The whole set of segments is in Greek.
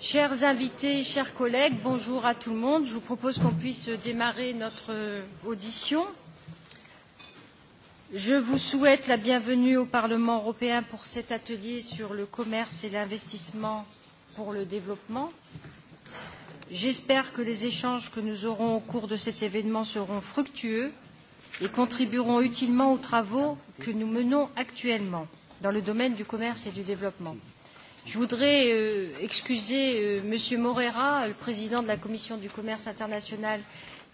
Chers invités, chers collègues, bonjour à tout le monde. Je vous propose qu'on puisse démarrer notre audition. Je vous souhaite la bienvenue au Parlement européen pour cet atelier sur le commerce et l'investissement pour le développement. J'espère que les échanges que nous aurons au cours de cet événement seront fructueux et contribueront utilement aux travaux que nous menons actuellement dans le domaine du commerce et du développement. Je voudrais excuser M. Moreira, le président de la Commission du commerce international,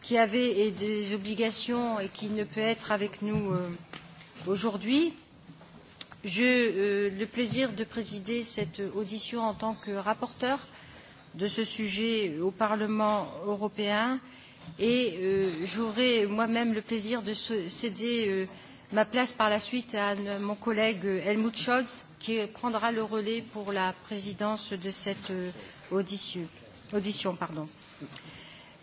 qui avait des obligations et qui ne peut être avec nous aujourd'hui. J'ai le plaisir de présider cette audition en tant que rapporteur de ce sujet au Parlement européen et j'aurai moi-même le plaisir de céder ma place par la suite à mon collègue Helmut Scholz, qui prendra le relais pour la présidence de cette audition.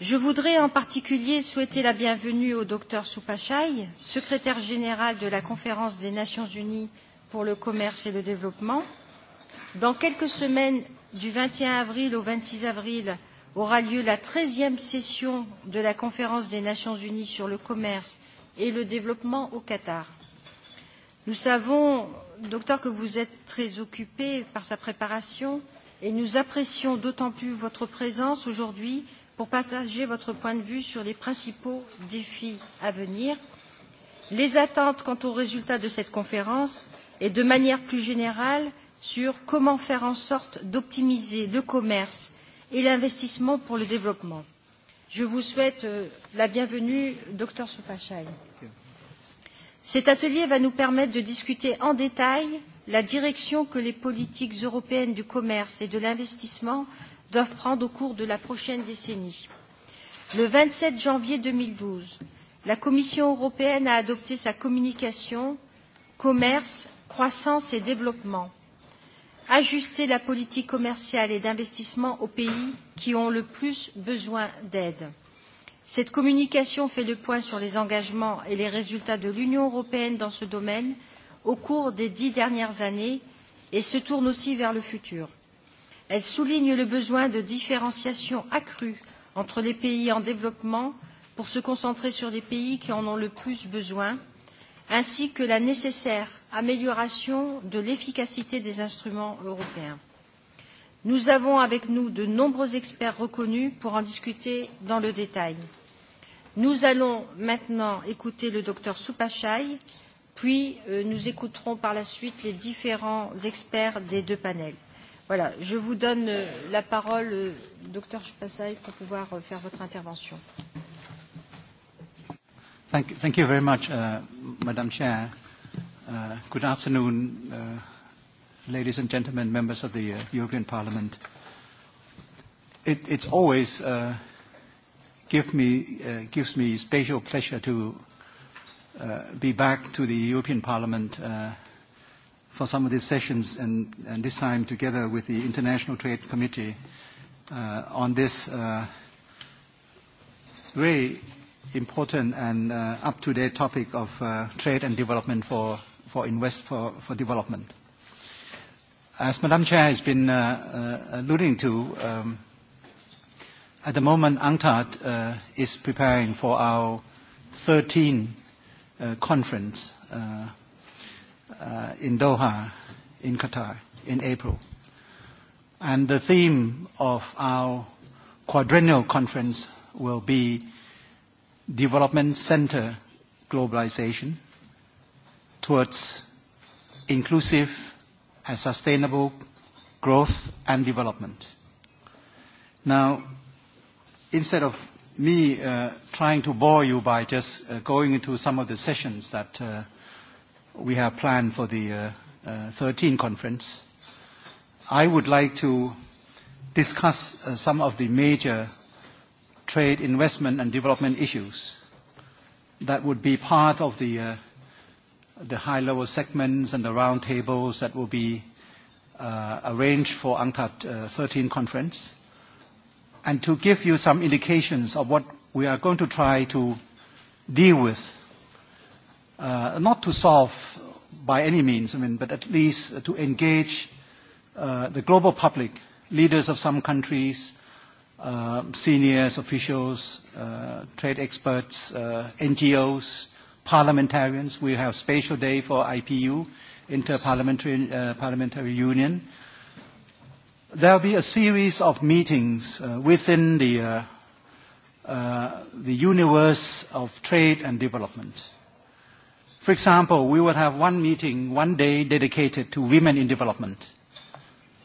Je voudrais en particulier souhaiter la bienvenue au docteur Soupachai, secrétaire général de la Conférence des Nations Unies pour le commerce et le développement. Dans quelques semaines, du 21 avril au 26 avril, aura lieu la 13e session de la Conférence des Nations Unies sur le commerce et le développement au Qatar. Nous savons, docteur, que vous êtes très occupé par sa préparation et nous apprécions d'autant plus votre présence aujourd'hui pour partager votre point de vue sur les principaux défis à venir, les attentes quant aux résultats de cette conférence et, de manière plus générale, sur comment faire en sorte d'optimiser le commerce et l'investissement pour le développement. Je vous souhaite la bienvenue, docteur Soupachai. Cet atelier va nous permettre de discuter en détail la direction que les politiques européennes du commerce et de l'investissement doivent prendre au cours de la prochaine décennie. Le 27 janvier 2012, la Commission européenne a adopté sa communication Commerce, croissance et développement. Ajuster la politique commerciale et d'investissement aux pays qui ont le plus besoin d'aide. Cette communication fait le point sur les engagements et les résultats de l'Union européenne dans ce domaine au cours des dix dernières années et se tourne aussi vers le futur. Elle souligne le besoin de différenciation accrue entre les pays en développement pour se concentrer sur les pays qui en ont le plus besoin, ainsi que la nécessaire amélioration de l'efficacité des instruments européens. Nous avons avec nous de nombreux experts reconnus pour en discuter dans le détail. Nous allons maintenant écouter le docteur Soupachai, puis nous écouterons par la suite les différents experts des deux panels. Voilà, je vous donne la parole, docteur Soupachai, pour pouvoir faire votre intervention. Thank you very much, Madam Chair. Good afternoon, ladies and gentlemen, members of the European Parliament. It, It's always give me, gives me special pleasure to be back to the European Parliament for some of these sessions and, and this time together with the International Trade Committee on this very important and up-to-date topic of trade and development for, for invest for, for development. As Madam Chair has been alluding to, At the moment, UNCTAD is preparing for our 13th conference in Doha, in Qatar, in April. And the theme of our quadrennial conference will be development center globalization towards inclusive and sustainable growth and development. Now, instead of me trying to bore you by just going into some of the sessions that we have planned for the 13 conference, I would like to discuss some of the major trade, investment and development issues that would be part of the the high-level segments and the roundtables that will be arranged for UNCTAD 13 conference and to give you some indications of what we are going to try to deal with, not to solve by any means, I mean, but at least to engage the global public, leaders of some countries, seniors, officials, trade experts, NGOs, parliamentarians. We have special Day for IPU, inter Interparliamentary Union. There will be a series of meetings within the universe of trade and development. For example, we will have one meeting, one day dedicated to women in development,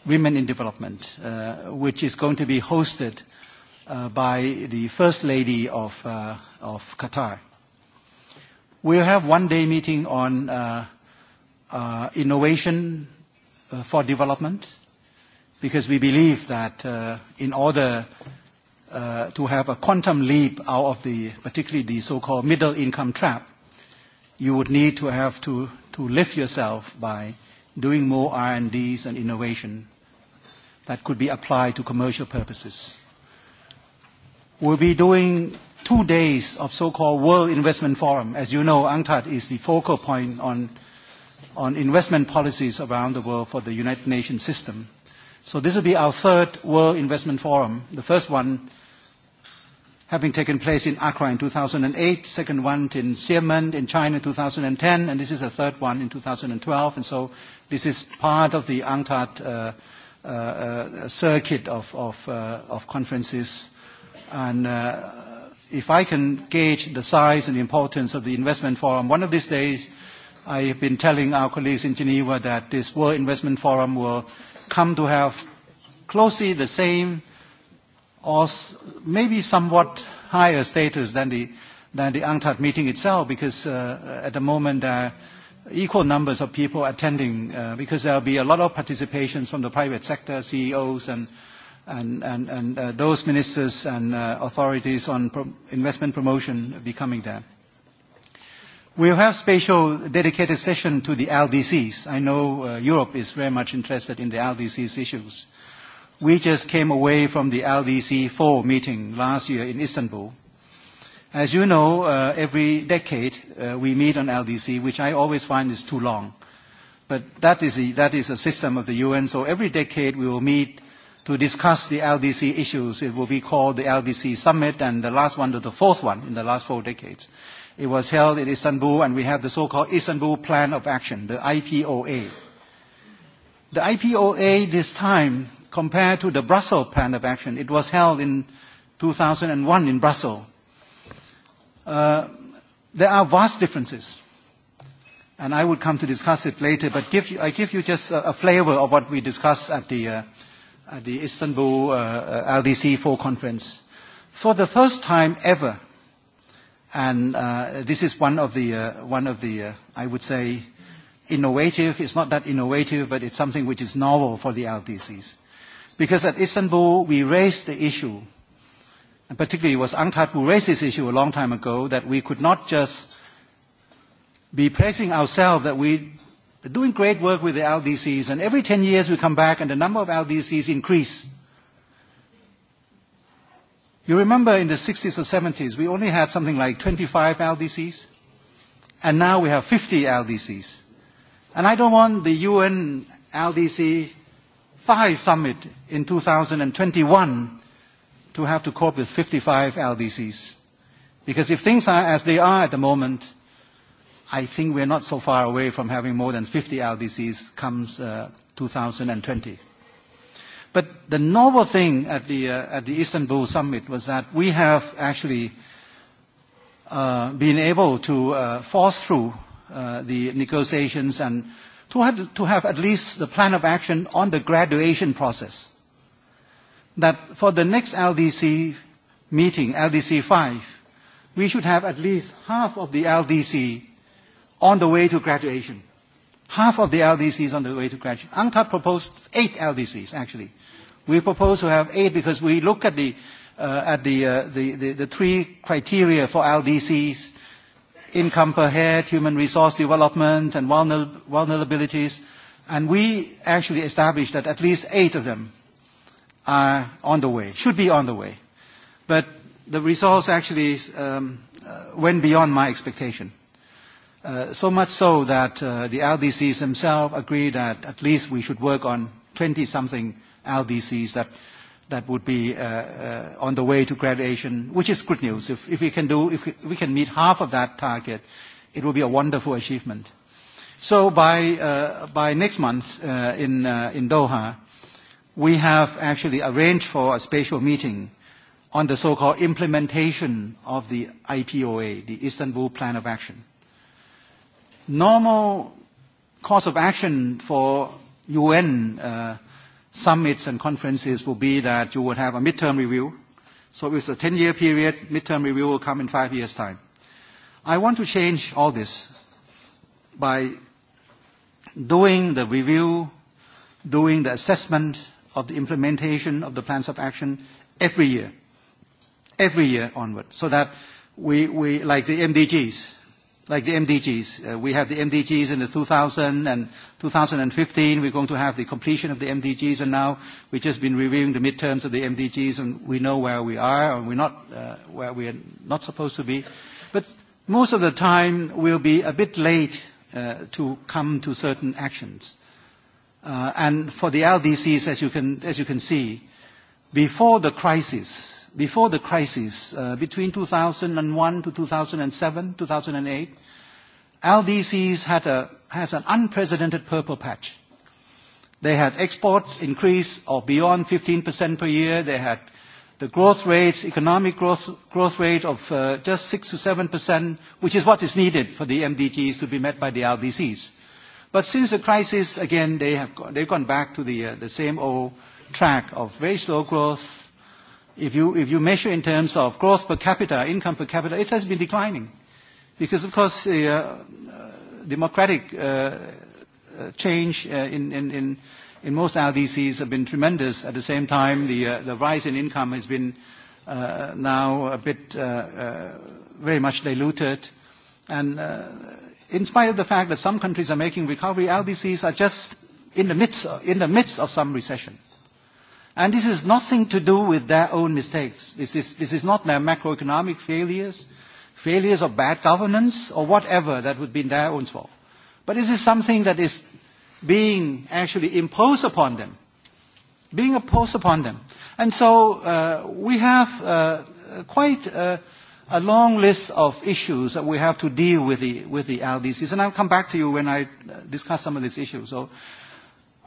women in development, which is going to be hosted by the First Lady of Qatar. will have one day meeting on innovation for development because we believe that in order to have a quantum leap out of the, particularly the so-called middle income trap, you would need to have to to lift yourself by doing more R&Ds and innovation that could be applied to commercial purposes. We'll be doing two days of so-called World Investment Forum. As you know, UNCTAD is the focal point on on investment policies around the world for the United Nations system. So this will be our third World Investment Forum. The first one having taken place in Accra in 2008, second one in Xiamen in China in 2010, and this is the third one in 2012. And so this is part of the UNCTAD circuit of conferences. And if I can gauge the size and importance of the investment forum, one of these days I have been telling our colleagues in Geneva that this World Investment Forum will come to have closely the same or maybe somewhat higher status than the than the UNCTAD meeting itself because at the moment there are equal numbers of people attending because there will be a lot of participation from the private sector, CEOs and and and those ministers and authorities on investment promotion becoming there. We'll have special dedicated session to the LDCs. I know Europe is very much interested in the LDCs issues. We just came away from the LDC 4 meeting last year in Istanbul. As you know, every decade we meet on LDC, which I always find is too long. But that is that is a system of the UN. So every decade we will meet to discuss the LDC issues. It will be called the LDC Summit, and the last one to the fourth one in the last four decades. It was held in Istanbul, and we had the so-called Istanbul Plan of Action, the IPOA. The IPOA this time, compared to the Brussels Plan of Action, it was held in 2001 in Brussels. There are vast differences, and I would come to discuss it later, but I give you just a flavor of what we discussed at the Istanbul LDC4 conference. For the first time ever, And this is one of the, one of the, I would say, innovative. It's not that innovative, but it's something which is novel for the LDCs. Because at Istanbul, we raised the issue, and particularly it was UNCTAD who raised this issue a long time ago, that we could not just be praising ourselves that we are doing great work with the LDCs, and every 10 years we come back and the number of LDCs increase. You remember in the 60s or 70s, we only had something like 25 LDCs, and now we have 50 LDCs. And I don't want the UN LDC 5 summit in 2021 to have to cope with 55 LDCs. Because if things are as they are at the moment, I think we're not so far away from having more than 50 LDCs comes 2020. But the novel thing at the at the Istanbul summit was that we have actually been able to force through the negotiations and to have to have at least the plan of action on the graduation process. That for the next LDC meeting, LDC 5, we should have at least half of the LDC on the way to graduation half of the LDCs on the way to graduation. UNCTAD proposed eight LDCs, actually. We propose to have eight because we look at the at the the the three criteria for LDCs, income per head, human resource development, and vulnerabilities. And we actually established that at least eight of them are on the way, should be on the way. But the results actually went beyond my expectation so much so that the LDCs themselves agree that at least we should work on 20-something LDCs that that would be on the way to graduation, which is good news. If if we can do if we can meet half of that target, it will be a wonderful achievement. So by by next month in in Doha, we have actually arranged for a special meeting on the so-called implementation of the IPOA, the Istanbul Plan of Action normal course of action for UN summits and conferences will be that you would have a midterm review. So it's a 10-year period. Midterm review will come in five years' time. I want to change all this by doing the review, doing the assessment of the implementation of the plans of action every year, every year onward, so that we, like the MDGs, like the MDGs. We have the MDGs in the 2000 and 2015. We're going to have the completion of the MDGs, and now we've just been reviewing the midterms of the MDGs, and we know where we are, and we're not where we are not supposed to be. But most of the time, we'll be a bit late to come to certain actions. And for the LDCs, as you can see, before the crisis, before the crisis, between 2001 to 2007, 2008, LDCs had a has an unprecedented purple patch. They had export increase of beyond 15% per year. They had the growth rates, economic growth growth rate of just 6 to 7%, which is what is needed for the MDGs to be met by the LDCs. But since the crisis, again, they have they've gone back to the the same old track of very slow growth, if you, if you measure in terms of growth per capita, income per capita, it has been declining. Because, of course, the democratic change in, in, in, in most LDCs have been tremendous. At the same time, the, the rise in income has been now a bit very much diluted. And in spite of the fact that some countries are making recovery, LDCs are just in the midst, in the midst of some recession. And this is nothing to do with their own mistakes. This is, this is not their macroeconomic failures, failures of bad governance, or whatever that would be their own fault. But this is something that is being actually imposed upon them, being imposed upon them. And so we have quite a long list of issues that we have to deal with the LDCs. And I'll come back to you when I discuss some of these issues. So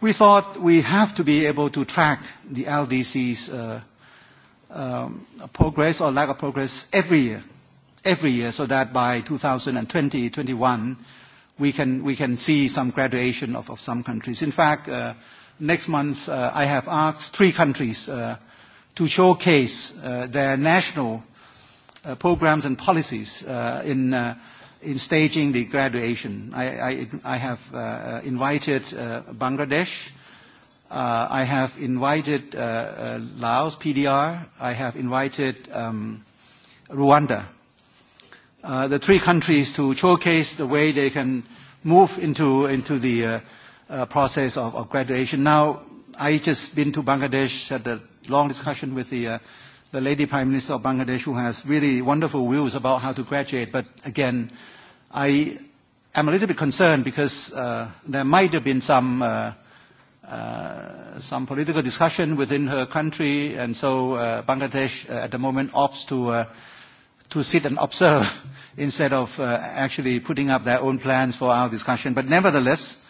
We thought we have to be able to track the LDC's progress or lack of progress every year, every year, so that by 2020, 21, we can we can see some graduation of some countries. In fact, next month I have asked three countries to showcase their national programs and policies in in staging the graduation. I, I, I have uh, invited uh, Bangladesh. Uh, I have invited uh, uh, Laos, PDR. I have invited um, Rwanda. Uh, the three countries to showcase the way they can move into, into the uh, uh, process of, of graduation. Now, I just been to Bangladesh, had a long discussion with the uh, the Lady Prime Minister of Bangladesh who has really wonderful views about how to graduate. But again, I am a little bit concerned because there might have been some some political discussion within her country, and so Bangladesh at the moment opts to to sit and observe instead of actually putting up their own plans for our discussion. But nevertheless,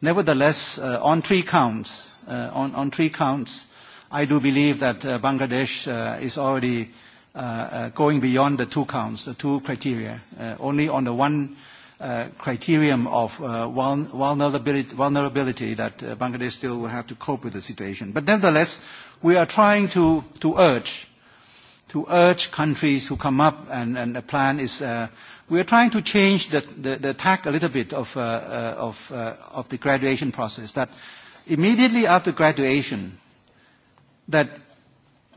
nevertheless, on three counts, on on three counts, I do believe that Bangladesh is already going beyond the two counts, the two criteria. Only on the one criterion of vulnerability that Bangladesh still will have to cope with the situation. But nevertheless, we are trying to urge to urge countries to come up and a plan is we are trying to change the tack a little bit of the graduation process that immediately after graduation that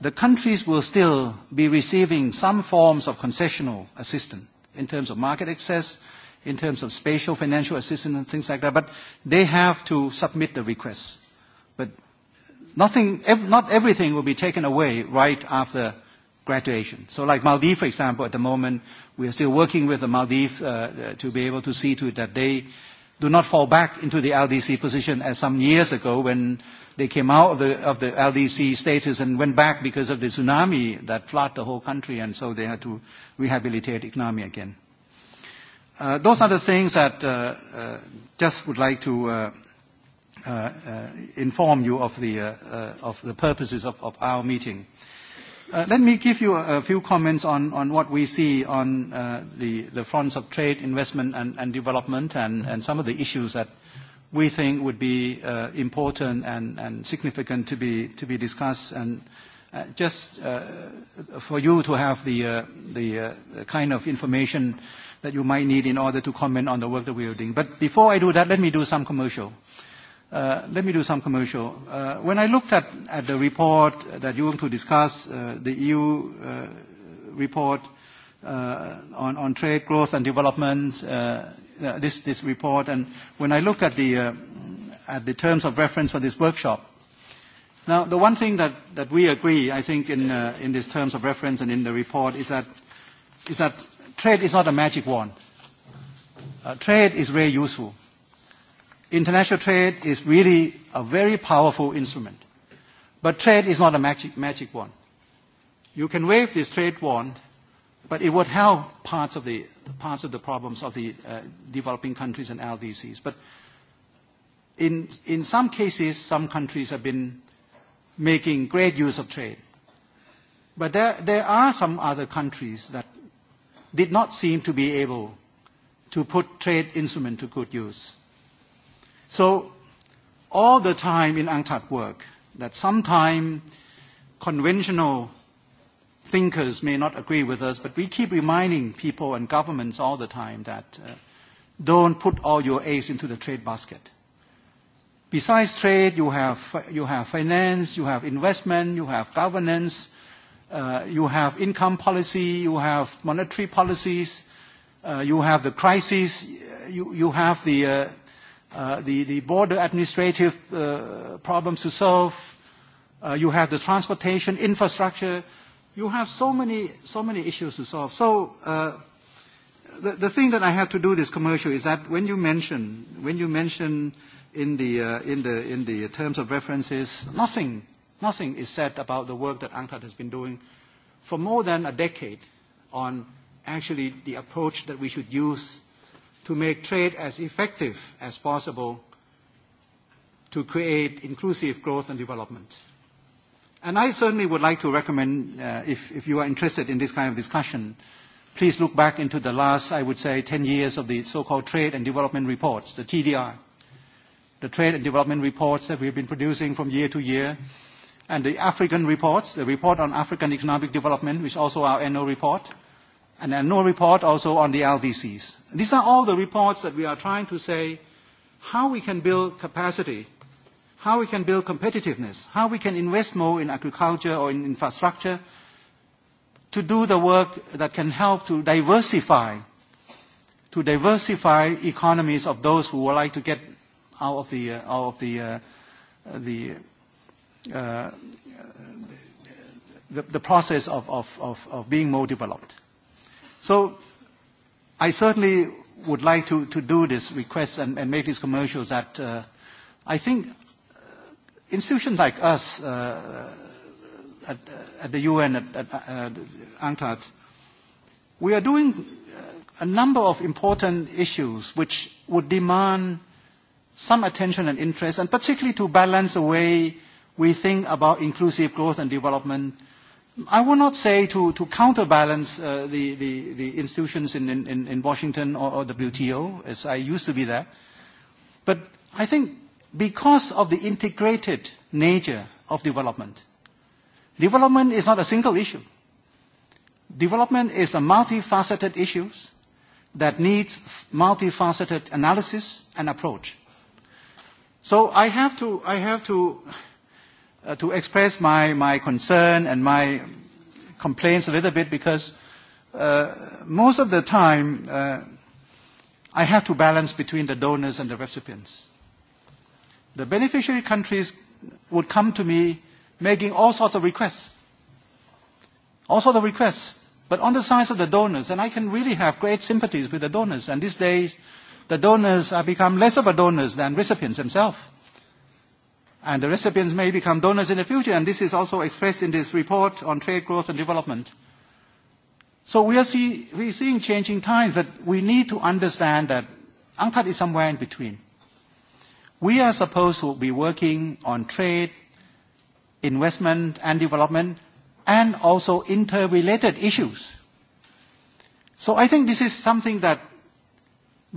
the countries will still be receiving some forms of concessional assistance in terms of market access, in terms of spatial financial assistance and things like that, but they have to submit the requests. But nothing, not everything will be taken away right after graduation. So like Maldives, for example, at the moment, we are still working with the Maldives to be able to see to it that they do not fall back into the LDC position as some years ago when they came out of the, of the LDC status and went back because of the tsunami that flooded the whole country, and so they had to rehabilitate economy again. Those are the things that just would like to inform you of the, of the purposes of, of our meeting. Let me give you a few comments on what we see on the fronts of trade, investment, and development, and some of the issues that we think would be important and significant to be discussed, and just for you to have the kind of information that you might need in order to comment on the work that we are doing. But before I do that, let me do some commercial. Let me do some commercial. When I looked at at the report that you want to discuss, the EU report on on trade, growth and development, this this report, and when I look at the at the terms of reference for this workshop, now the one thing that that we agree, I think, in in these terms of reference and in the report is that is that trade is not a magic wand. Trade is very useful International trade is really a very powerful instrument. But trade is not a magic, magic wand. You can wave this trade wand, but it would help parts of the, parts of the problems of the developing countries and LDCs. But in, in some cases, some countries have been making great use of trade. But there, there are some other countries that did not seem to be able to put trade instrument to good use. So all the time in UNCTAD work, that sometimes conventional thinkers may not agree with us, but we keep reminding people and governments all the time that don't put all your eggs into the trade basket. Besides trade, you have you have finance, you have investment, you have governance, you have income policy, you have monetary policies, you have the crisis, you you have the the border administrative problems to solve. You have the transportation infrastructure. You have so many so many issues to solve. So the thing that I have to do this commercial is that when you mention when you mention in the in the in the terms of references, nothing nothing is said about the work that UNCTAD has been doing for more than a decade on actually the approach that we should use to make trade as effective as possible to create inclusive growth and development. And I certainly would like to recommend, if you are interested in this kind of discussion, please look back into the last, I would say, 10 years of the so-called trade and development reports, the TDR, the trade and development reports that we have been producing from year to year, and the African reports, the report on African economic development, which is also our annual report, and then no report also on the LDCs. These are all the reports that we are trying to say how we can build capacity, how we can build competitiveness, how we can invest more in agriculture or in infrastructure to do the work that can help to diversify, to diversify economies of those who would like to get out of the, out of the, the, the, the process of, of, of, of being more developed. So I certainly would like to to do this request and make these commercials that I think institutions like us at the UN, at UNCTAD, we are doing a number of important issues which would demand some attention and interest, and particularly to balance the way we think about inclusive growth and development I will not say to, to counterbalance the, the, the institutions in, in, in Washington or, or WTO, as I used to be there, but I think because of the integrated nature of development, development is not a single issue. Development is a multifaceted issue that needs multifaceted analysis and approach. So I have to, I have to to express my my concern and my complaints a little bit because most of the time I have to balance between the donors and the recipients. The beneficiary countries would come to me making all sorts of requests, all sorts of requests, but on the side of the donors, and I can really have great sympathies with the donors. And these days, the donors have become less of a donors than recipients themselves and the recipients may become donors in the future, and this is also expressed in this report on trade growth and development. So we are see, are seeing changing times, but we need to understand that UNCTAD is somewhere in between. We are supposed to be working on trade, investment and development, and also interrelated issues. So I think this is something that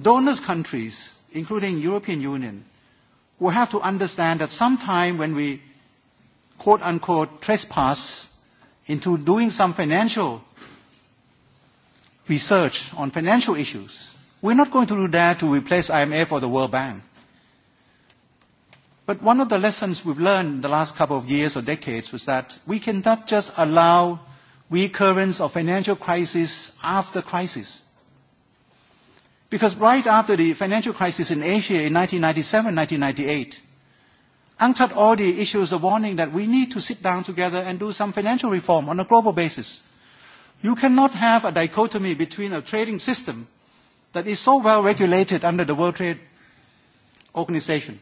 donors countries, including European Union, we have to understand that sometime when we quote unquote trespass into doing some financial research on financial issues, we're not going to do that to replace IMF or the World Bank. But one of the lessons we've learned in the last couple of years or decades was that we cannot just allow recurrence of financial crisis after crisis. Because right after the financial crisis in Asia in 1997, 1998, UNCTAD already issues a warning that we need to sit down together and do some financial reform on a global basis. You cannot have a dichotomy between a trading system that is so well regulated under the World Trade Organization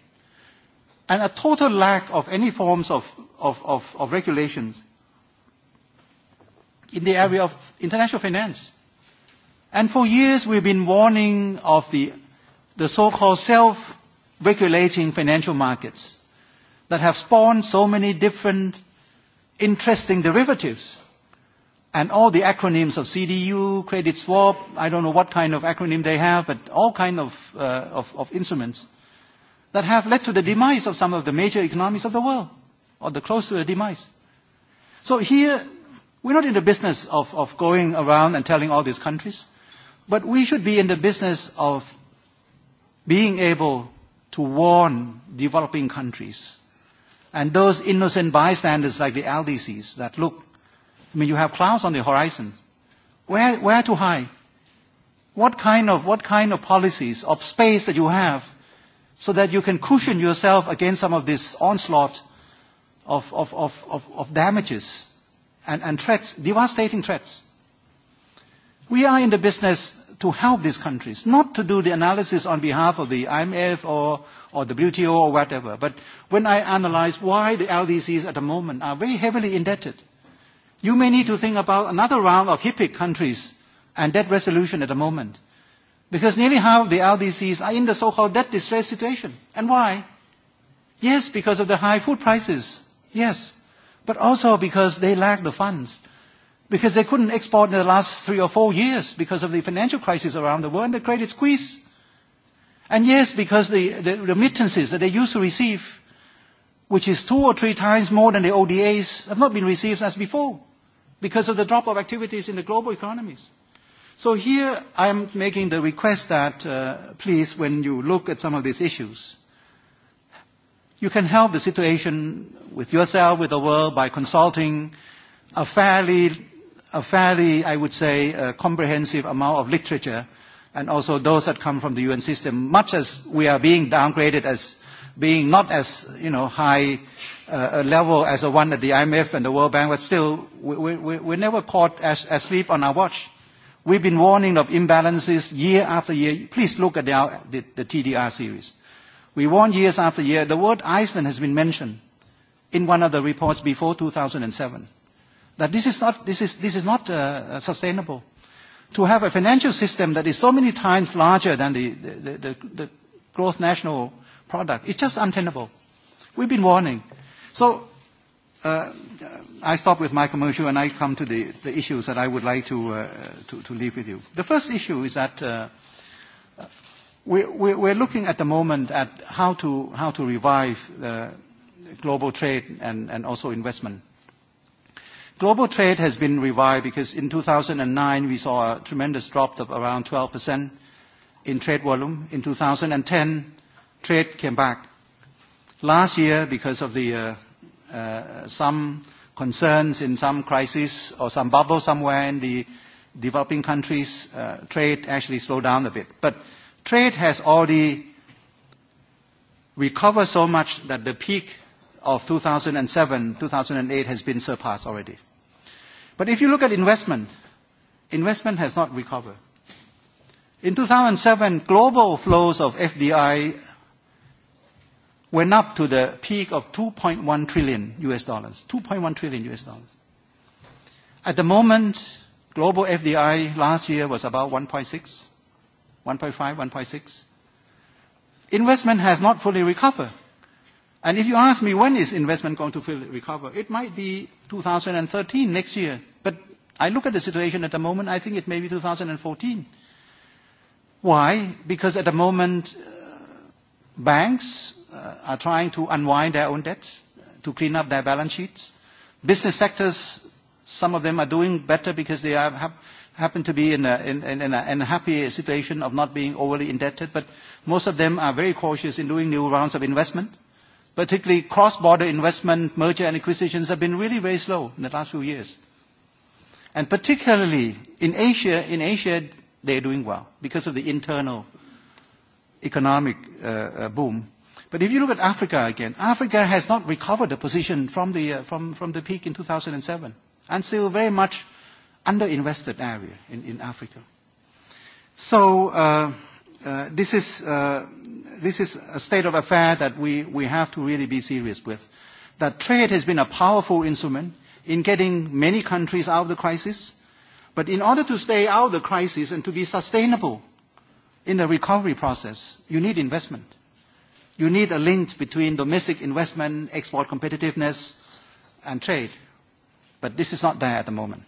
and a total lack of any forms of, of, of, of regulations in the area of international finance. And for years we've been warning of the the so-called self-regulating financial markets that have spawned so many different interesting derivatives and all the acronyms of CDU, credit swap, I don't know what kind of acronym they have, but all kinds of, of, of instruments that have led to the demise of some of the major economies of the world, or the close to the demise. So here, we're not in the business of, of going around and telling all these countries. But we should be in the business of being able to warn developing countries and those innocent bystanders like the LDCs that look, I mean, you have clouds on the horizon. Where, where to hide? What kind of, what kind of policies of space that you have so that you can cushion yourself against some of this onslaught of, of, of, of, damages and, and threats, devastating threats. We are in the business to help these countries, not to do the analysis on behalf of the IMF or or WTO or whatever. But when I analyze why the LDCs at the moment are very heavily indebted, you may need to think about another round of HIPIC countries and debt resolution at the moment. Because nearly half of the LDCs are in the so-called debt distress situation. And why? Yes, because of the high food prices. Yes. But also because they lack the funds because they couldn't export in the last three or four years because of the financial crisis around the world and the credit squeeze. And yes, because the, the remittances that they used to receive, which is two or three times more than the ODAs, have not been received as before because of the drop of activities in the global economies. So here I am making the request that please, when you look at some of these issues, you can help the situation with yourself, with the world, by consulting a fairly a fairly, I would say, comprehensive amount of literature, and also those that come from the UN system, much as we are being downgraded as being not as, you know, high level as the one at the IMF and the World Bank, but still, we're never caught asleep on our watch. We've been warning of imbalances year after year. Please look at the TDR series. We warn years after year. The word Iceland has been mentioned in one of the reports before 2007 that this is not this is this is not sustainable to have a financial system that is so many times larger than the the the gross national product it's just untenable we've been warning so i stop with my commercial and i come to the the issues that i would like to to to leave with you the first issue is that we we're looking at the moment at how to how to revive the global trade and and also investment Global trade has been revived because in 2009 we saw a tremendous drop of around 12% in trade volume. In 2010, trade came back. Last year, because of the some concerns in some crisis or some bubble somewhere in the developing countries, trade actually slowed down a bit. But trade has already recovered so much that the peak of 2007, 2008 has been surpassed already. But if you look at investment, investment has not recovered. In 2007, global flows of FDI went up to the peak of 2.1 trillion US dollars. 2.1 trillion US dollars. At the moment, global FDI last year was about 1.6, 1.5, 1.6. Investment has not fully recovered. And if you ask me when is investment going to recover, it might be 2013, next year. But I look at the situation at the moment, I think it may be 2014. Why? Because at the moment, banks are trying to unwind their own debts, to clean up their balance sheets. Business sectors, some of them are doing better because they happen to be in a happy situation of not being overly indebted, but most of them are very cautious in doing new rounds of investment particularly cross-border investment, merger and acquisitions have been really very slow in the last few years. And particularly in Asia, in Asia they are doing well because of the internal economic boom. But if you look at Africa again, Africa has not recovered the position from the from from the peak in 2007 and still very much underinvested area in in Africa. So this is this is a state of affair that we, we have to really be serious with. That trade has been a powerful instrument in getting many countries out of the crisis, but in order to stay out of the crisis and to be sustainable in the recovery process, you need investment. You need a link between domestic investment, export competitiveness, and trade. But this is not there at the moment.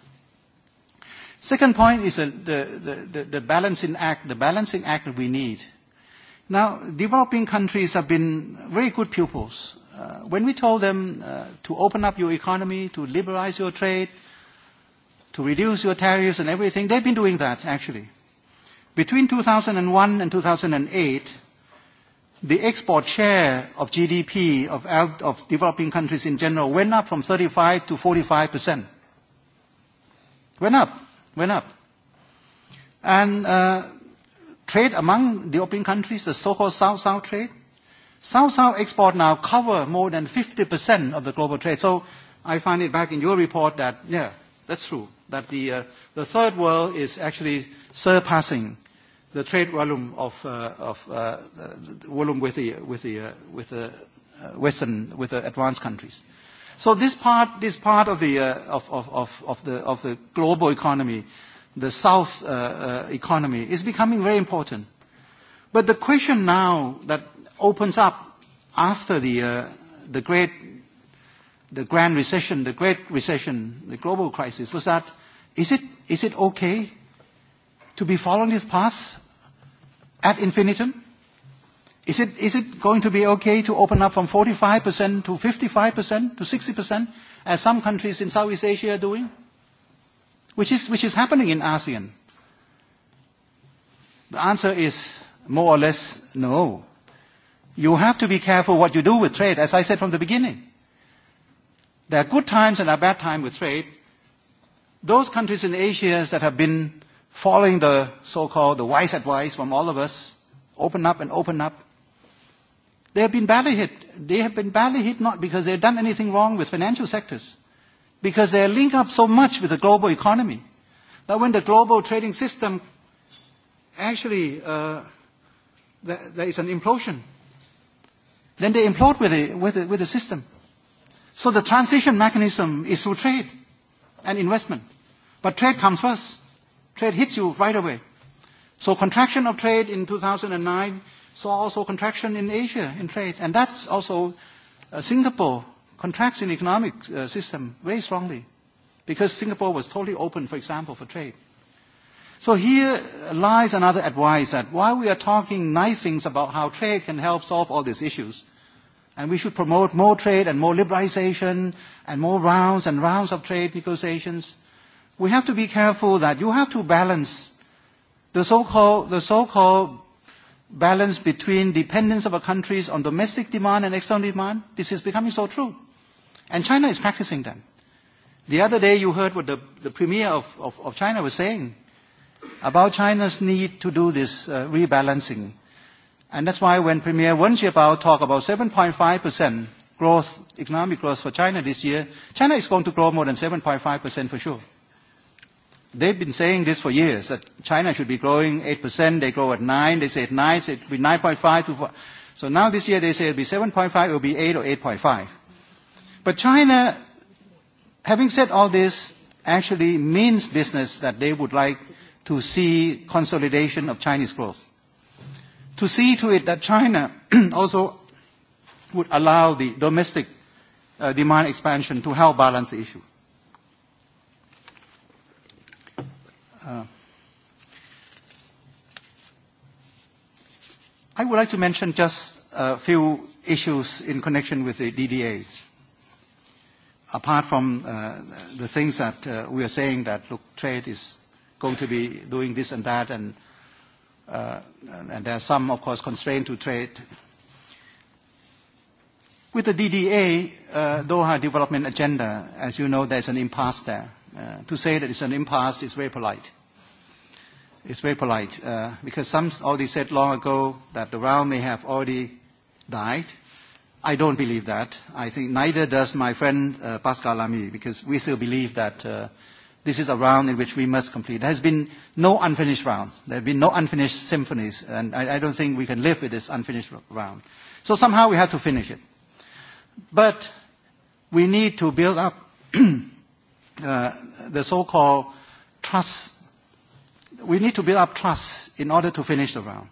Second point is the balancing act, the balancing act that we need Now, developing countries have been very good pupils. When we told them to open up your economy, to liberalize your trade, to reduce your tariffs and everything, they've been doing that, actually. Between 2001 and 2008, the export share of GDP of developing countries in general went up from 35 to 45%. Went up, went up. And trade among the open countries, the so-called South-South trade. South-South export now cover more than 50% of the global trade. So I find it back in your report that, yeah, that's true, that the, the third world is actually surpassing the trade volume of, of volume with the, with the, with the Western, with the advanced countries. So this part, this part of the, of, of, of, the, of the global economy the South economy is becoming very important. But the question now that opens up after the the great the grand recession, the great recession, the global crisis was that is it is it okay to be following this path at infinitum? Is it is it going to be okay to open up from 45% to 55% to 60% as some countries in Southeast Asia are doing? which is, which is happening in ASEAN? The answer is more or less no. You have to be careful what you do with trade, as I said from the beginning. There are good times and there are bad times with trade. Those countries in Asia that have been following the so-called the wise advice from all of us, open up and open up, they have been badly hit. They have been badly hit not because they have done anything wrong with financial sectors, because they are linked up so much with the global economy that when the global trading system actually there is an implosion, then they implode with the, with the, with the system. So the transition mechanism is through trade and investment. But trade comes first. Trade hits you right away. So contraction of trade in 2009 saw also contraction in Asia in trade. And that's also Singapore contracts in the economic system very strongly because Singapore was totally open, for example, for trade. So here lies another advice that while we are talking nice things about how trade can help solve all these issues, and we should promote more trade and more liberalization and more rounds and rounds of trade negotiations, we have to be careful that you have to balance the so-called the so-called balance between dependence of our countries on domestic demand and external demand. This is becoming so true. And China is practicing them. The other day you heard what the, the premier of, of, China was saying about China's need to do this rebalancing. And that's why when Premier Wen Jiabao talked about 7.5% growth, economic growth for China this year, China is going to grow more than 7.5% for sure. They've been saying this for years, that China should be growing 8%, they grow at 9, they say at 9, it will be 9.5 So now this year they say it will be 7.5, it will be 8 or 8.5. But China, having said all this, actually means business that they would like to see consolidation of Chinese growth. To see to it that China also would allow the domestic demand expansion to help balance the issue. I would like to mention just a few issues in connection with the DDAs apart from the things that we are saying that, look, trade is going to be doing this and that, and there are some, of course, constraints to trade. With the DDA, Doha Development Agenda, as you know, there's an impasse there. To say that it's an impasse is very polite. It's very polite, because some already said long ago that the round may have already died, I don't believe that. I think neither does my friend Pascal Lamy, because we still believe that this is a round in which we must complete. There has been no unfinished rounds. There have been no unfinished symphonies, and I don't think we can live with this unfinished round. So somehow we have to finish it. But we need to build up the so-called trust. We need to build up trust in order to finish the round.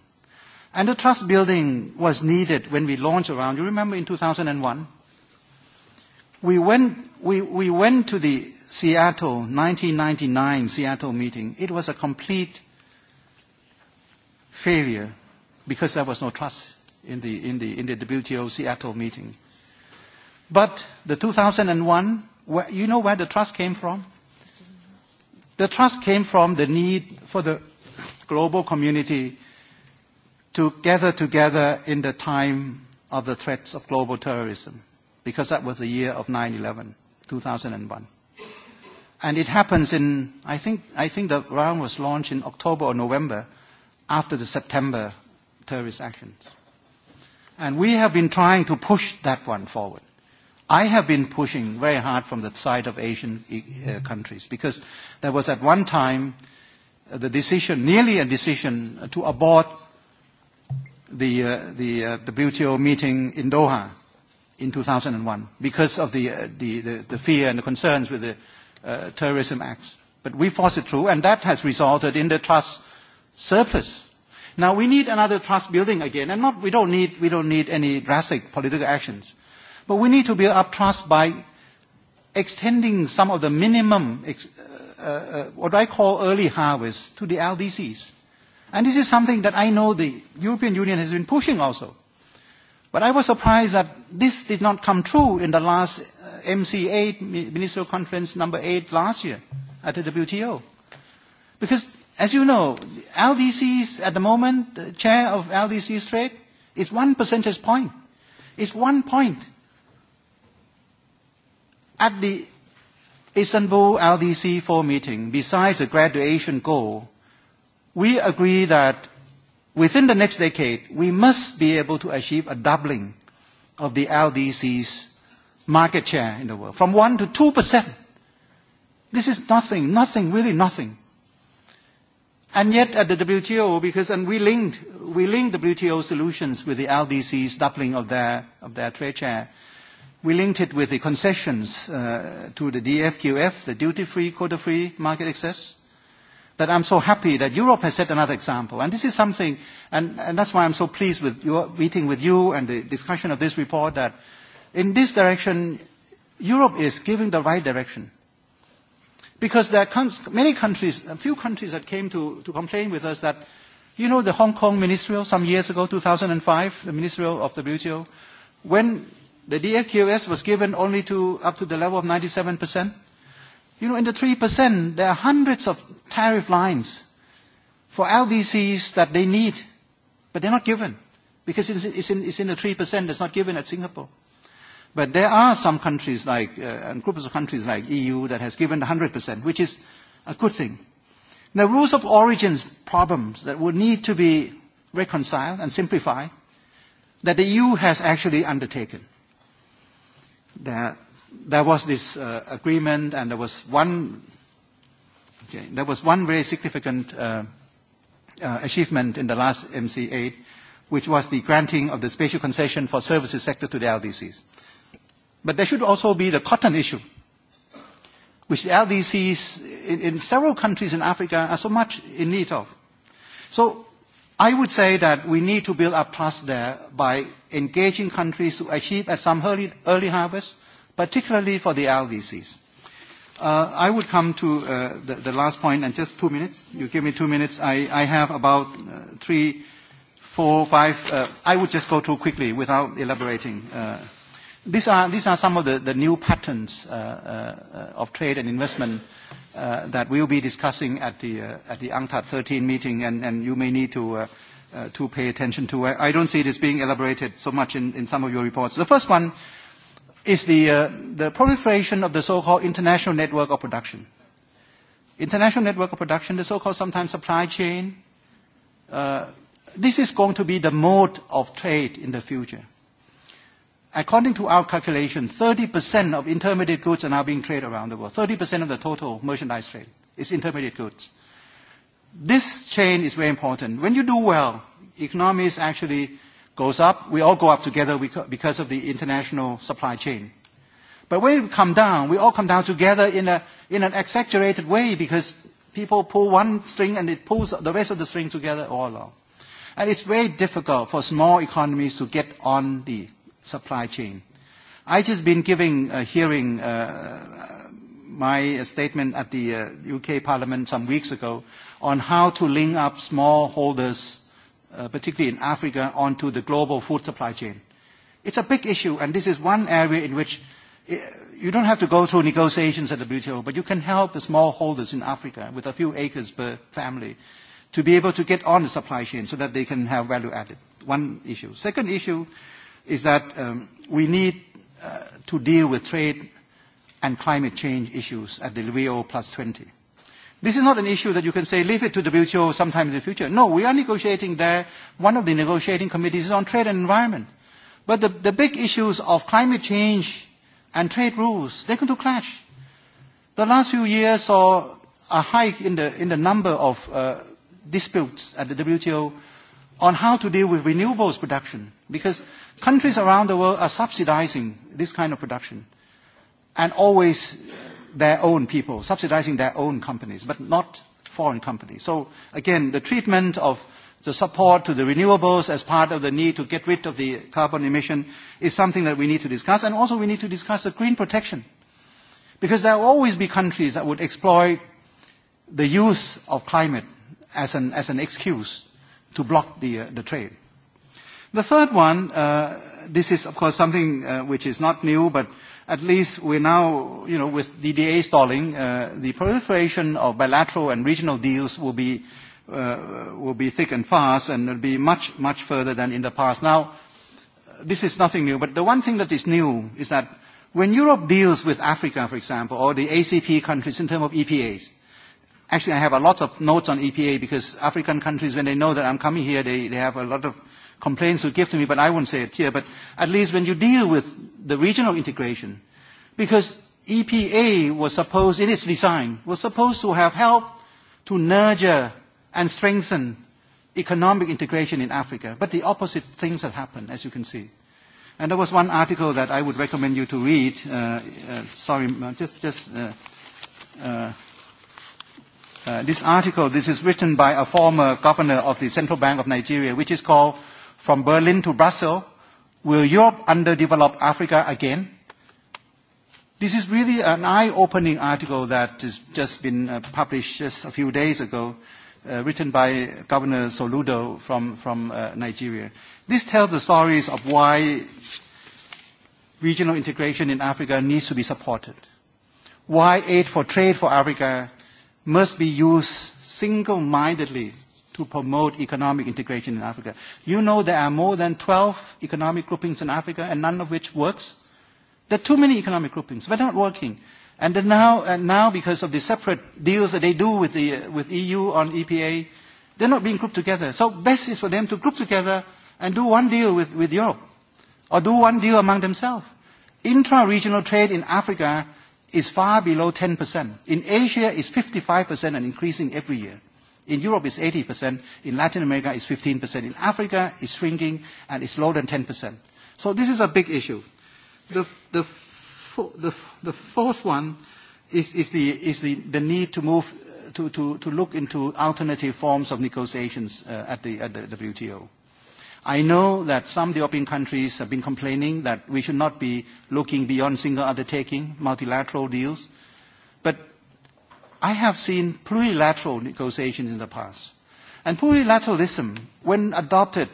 And the trust building was needed when we launched around. You remember in 2001? We went, we, we went to the Seattle, 1999 Seattle meeting. It was a complete failure because there was no trust in the, in the, in the WTO Seattle meeting. But the 2001, you know where the trust came from? The trust came from the need for the global community to gather together in the time of the threats of global terrorism, because that was the year of 9/11, 2001. And it happens in, I think, I think the round was launched in October or November, after the September terrorist actions. And we have been trying to push that one forward. I have been pushing very hard from the side of Asian countries, because there was at one time the decision, nearly a decision, to abort the the the WTO meeting in Doha in 2001 because of the the the fear and the concerns with the terrorism acts. But we forced it through, and that has resulted in the trust surplus. Now we need another trust building again, and not we don't need we don't need any drastic political actions, but we need to build up trust by extending some of the minimum, what I call early harvest, to the LDCs. And this is something that I know the European Union has been pushing also. But I was surprised that this did not come true in the last MC8, Ministerial Conference number 8 last year at the WTO. Because, as you know, LDCs at the moment, the chair of LDC trade, is one percentage point. It's one point. At the Istanbul LDC 4 meeting, besides the graduation goal, we agree that within the next decade, we must be able to achieve a doubling of the LDC's market share in the world, from 1% to 2%. This is nothing, nothing, really nothing. And yet at the WTO, because and we linked we linked WTO solutions with the LDC's doubling of their of their trade share, we linked it with the concessions to the DFQF, the duty-free, quota-free market access that I'm so happy that Europe has set another example. And this is something, and that's why I'm so pleased with your meeting with you and the discussion of this report, that in this direction, Europe is giving the right direction. Because there are many countries, a few countries that came to complain with us that, you know, the Hong Kong ministerial some years ago, 2005, the ministerial of the WTO, when the DFQS was given only to up to the level of 97%, You know, in the 3%, there are hundreds of tariff lines for LDCs that they need, but they're not given because it's in, it's in the 3% that's not given at Singapore. But there are some countries like, and groups of countries like EU that has given 100%, which is a good thing. The rules of origins problems that would need to be reconciled and simplified that the EU has actually undertaken. That there was this agreement and there was one there was one very significant achievement in the last MC8 which was the granting of the spatial concession for services sector to the LDCs. But there should also be the cotton issue, which the LDCs in, several countries in Africa are so much in need of. So I would say that we need to build up trust there by engaging countries to achieve at some early, early harvest particularly for the LDCs. I would come to the last point, and just two minutes. You give me two minutes. I have about three, four, five. I would just go through quickly without elaborating. These are these are some of the new patterns of trade and investment that we will be discussing at the at the UNCTAD 13 meeting, and you may need to to pay attention to. I don't see this being elaborated so much in in some of your reports. The first one is the, the proliferation of the so-called international network of production. International network of production, the so-called sometimes supply chain, this is going to be the mode of trade in the future. According to our calculation, 30% of intermediate goods are now being traded around the world. 30% of the total merchandise trade is intermediate goods. This chain is very important. When you do well, economies actually goes up, we all go up together because of the international supply chain. But when we come down, we all come down together in an exaggerated way because people pull one string and it pulls the rest of the string together all along. And it's very difficult for small economies to get on the supply chain. I just been giving a hearing, my statement at the UK Parliament some weeks ago on how to link up small holders particularly in Africa, onto the global food supply chain. It's a big issue, and this is one area in which you don't have to go through negotiations at the WTO, but you can help the smallholders in Africa with a few acres per family to be able to get on the supply chain so that they can have value added. One issue. Second issue is that we need to deal with trade and climate change issues at the Rio Plus 20. This is not an issue that you can say leave it to the WTO sometime in the future. No, we are negotiating there. One of the negotiating committees is on trade and environment. But the, big issues of climate change and trade rules, they're going to clash. The last few years saw a hike in the, in the number of disputes at the WTO on how to deal with renewables production because countries around the world are subsidizing this kind of production and always their own people, subsidizing their own companies, but not foreign companies. So again, the treatment of the support to the renewables as part of the need to get rid of the carbon emission is something that we need to discuss. And also we need to discuss the green protection. Because there will always be countries that would exploit the use of climate as an as an excuse to block the trade. The third one This is, of course, something which is not new, but at least we're now, you know, with DDA stalling, the proliferation of bilateral and regional deals will be will be thick and fast and will be much, much further than in the past. Now, this is nothing new, but the one thing that is new is that when Europe deals with Africa, for example, or the ACP countries in terms of EPAs, actually I have a lot of notes on EPA because African countries, when they know that I'm coming here, they, they have a lot of complaints would give to me, but I won't say it here, but at least when you deal with the regional integration, because EPA was supposed, in its design, was supposed to have helped to nurture and strengthen economic integration in Africa. But the opposite things have happened, as you can see. And there was one article that I would recommend you to read. Sorry, just just this article. This is written by a former governor of the Central Bank of Nigeria, which is called from Berlin to Brussels, will Europe underdevelop Africa again? This is really an eye-opening article that has just been published just a few days ago, written by Governor Soludo from from Nigeria. This tells the stories of why regional integration in Africa needs to be supported, why aid for trade for Africa must be used single-mindedly to promote economic integration in Africa. You know there are more than 12 economic groupings in Africa and none of which works. There are too many economic groupings. They're not working. And now, now because of the separate deals that they do with the with EU on EPA, they're not being grouped together. So best is for them to group together and do one deal with, with Europe or do one deal among themselves. Intra-regional trade in Africa is far below 10%. In Asia, it's 55% and increasing every year. In Europe, it's 80%. In Latin America, it's 15%. In Africa, it's shrinking, and it's lower than 10%. So this is a big issue. The the the fourth one is is the is the the need to move to to to look into alternative forms of negotiations at the at the WTO. I know that some European countries have been complaining that we should not be looking beyond single undertaking, multilateral deals. I have seen plurilateral negotiations in the past. And plurilateralism, when adopted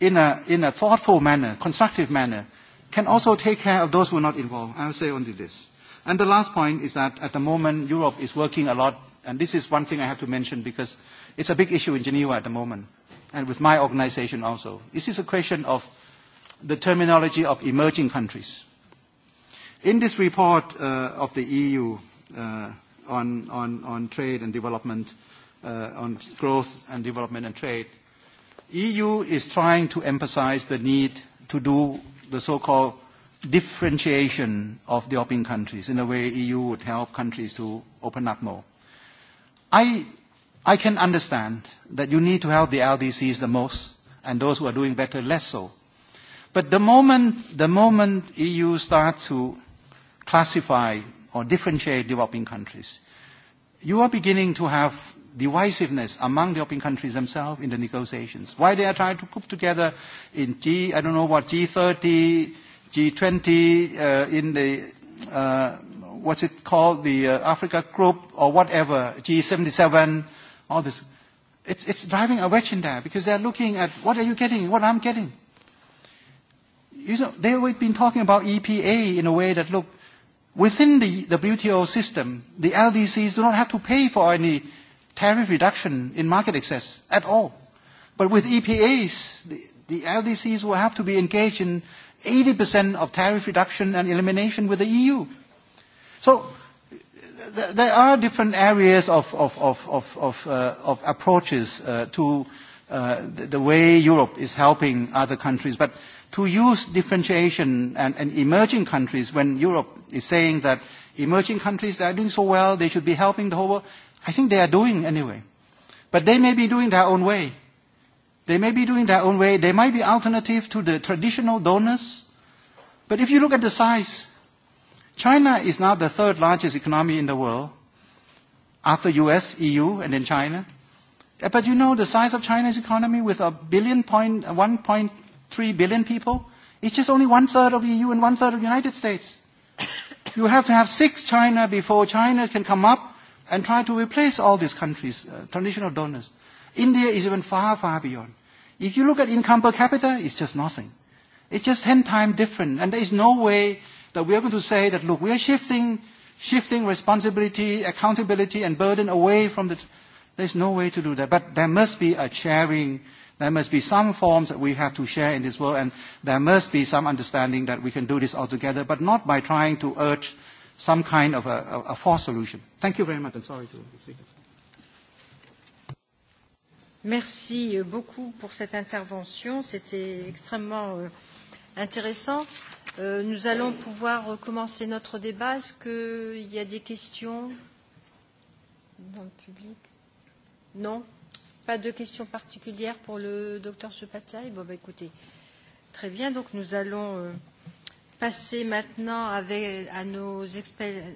in a, in a thoughtful manner, constructive manner, can also take care of those who are not involved. I will say only this. And the last point is that at the moment, Europe is working a lot, and this is one thing I have to mention because it's a big issue in Geneva at the moment, and with my organization also. This is a question of the terminology of emerging countries. In this report of the EU, on, trade and development, on growth and development and trade. EU is trying to emphasize the need to do the so-called differentiation of developing countries in a way EU would help countries to open up more. I, can understand that you need to help the LDCs the most and those who are doing better less so. But the moment, the moment EU starts to classify or differentiate developing countries. You are beginning to have divisiveness among developing countries themselves in the negotiations. Why they are trying to group together in G, I don't know what, G30, G20, in the, what's it called, the Africa group or whatever, G77, all this. It's, it's driving a wedge in there because they're looking at what are you getting, what I'm getting. You know, they've been talking about EPA in a way that, look, Within the WTO system, the LDCs do not have to pay for any tariff reduction in market access at all. But with EPAs, the LDCs will have to be engaged in 80% of tariff reduction and elimination with the EU. So there are different areas of approaches to the way Europe is helping other countries. But to use differentiation and emerging countries when Europe is saying that emerging countries that are doing so well, they should be helping the whole world. I think they are doing anyway. But they may be doing their own way. They may be doing their own way. They might be alternative to the traditional donors. But if you look at the size, China is now the third largest economy in the world, after US, EU, and then China. But you know the size of China's economy with a billion point, 1.3 billion people? It's just only one third of the EU and one third of the United States. You have to have six China before China can come up and try to replace all these countries, traditional donors. India is even far, far beyond. If you look at income per capita, it's just nothing. It's just ten times different. And there is no way that we are going to say that, look, we are shifting, shifting responsibility, accountability, and burden away from the... There's no way to do that. But there must be a sharing There must be some forms that we have to share in this world, and there must be some understanding that we can do this all together, but not by trying to urge some kind of a, a, false solution. Thank you very much, and sorry to Merci beaucoup pour cette intervention. C'était extrêmement intéressant. Nous allons pouvoir commencer notre débat. Est-ce qu'il y a des questions dans le public Non Pas de questions particulières pour le docteur Chepataille Bon, bah, écoutez, très bien. Donc, nous allons passer maintenant à nos,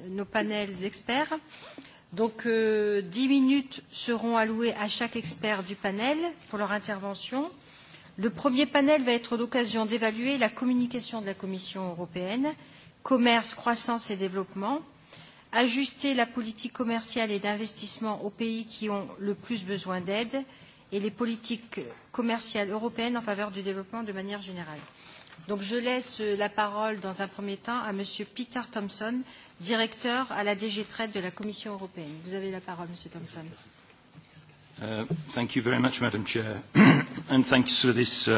nos panels d'experts. Donc, dix minutes seront allouées à chaque expert du panel pour leur intervention. Le premier panel va être l'occasion d'évaluer la communication de la Commission européenne, commerce, croissance et développement, ajuster la politique commerciale et d'investissement aux pays qui ont le plus besoin d'aide et les politiques commerciales européennes en faveur du développement de manière générale. Donc je laisse la parole dans un premier temps à Monsieur Peter Thompson, directeur à la DG Trade de la Commission européenne. Vous avez la parole, Monsieur Thompson. Thank you very much, Madam Chair, and for this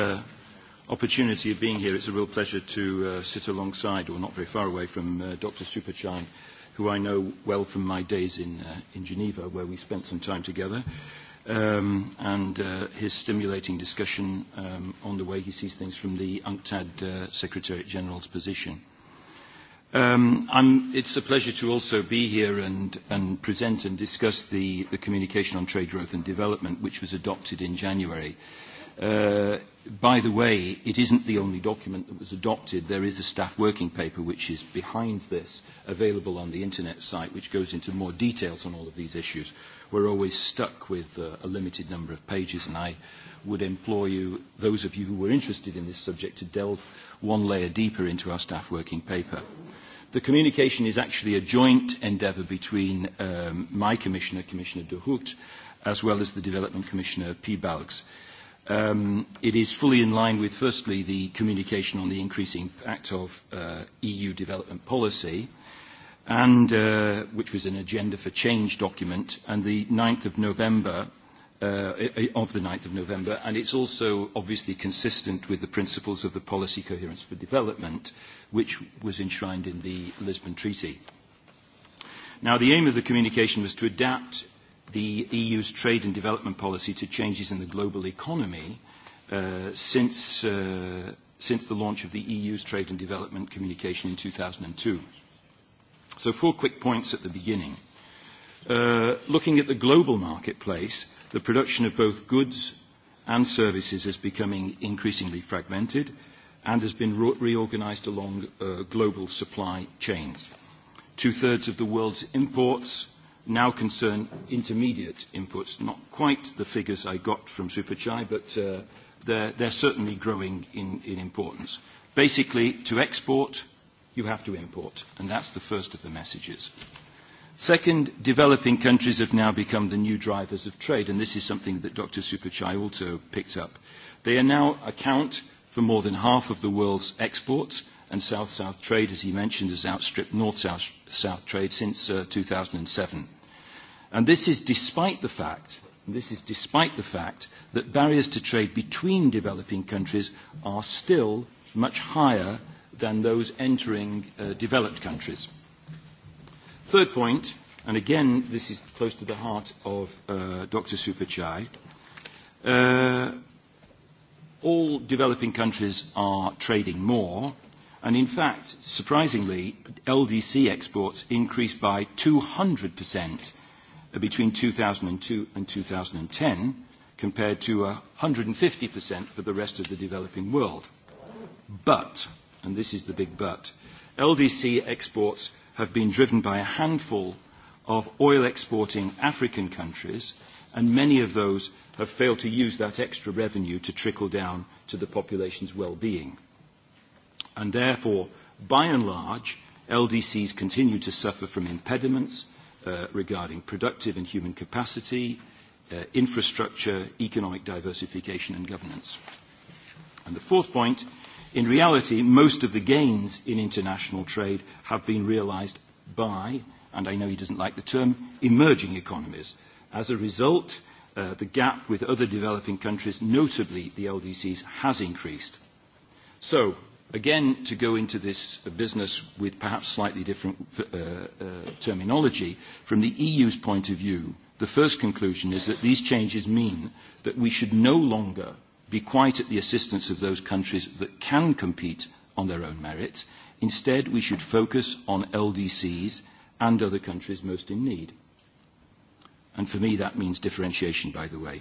opportunity of being here. It's a real pleasure to sit alongside, or not very far away from who I know well from my days in in Geneva, where we spent some time together, and his stimulating discussion on the way he sees things from the UNCTAD Secretary General's position. It's a pleasure to also be here and present and discuss the communication on trade growth and development, which was adopted in January. By the way, it isn't the only document that was adopted. There is a staff working paper which is behind this, available on the Internet site, which goes into more details on all of these issues. We're always stuck with a limited number of pages, and I would implore you, those of you who were interested in this subject, to delve one layer deeper into our staff working paper. The communication is actually a joint endeavour between my Commissioner, Commissioner De Hoot, as well as the Development Commissioner, P. Balgs. It is fully in line with, firstly, the communication on the increasing impact of EU development policy, and which was an Agenda for Change document, and the 9 of November, of the 9th of November, and it's also obviously consistent with the principles of the Policy Coherence for Development, which was enshrined in the Lisbon Treaty. Now, the aim of the communication was to adapt the EU's trade and development policy to changes in the global economy since the launch of the EU's trade and development communication in 2002. So four quick points at the beginning. Looking at the global marketplace, the production of both goods and services is becoming increasingly fragmented and has been reorganized along global supply chains. Two-thirds of the world's imports now concern intermediate inputs, not quite the figures I got from Superchai, but they're certainly growing in importance. Basically, to export, you have to import, and that's the first of the messages. Second, developing countries have now become the new drivers of trade, and this is something that Dr. Superchai also picked up. They now account for more than half of the world's exports, and South-South trade, as he mentioned, has outstripped North-South trade since 2007. And this is despite the fact, this is despite the fact that barriers to trade between developing countries are still much higher than those entering developed countries. Third point, and again this is close to the heart of Dr. Supachai, all developing countries are trading more And in fact, surprisingly, LDC exports increased by 200% between 2002 and 2010, compared to 150% for the rest of the developing world. But, and this is the big but, LDC exports have been driven by a handful of oil-exporting African countries, and many of those have failed to use that extra revenue to trickle down to the population's well-being and therefore, by and large, LDCs continue to suffer from impediments regarding productive and human capacity, infrastructure, economic diversification and governance. And the fourth point, in reality, most of the gains in international trade have been realized by, and I know he doesn't like the term, emerging economies. As a result, the gap with other developing countries, notably the LDCs, has increased. So, Again, to go into this business with perhaps slightly different terminology, from the EU's point of view, the first conclusion is that these changes mean that we should no longer be quite at the assistance of those countries that can compete on their own merits. Instead, we should focus on LDCs and other countries most in need. And for me, that means differentiation, by the way.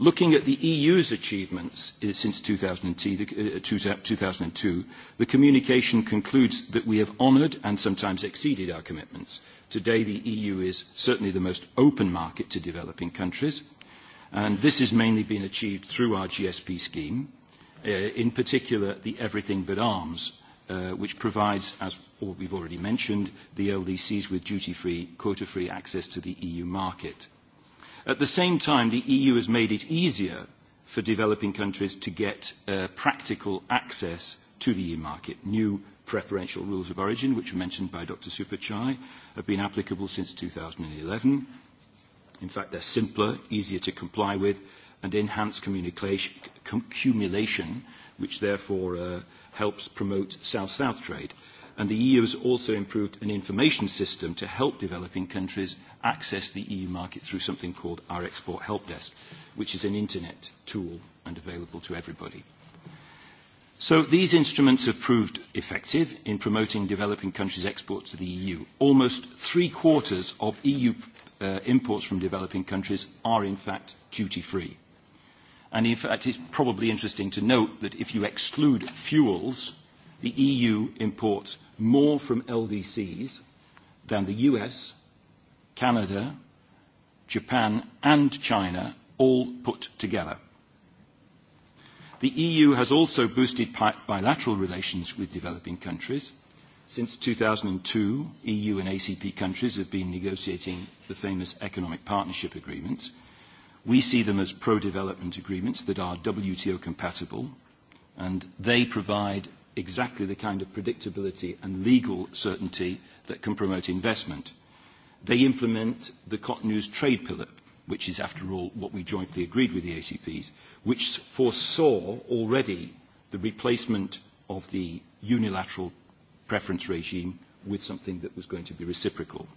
Looking at the EU's achievements since 2002, the communication concludes that we have honoured and sometimes exceeded our commitments. Today, the EU is certainly the most open market to developing countries, and this has mainly been achieved through our GSP scheme, in particular the Everything But Arms, which provides, as we've already mentioned, the LDCs with duty-free, quota-free access to the EU market. At the same time, the EU has made it easier for developing countries to get practical access to the EU market. New preferential rules of origin, which were mentioned by Dr. Superchai, have been applicable since 2011. In fact, they are simpler, easier to comply with, and enhance cumulation, which therefore helps promote South-South trade and the EU has also improved an information system to help developing countries access the EU market through something called our Export Help Desk, which is an internet tool and available to everybody. So these instruments have proved effective in promoting developing countries' exports to the EU. Almost three-quarters of EU imports from developing countries are in fact duty-free. And in fact, it's probably interesting to note that if you exclude fuels, the EU imports more from LDCs than the US, Canada, Japan and China all put together. The EU has also boosted bilateral relations with developing countries. Since 2002, EU and ACP countries have been negotiating the famous economic partnership agreements. We see them as pro-development agreements that are WTO compatible, and they provide exactly the kind of predictability and legal certainty that can promote investment. They implement the Cotonou's trade pillar, which is, after all, what we jointly agreed with the ACPs, which foresaw already the replacement of the unilateral preference regime with something that was going to be reciprocal.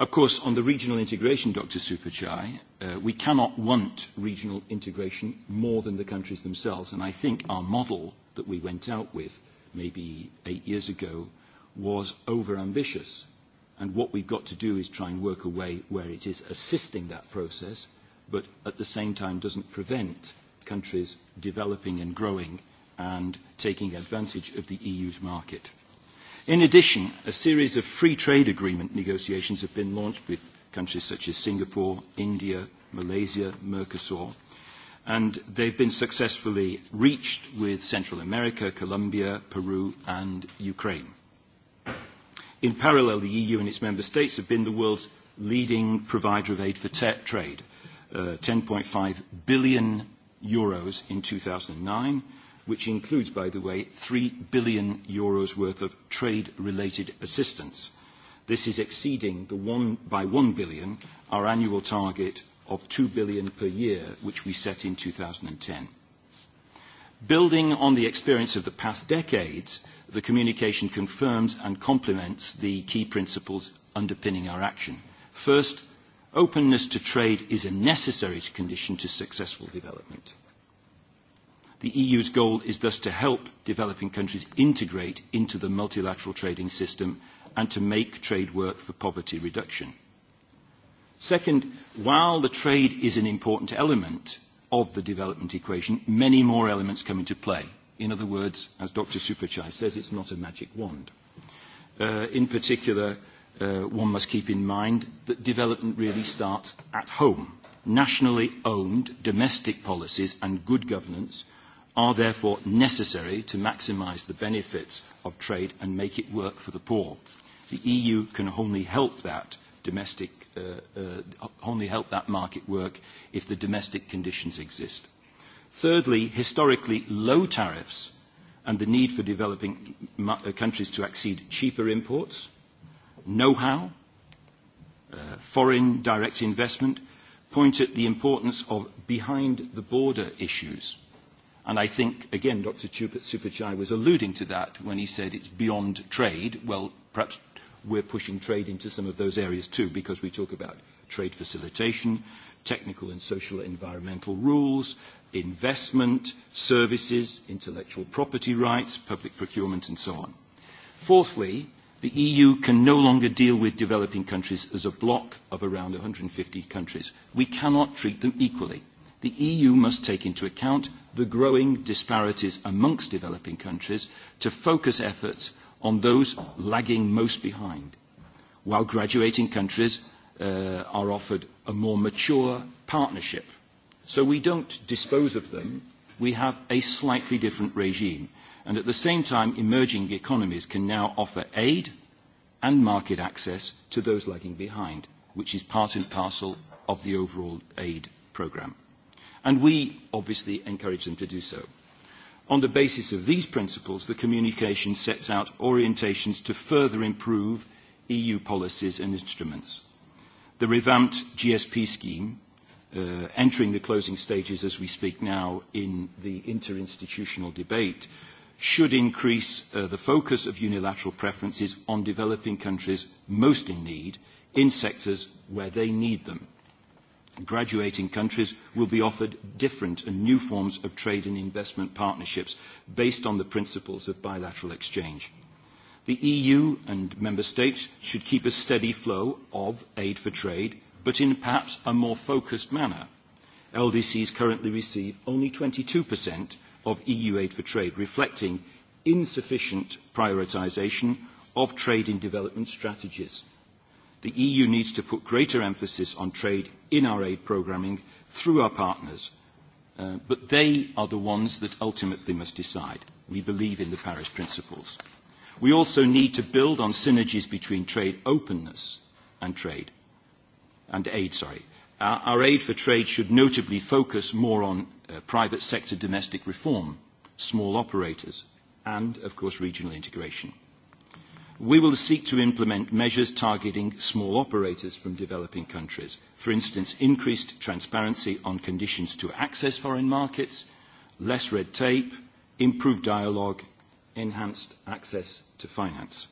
Of course, on the regional integration, Dr. Superchai, we cannot want regional integration more than the countries themselves, and I think our model that we went out with maybe eight years ago was overambitious. And what we've got to do is try and work a way where it is assisting that process, but at the same time doesn't prevent countries developing and growing and taking advantage of the EU's market. In addition, a series of free trade agreement negotiations have been launched with countries such as Singapore, India, Malaysia, Mercosur, and they've been successfully reached with Central America, Colombia, Peru and Ukraine. In parallel, the EU and its member states have been the world's leading provider of aid for trade, 10.5 billion euros in 2009, which includes, by the way, 3 billion euros worth of trade-related assistance. This is exceeding the by 1 billion our annual target of 2 billion per year, which we set in 2010. Building on the experience of the past decades, the communication confirms and complements the key principles underpinning our action. First, openness to trade is a necessary condition to successful development. The EU's goal is thus to help developing countries integrate into the multilateral trading system and to make trade work for poverty reduction. Second, while the trade is an important element of the development equation, many more elements come into play. In other words, as Dr. Superchai says, it's not a magic wand. In particular, one must keep in mind that development really starts at home. Nationally owned domestic policies and good governance are therefore necessary to maximise the benefits of trade and make it work for the poor. The EU can only help that domestic only help that market work if the domestic conditions exist. Thirdly, historically low tariffs and the need for developing countries to accede cheaper imports, know-how, foreign direct investment point at the importance of behind-the-border issues. And I think, again, Dr. Superchai was alluding to that when he said it's beyond trade. Well, perhaps we're pushing trade into some of those areas too, because we talk about trade facilitation, technical and social environmental rules, investment, services, intellectual property rights, public procurement, and so on. Fourthly, the EU can no longer deal with developing countries as a block of around 150 countries. We cannot treat them equally. The EU must take into account the growing disparities amongst developing countries to focus efforts on those lagging most behind, while graduating countries are offered a more mature partnership. So we don't dispose of them. We have a slightly different regime. And at the same time, emerging economies can now offer aid and market access to those lagging behind, which is part and parcel of the overall aid programme. And we obviously encourage them to do so. On the basis of these principles, the communication sets out orientations to further improve EU policies and instruments. The revamped GSP scheme, entering the closing stages as we speak now in the interinstitutional debate, should increase the focus of unilateral preferences on developing countries most in need in sectors where they need them graduating countries will be offered different and new forms of trade and investment partnerships based on the principles of bilateral exchange. The EU and Member States should keep a steady flow of aid for trade, but in perhaps a more focused manner. LDCs currently receive only 22% of EU aid for trade, reflecting insufficient prioritisation of trade in development strategies. The EU needs to put greater emphasis on trade in our aid programming through our partners. But they are the ones that ultimately must decide. We believe in the Paris principles. We also need to build on synergies between trade openness and trade and aid, sorry. Our aid for trade should notably focus more on private sector domestic reform, small operators, and, of course, regional integration. We will seek to implement measures targeting small operators from developing countries. For instance, increased transparency on conditions to access foreign markets, less red tape, improved dialogue, enhanced access to finance.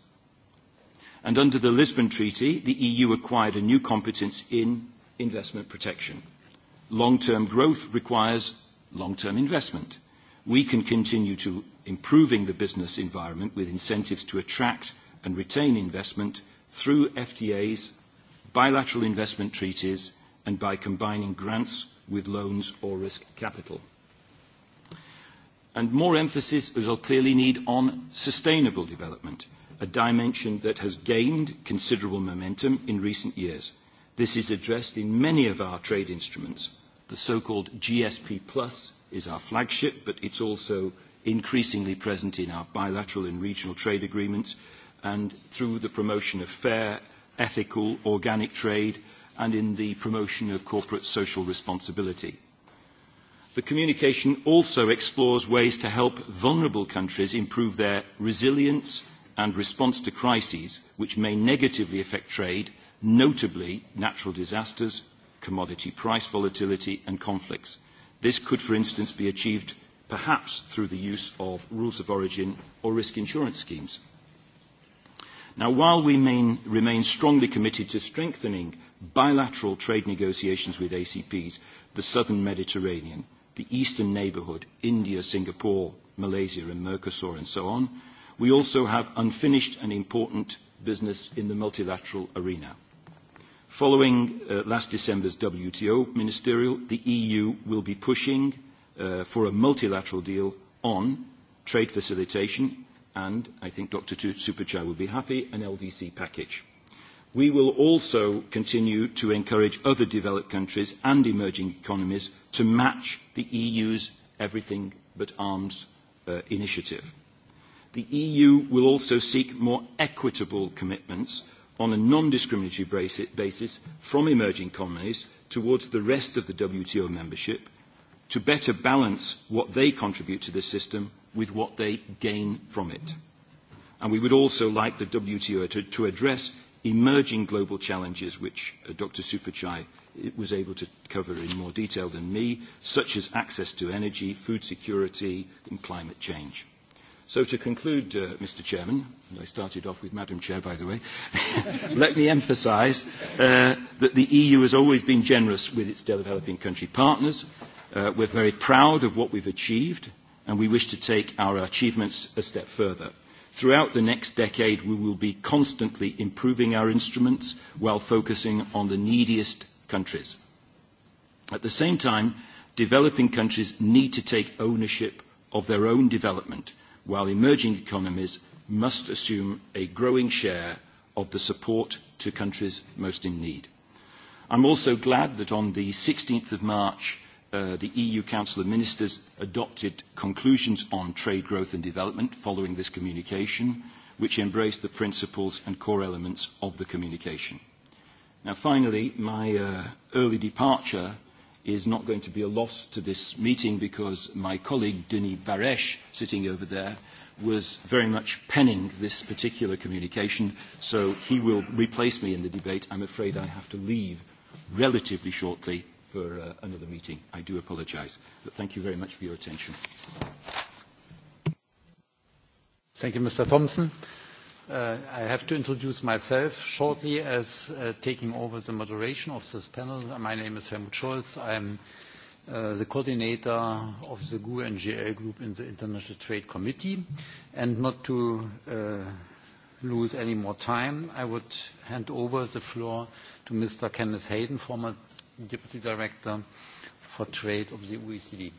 And under the Lisbon Treaty, the EU acquired a new competence in investment protection. Long-term growth requires long-term investment. We can continue to improving the business environment with incentives to attract and retain investment through FTAs, bilateral investment treaties, and by combining grants with loans or risk capital. And more emphasis we will clearly need on sustainable development, a dimension that has gained considerable momentum in recent years. This is addressed in many of our trade instruments. The so-called GSP Plus is our flagship, but it's also increasingly present in our bilateral and regional trade agreements and through the promotion of fair, ethical, organic trade and in the promotion of corporate social responsibility. The communication also explores ways to help vulnerable countries improve their resilience and response to crises which may negatively affect trade, notably natural disasters, commodity price volatility and conflicts. This could, for instance, be achieved perhaps through the use of rules of origin or risk insurance schemes. Now, while we remain strongly committed to strengthening bilateral trade negotiations with ACPs, the southern Mediterranean, the eastern neighbourhood, India, Singapore, Malaysia and Mercosur and so on, we also have unfinished and important business in the multilateral arena. Following last December's WTO ministerial, the EU will be pushing for a multilateral deal on trade facilitation and I think Dr. Superchai will be happy, an LDC package. We will also continue to encourage other developed countries and emerging economies to match the EU's Everything But Arms initiative. The EU will also seek more equitable commitments on a non-discriminatory basis from emerging economies towards the rest of the WTO membership to better balance what they contribute to the system with what they gain from it. And we would also like the WTO to address emerging global challenges, which Dr. Superchai was able to cover in more detail than me, such as access to energy, food security, and climate change. So to conclude, Mr. Chairman, and I started off with Madam Chair, by the way, let me emphasise that the EU has always been generous with its developing country partners. We're very proud of what we've achieved and we wish to take our achievements a step further. Throughout the next decade, we will be constantly improving our instruments while focusing on the neediest countries. At the same time, developing countries need to take ownership of their own development, while emerging economies must assume a growing share of the support to countries most in need. I'm also glad that on the 16th of March, the EU Council of Ministers adopted conclusions on trade growth and development following this communication, which embraced the principles and core elements of the communication. Now, finally, my early departure is not going to be a loss to this meeting because my colleague, Denis Baresh, sitting over there, was very much penning this particular communication, so he will replace me in the debate. I'm afraid I have to leave relatively shortly for another meeting. I do apologise. But thank you very much for your attention. Thank you, Mr. Thompson. I have to introduce myself shortly as taking over the moderation of this panel. My name is Helmut Scholz. I am the coordinator of the GU NGL group in the International Trade Committee. And not to lose any more time, I would hand over the floor to Mr. Kenneth Hayden, former Deputy Director for Trade of the OECD.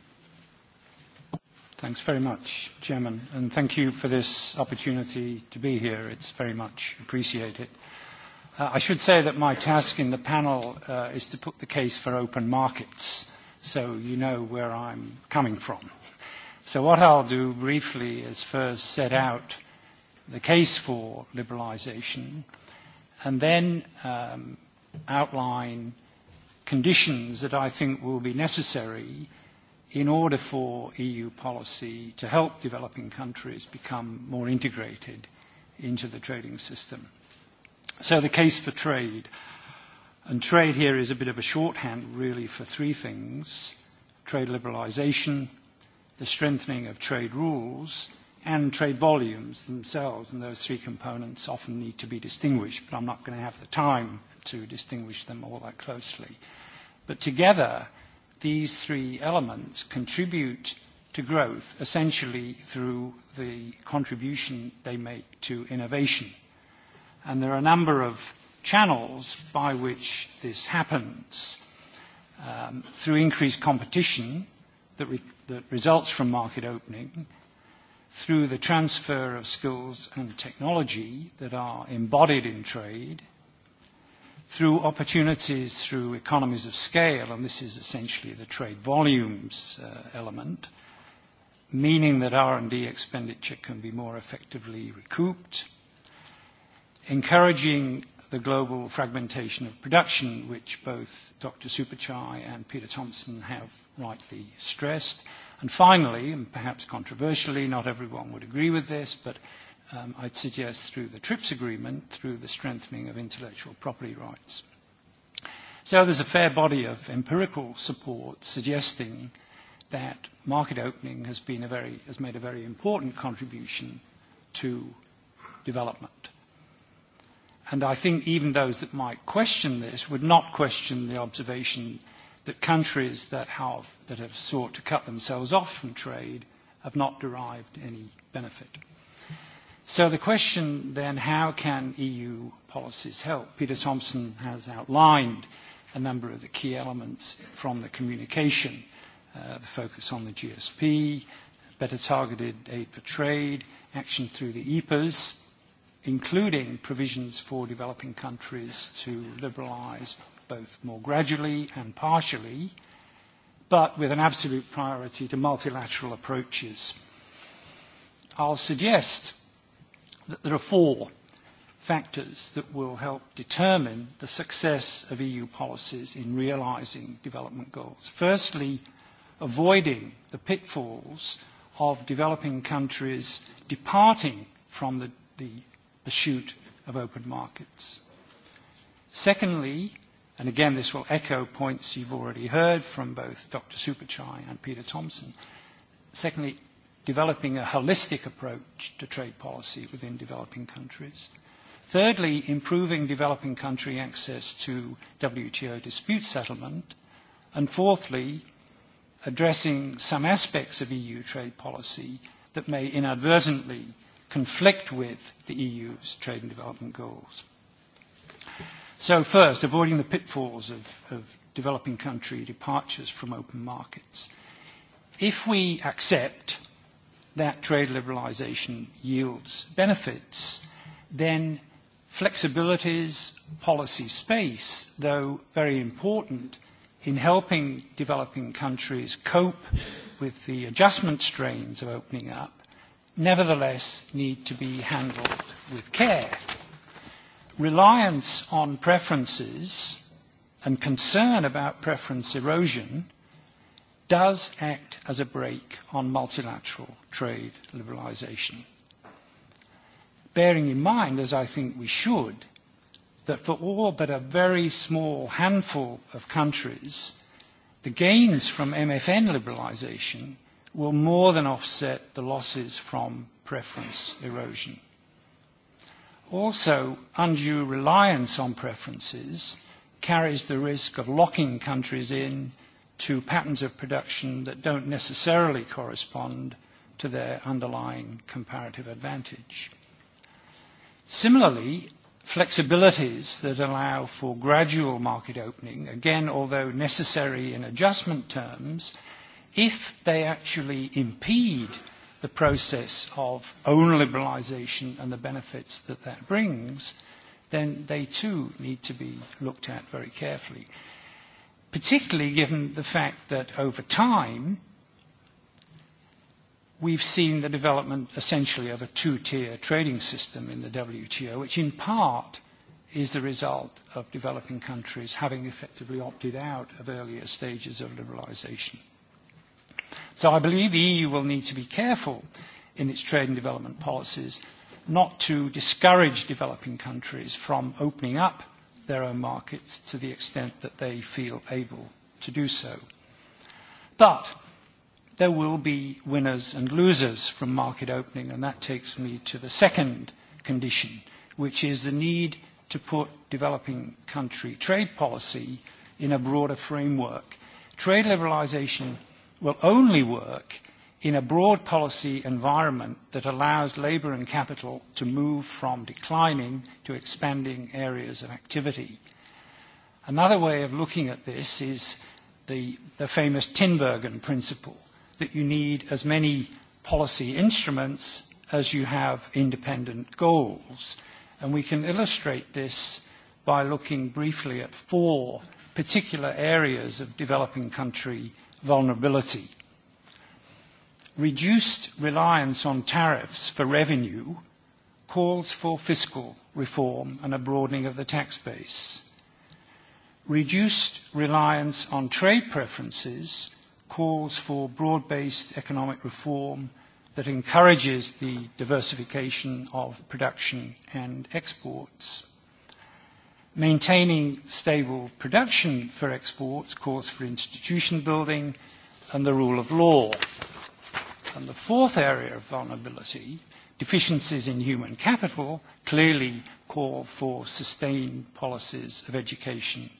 Thanks very much, Chairman, and thank you for this opportunity to be here. It's very much appreciated. I should say that my task in the panel is to put the case for open markets, so you know where I'm coming from. So what I'll do briefly is first set out the case for liberalization, and then outline conditions that I think will be necessary in order for EU policy to help developing countries become more integrated into the trading system. So the case for trade. And trade here is a bit of a shorthand, really, for three things. Trade liberalisation, the strengthening of trade rules, and trade volumes themselves. And those three components often need to be distinguished, but I'm not going to have the time to distinguish them all that closely. But together, these three elements contribute to growth essentially through the contribution they make to innovation. And there are a number of channels by which this happens through increased competition that results from market opening, through the transfer of skills and technology that are embodied in trade, through opportunities, through economies of scale, and this is essentially the trade volumes element, meaning that R&D expenditure can be more effectively recouped, encouraging the global fragmentation of production, which both Dr. Superchai and Peter Thompson have rightly stressed. And finally, and perhaps controversially, not everyone would agree with this, but I'd suggest through the TRIPS agreement, through the strengthening of intellectual property rights. So there's a fair body of empirical support suggesting that market opening has been a very has made a very important contribution to development. And I think even those that might question this would not question the observation that countries that have that have sought to cut themselves off from trade have not derived any benefit. So the question then, how can EU policies help? Peter Thompson has outlined a number of the key elements from the communication, the focus on the GSP, better targeted aid for trade, action through the EPAs, including provisions for developing countries to liberalise both more gradually and partially, but with an absolute priority to multilateral approaches. I'll suggest there are four factors that will help determine the success of EU policies in realising development goals. Firstly, avoiding the pitfalls of developing countries departing from the pursuit of open markets. Secondly, and again this will echo points you've already heard from both Dr. Superchai and Peter Thompson, secondly, developing a holistic approach to trade policy within developing countries. Thirdly, improving developing country access to WTO dispute settlement. And fourthly, addressing some aspects of EU trade policy that may inadvertently conflict with the EU's trade and development goals. So first, avoiding the pitfalls of developing country departures from open markets. If we accept that trade liberalisation yields benefits, then flexibilities, policy space, though very important in helping developing countries cope with the adjustment strains of opening up, nevertheless need to be handled with care. Reliance on preferences and concern about preference erosion does act as a brake on multilateral trade liberalisation. Bearing in mind, as I think we should, that for all but a very small handful of countries, the gains from MFN liberalisation will more than offset the losses from preference erosion. Also, undue reliance on preferences carries the risk of locking countries in to patterns of production that don't necessarily correspond to their underlying comparative advantage. Similarly, flexibilities that allow for gradual market opening, again, although necessary in adjustment terms, if they actually impede the process of own liberalisation and the benefits that that brings, then they too need to be looked at very carefully particularly given the fact that over time we've seen the development essentially of a two-tier trading system in the WTO, which in part is the result of developing countries having effectively opted out of earlier stages of liberalisation. So I believe the EU will need to be careful in its trade and development policies not to discourage developing countries from opening up their own markets to the extent that they feel able to do so. But there will be winners and losers from market opening, and that takes me to the second condition, which is the need to put developing country trade policy in a broader framework. Trade liberalisation will only work in a broad policy environment that allows labour and capital to move from declining to expanding areas of activity. Another way of looking at this is the famous Tinbergen principle, that you need as many policy instruments as you have independent goals. And we can illustrate this by looking briefly at four particular areas of developing country vulnerability reduced reliance on tariffs for revenue calls for fiscal reform and a broadening of the tax base. Reduced reliance on trade preferences calls for broad-based economic reform that encourages the diversification of production and exports. Maintaining stable production for exports calls for institution building and the rule of law. And the fourth area of vulnerability, deficiencies in human capital, clearly call for sustained policies of education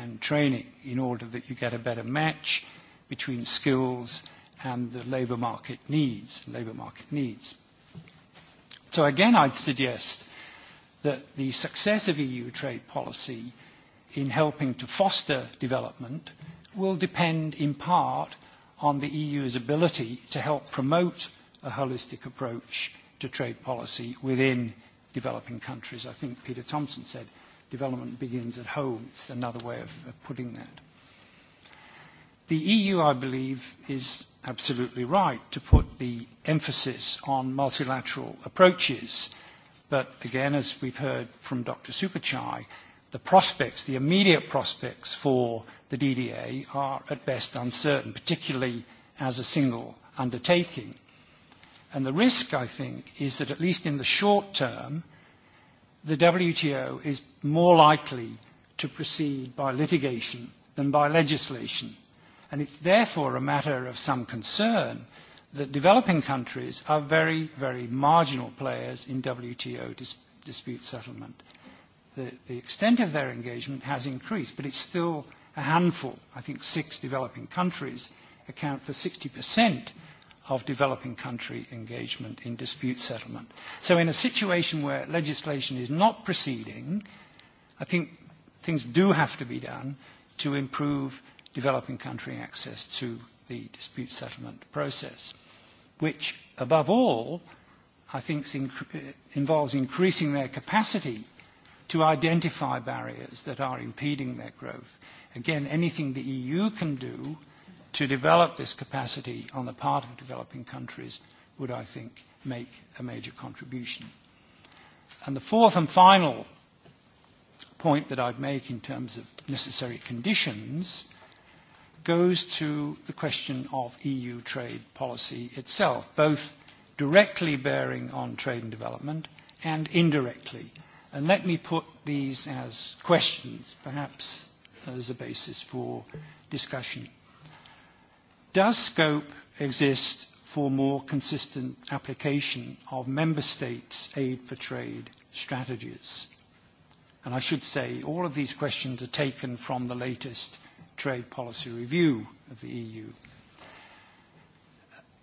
and training in order that you get a better match between skills and the labour market needs, labour market needs. So again, I'd suggest that the success of EU trade policy in helping to foster development will depend in part on the EU's ability to help promote a holistic approach to trade policy within developing countries. I think Peter Thompson said development begins at home. It's another way of putting that. The EU, I believe, is absolutely right to put the emphasis on multilateral approaches. But again, as we've heard from Dr. Superchai, the prospects, the immediate prospects for the DDA are at best uncertain, particularly as a single undertaking. And the risk, I think, is that at least in the short term, the WTO is more likely to proceed by litigation than by legislation. And it's therefore a matter of some concern that developing countries are very, very marginal players in WTO dispute settlement. The extent of their engagement has increased, but it's still a handful, I think six developing countries, account for 60% of developing country engagement in dispute settlement. So in a situation where legislation is not proceeding, I think things do have to be done to improve developing country access to the dispute settlement process, which, above all, I think involves increasing their capacity to identify barriers that are impeding their growth again, anything the EU can do to develop this capacity on the part of developing countries would, I think, make a major contribution. And the fourth and final point that I'd make in terms of necessary conditions goes to the question of EU trade policy itself, both directly bearing on trade and development and indirectly. And let me put these as questions. Perhaps As a basis for discussion. Does scope exist for more consistent application of member states' aid for trade strategies? And I should say all of these questions are taken from the latest trade policy review of the EU.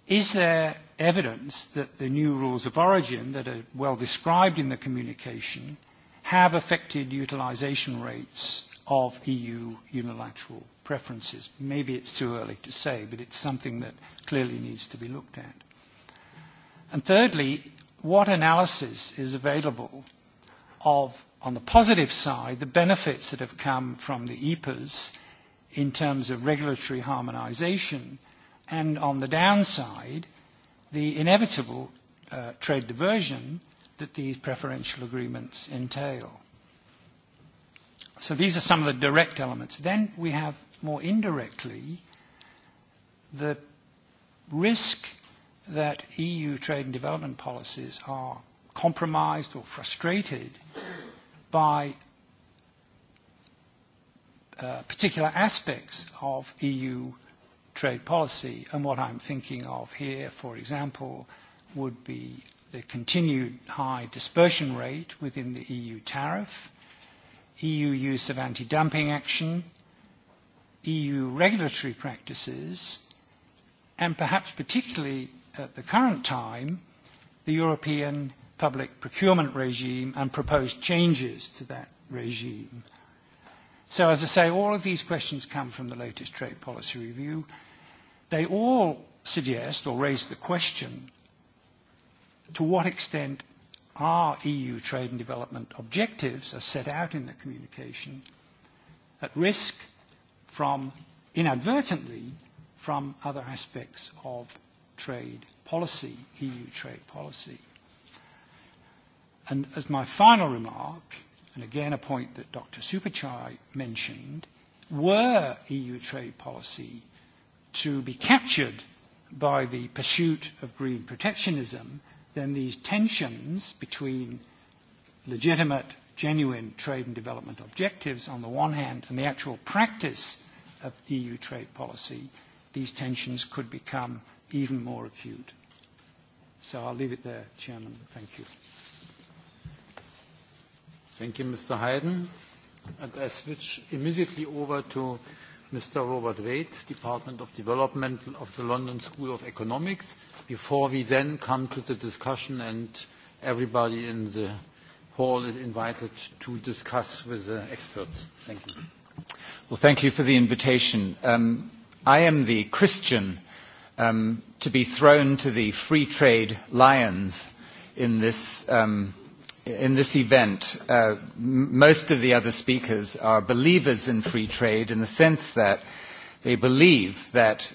Is there evidence that the new rules of origin that are well described in the communication have affected utilization rates of EU unilateral preferences. Maybe it's too early to say, but it's something that clearly needs to be looked at. And thirdly, what analysis is available of, on the positive side, the benefits that have come from the EPAs in terms of regulatory harmonization, and on the downside, the inevitable trade diversion that these preferential agreements entail. So these are some of the direct elements. Then we have more indirectly the risk that EU trade and development policies are compromised or frustrated by particular aspects of EU trade policy. And what I'm thinking of here, for example, would be the continued high dispersion rate within the EU tariff EU use of anti-dumping action, EU regulatory practices, and perhaps particularly at the current time, the European public procurement regime and proposed changes to that regime. So, as I say, all of these questions come from the latest trade policy review. They all suggest or raise the question to what extent our EU trade and development objectives, are set out in the communication, at risk from inadvertently from other aspects of trade policy, EU trade policy. And as my final remark, and again a point that Dr. Superchai mentioned, were EU trade policy to be captured by the pursuit of green protectionism, then these tensions between legitimate, genuine trade and development objectives on the one hand and the actual practice of EU trade policy, these tensions could become even more acute. So I'll leave it there, Chairman. Thank you. Thank you, Mr. Hayden. And I switch immediately over to Mr. Robert Wade, Department of Development of the London School of Economics before we then come to the discussion and everybody in the hall is invited to discuss with the experts. Thank you. Well, thank you for the invitation. I am the Christian to be thrown to the free trade lions in this in this event. Most of the other speakers are believers in free trade in the sense that they believe that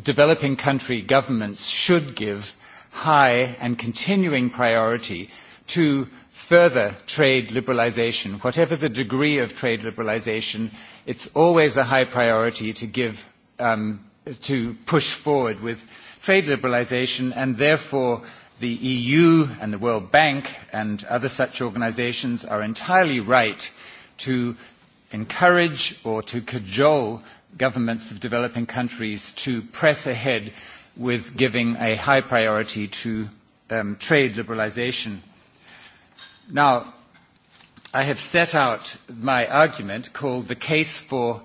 developing country governments should give high and continuing priority to further trade liberalisation. Whatever the degree of trade liberalisation, it's always a high priority to give to push forward with trade liberalisation and therefore the EU and the World Bank and other such organisations are entirely right to encourage or to cajole governments of developing countries to press ahead with giving a high priority to trade liberalisation. Now, I have set out my argument called the case for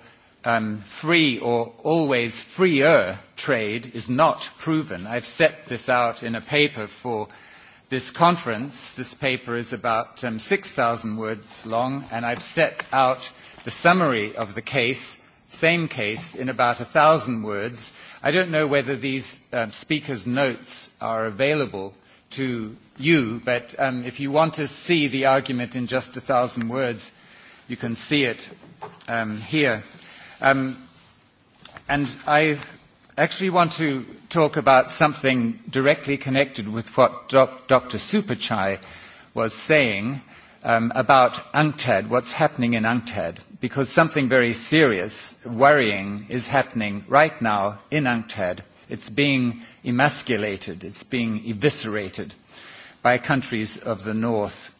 free or always freer trade is not proven. I've set this out in a paper for this conference. This paper is about 6,000 words long, and I've set out the summary of the case same case in about a thousand words. I don't know whether these speakers' notes are available to you, but if you want to see the argument in just a thousand words, you can see it here. And I actually want to talk about something directly connected with what Dr. Superchai was saying about UNCTAD, what's happening in UNCTAD, because something very serious, worrying, is happening right now in UNCTAD. It's being emasculated, it's being eviscerated by countries of the North.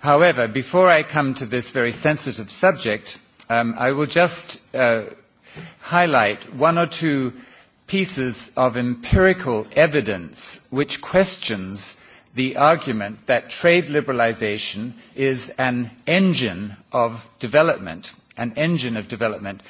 However, before I come to this very sensitive subject, I will just highlight one or two pieces of empirical evidence which questions the argument that trade liberalisation is an engine of development, an engine of development.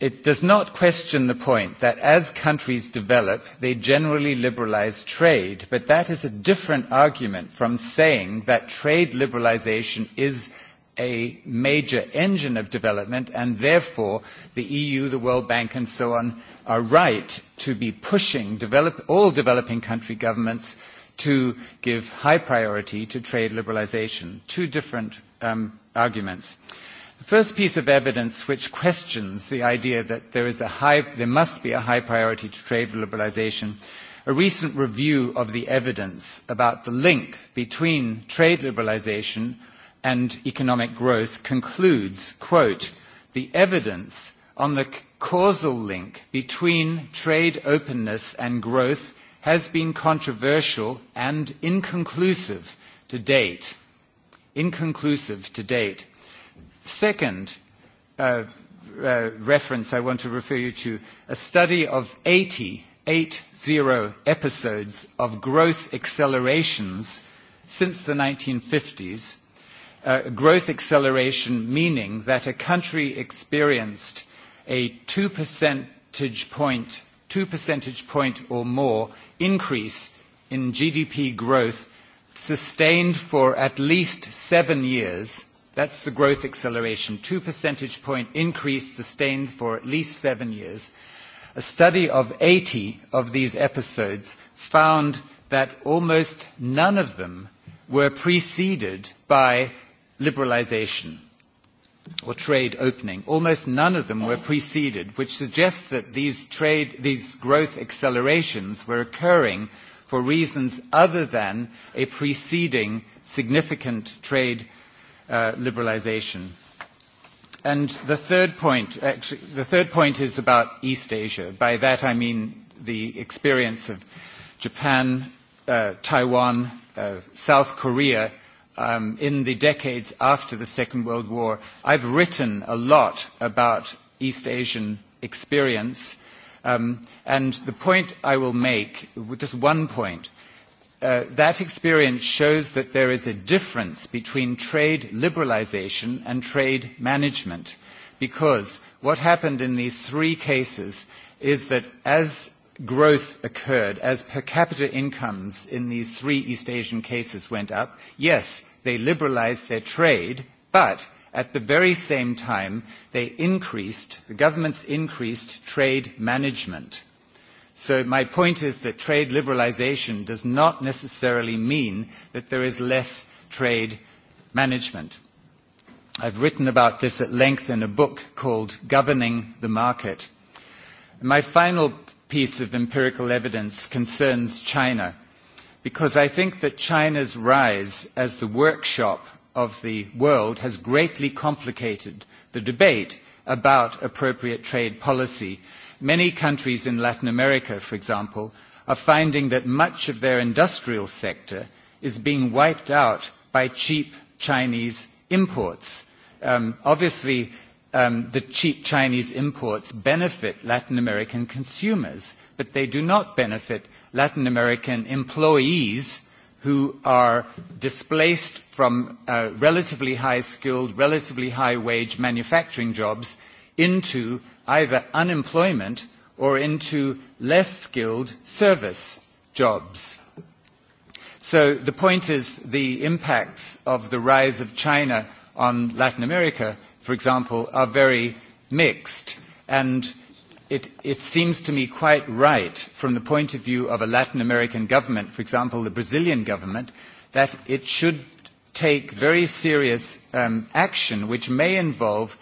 It does not question the point that as countries develop, they generally liberalise trade, but that is a different argument from saying that trade liberalisation is a major engine of development and therefore the EU, the World Bank and so on are right to be pushing all developing country governments to give high priority to trade liberalisation. Two different arguments. The first piece of evidence which questions the idea that there must be a high priority to trade liberalisation, a recent review of the evidence about the link between trade liberalisation and economic growth concludes, quote, the evidence on the causal link between trade openness and growth has been controversial and inconclusive to date. Inconclusive to date. Second reference I want to refer you to, a study of 80 episodes of growth accelerations since the 1950s, growth acceleration meaning that a country experienced a two percentage point two percentage point or more increase in GDP growth sustained for at least seven years. That's the growth acceleration, two percentage point increase sustained for at least seven years. A study of 80 of these episodes found that almost none of them were preceded by liberalization or trade opening. Almost none of them were preceded, which suggests that these trade these growth accelerations were occurring for reasons other than a preceding significant trade liberalization. And the third point, the third point is about East Asia. By that I mean the experience of Japan, Taiwan, South Korea in the decades after the Second World War, I've written a lot about East Asian experience. And the point I will make, just one point, that experience shows that there is a difference between trade liberalization and trade management, because what happened in these three cases is that as growth occurred as per capita incomes in these three East Asian cases went up. Yes, they liberalized their trade, but at the very same time, they increased, the governments increased trade management. So my point is that trade liberalization does not necessarily mean that there is less trade management. I've written about this at length in a book called Governing the Market. My final piece of empirical evidence concerns China, because I think that China's rise as the workshop of the world has greatly complicated the debate about appropriate trade policy. Many countries in Latin America, for example, are finding that much of their industrial sector is being wiped out by cheap Chinese imports. Obviously, the cheap Chinese imports benefit Latin American consumers, but they do not benefit Latin American employees who are displaced from relatively high-skilled, relatively high-wage manufacturing jobs into either unemployment or into less skilled service jobs. So the point is the impacts of the rise of China on Latin America for example, are very mixed. And it seems to me quite right from the point of view of a Latin American government, for example, the Brazilian government, that it should take very serious action which may involve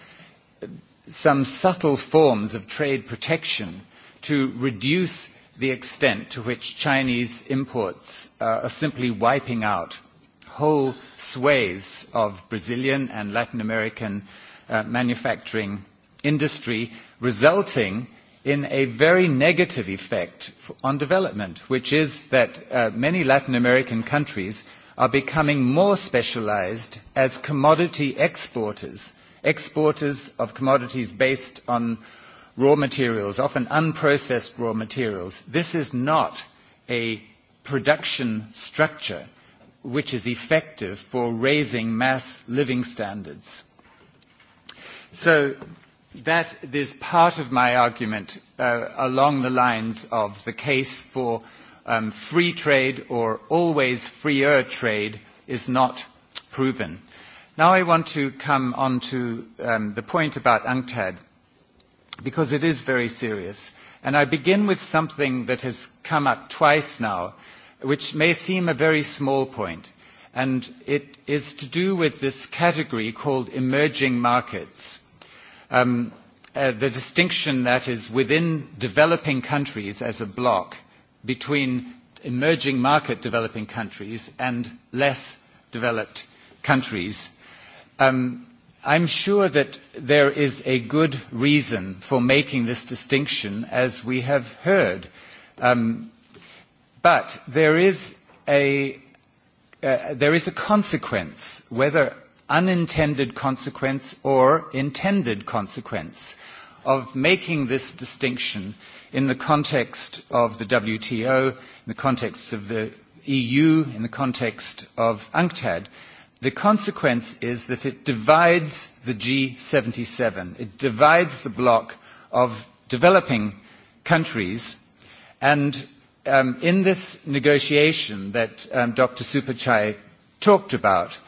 some subtle forms of trade protection to reduce the extent to which Chinese imports are simply wiping out whole swathes of Brazilian and Latin American manufacturing industry, resulting in a very negative effect on development, which is that many Latin American countries are becoming more specialized as commodity exporters, exporters of commodities based on raw materials, often unprocessed raw materials. This is not a production structure which is effective for raising mass living standards. So that is part of my argument along the lines of the case for free trade or always freer trade is not proven. Now I want to come on to the point about UNCTAD because it is very serious. And I begin with something that has come up twice now, which may seem a very small point. And it is to do with this category called emerging markets the distinction that is within developing countries as a bloc between emerging market developing countries and less developed countries. I'm sure that there is a good reason for making this distinction, as we have heard. But there is a consequence, whether unintended consequence or intended consequence of making this distinction in the context of the WTO, in the context of the EU, in the context of UNCTAD. The consequence is that it divides the G77. It divides the bloc of developing countries. And in this negotiation that Dr. superchai talked about,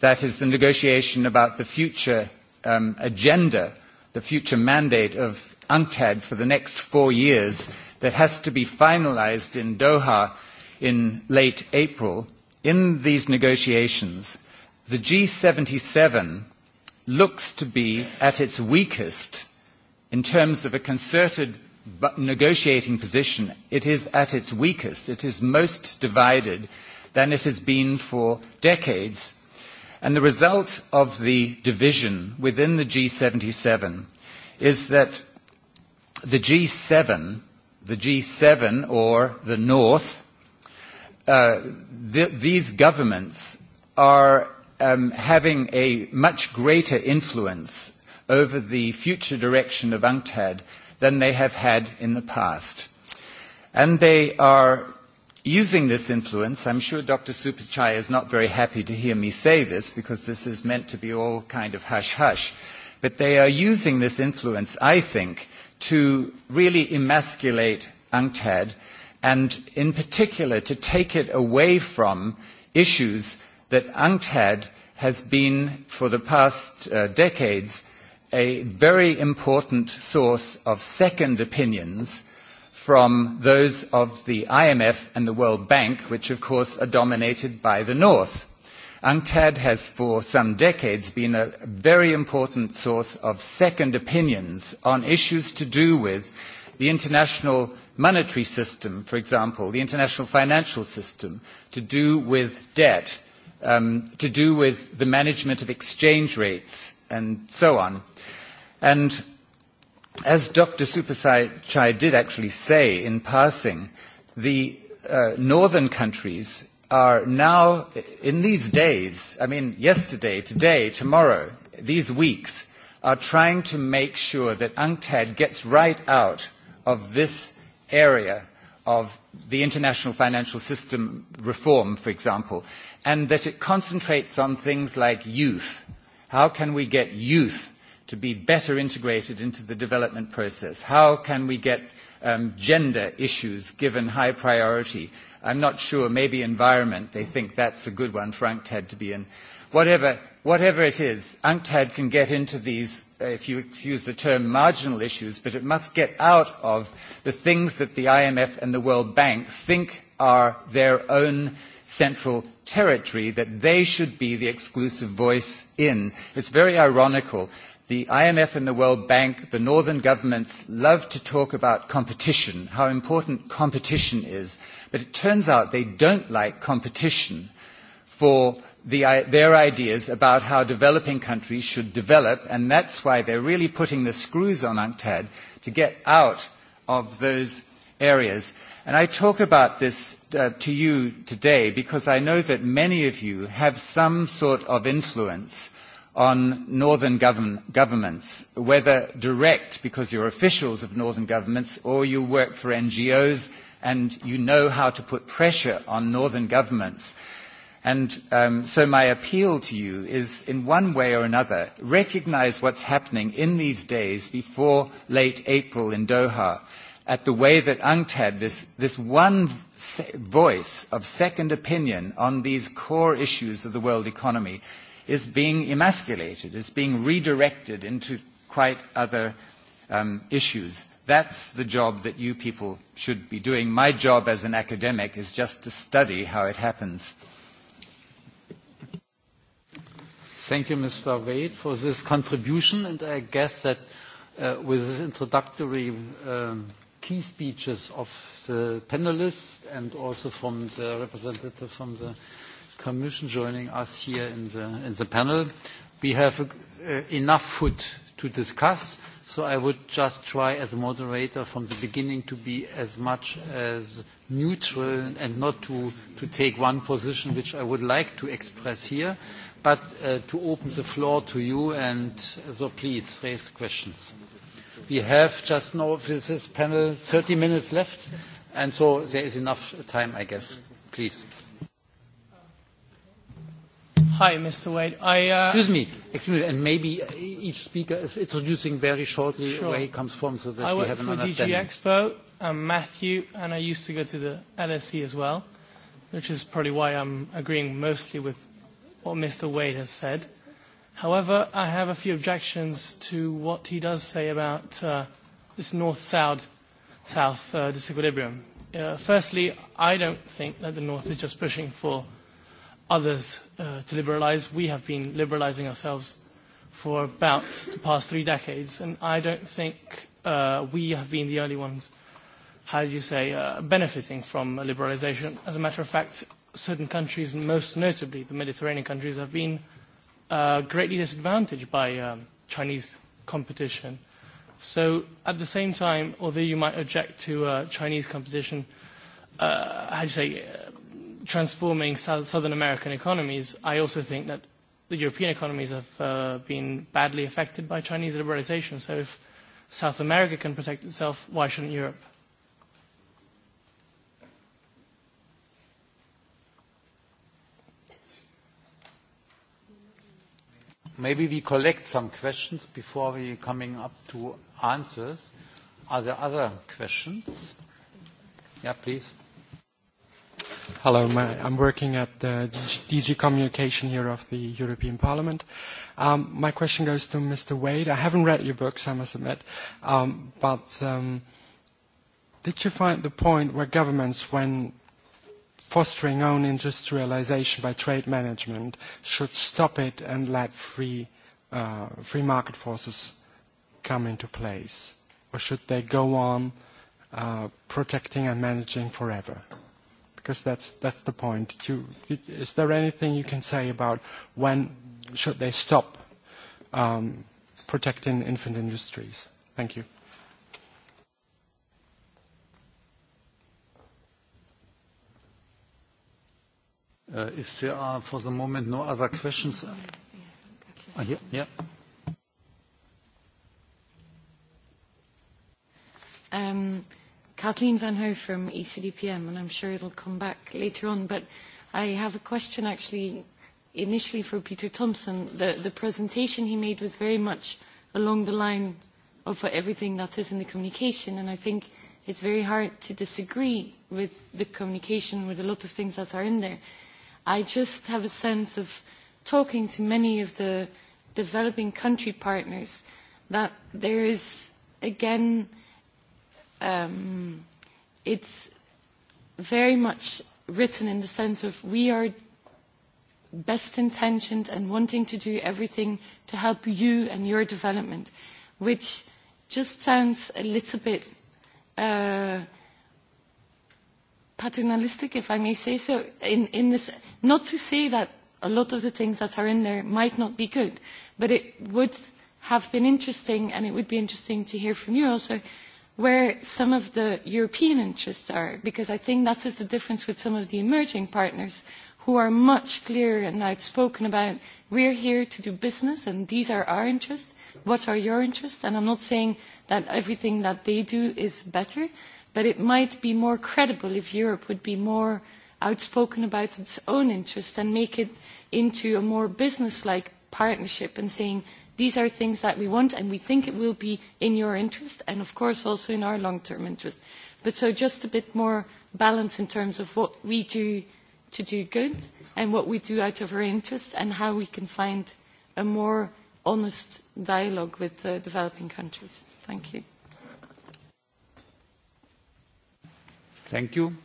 That is the negotiation about the future agenda, the future mandate of UNCTAD for the next four years that has to be finalized in Doha in late April. In these negotiations, the G77 looks to be at its weakest in terms of a concerted negotiating position. It is at its weakest. It is most divided than it has been for decades And the result of the division within the G77 is that the G7, the G7 or the North, these governments are having a much greater influence over the future direction of UNCTAD than they have had in the past. And they are Using this influence, I'm sure Dr. Supachai is not very happy to hear me say this because this is meant to be all kind of hush-hush, but they are using this influence, I think, to really emasculate UNCTAD and in particular to take it away from issues that UNCTAD has been for the past decades a very important source of second opinions from those of the IMF and the World Bank, which of course are dominated by the North. UNCTAD has for some decades been a very important source of second opinions on issues to do with the international monetary system, for example, the international financial system, to do with debt, to do with the management of exchange rates, and so on. And As Dr. Chai did actually say in passing, the northern countries are now, in these days, I mean yesterday, today, tomorrow, these weeks, are trying to make sure that UNCTAD gets right out of this area of the international financial system reform, for example, and that it concentrates on things like youth. How can we get youth to be better integrated into the development process? How can we get gender issues given high priority? I'm not sure. Maybe environment. They think that's a good one for UNCTAD to be in. Whatever it is, UNCTAD can get into these, if you excuse the term, marginal issues, but it must get out of the things that the IMF and the World Bank think are their own central territory that they should be the exclusive voice in. It's very ironical The IMF and the World Bank, the northern governments love to talk about competition, how important competition is, but it turns out they don't like competition for their ideas about how developing countries should develop, and that's why they're really putting the screws on UNCTAD to get out of those areas. And I talk about this to you today because I know that many of you have some sort of influence on northern governments, whether direct because you're officials of northern governments or you work for NGOs and you know how to put pressure on northern governments. And so my appeal to you is, in one way or another, recognize what's happening in these days before late April in Doha at the way that UNCTAD, this one voice of second opinion on these core issues of the world economy, is being emasculated, is being redirected into quite other issues. That's the job that you people should be doing. My job as an academic is just to study how it happens. Thank you, Mr. Wade, for this contribution. And I guess that with this introductory key speeches of the panelists and also from the representative from the Commission joining us here in the panel. We have enough food to discuss, so I would just try as a moderator from the beginning to be as much as neutral and not to take one position which I would like to express here, but to open the floor to you, and so please raise questions. We have just now with this panel 30 minutes left, and so there is enough time, I guess. Please. Hi, Mr. Wade. I, Excuse me. Excuse me. And maybe each speaker is introducing very shortly where he comes from so that we have an understanding. I work for DG Expo. I'm Matthew, and I used to go to the LSE as well, which is probably why I'm agreeing mostly with what Mr. Wade has said. However, I have a few objections to what he does say about this north-south disequilibrium. Firstly, I don't think that the north is just pushing for others to liberalize, We have been liberalising ourselves for about the past three decades, and I don't think we have been the only ones, how do you say, benefiting from liberalisation. As a matter of fact, certain countries, most notably the Mediterranean countries, have been greatly disadvantaged by Chinese competition. So at the same time, although you might object to Chinese competition, how do you say, transforming Southern American economies, I also think that the European economies have been badly affected by Chinese liberalisation. So if South America can protect itself, why shouldn't Europe? Maybe we collect some questions before we coming up to answers. Are there other questions? Yeah, please. Hello, I'm working at the DG Communication here of the European Parliament. My question goes to Mr. Wade. I haven't read your books, I must admit, but did you find the point where governments, when fostering own industrialization by trade management, should stop it and let free market forces come into place? Or should they go on protecting and managing forever? because that's that's the point. Is there anything you can say about when should they stop protecting infant industries? Thank you. If there are for the moment no other questions. Yeah. Kathleen Van Hoo from ECDPM, and I'm sure it'll come back later on, but I have a question actually initially for Peter Thompson. The presentation he made was very much along the line of everything that is in the communication, and I think it's very hard to disagree with the communication, with a lot of things that are in there. I just have a sense of talking to many of the developing country partners that there is, again, It's very much written in the sense of we are best intentioned and wanting to do everything to help you and your development, which just sounds a little bit paternalistic, if I may say so, in this not to say that a lot of the things that are in there might not be good, but it would have been interesting, and it would be interesting to hear from you also, where some of the European interests are, because I think that is the difference with some of the emerging partners who are much clearer and outspoken about we're here to do business and these are our interests, what are your interests, and I'm not saying that everything that they do is better, but it might be more credible if Europe would be more outspoken about its own interests and make it into a more business-like partnership and saying These are things that we want, and we think it will be in your interest, and of course also in our long-term interest. But so just a bit more balance in terms of what we do to do good, and what we do out of our interest, and how we can find a more honest dialogue with developing countries. Thank you. Thank you.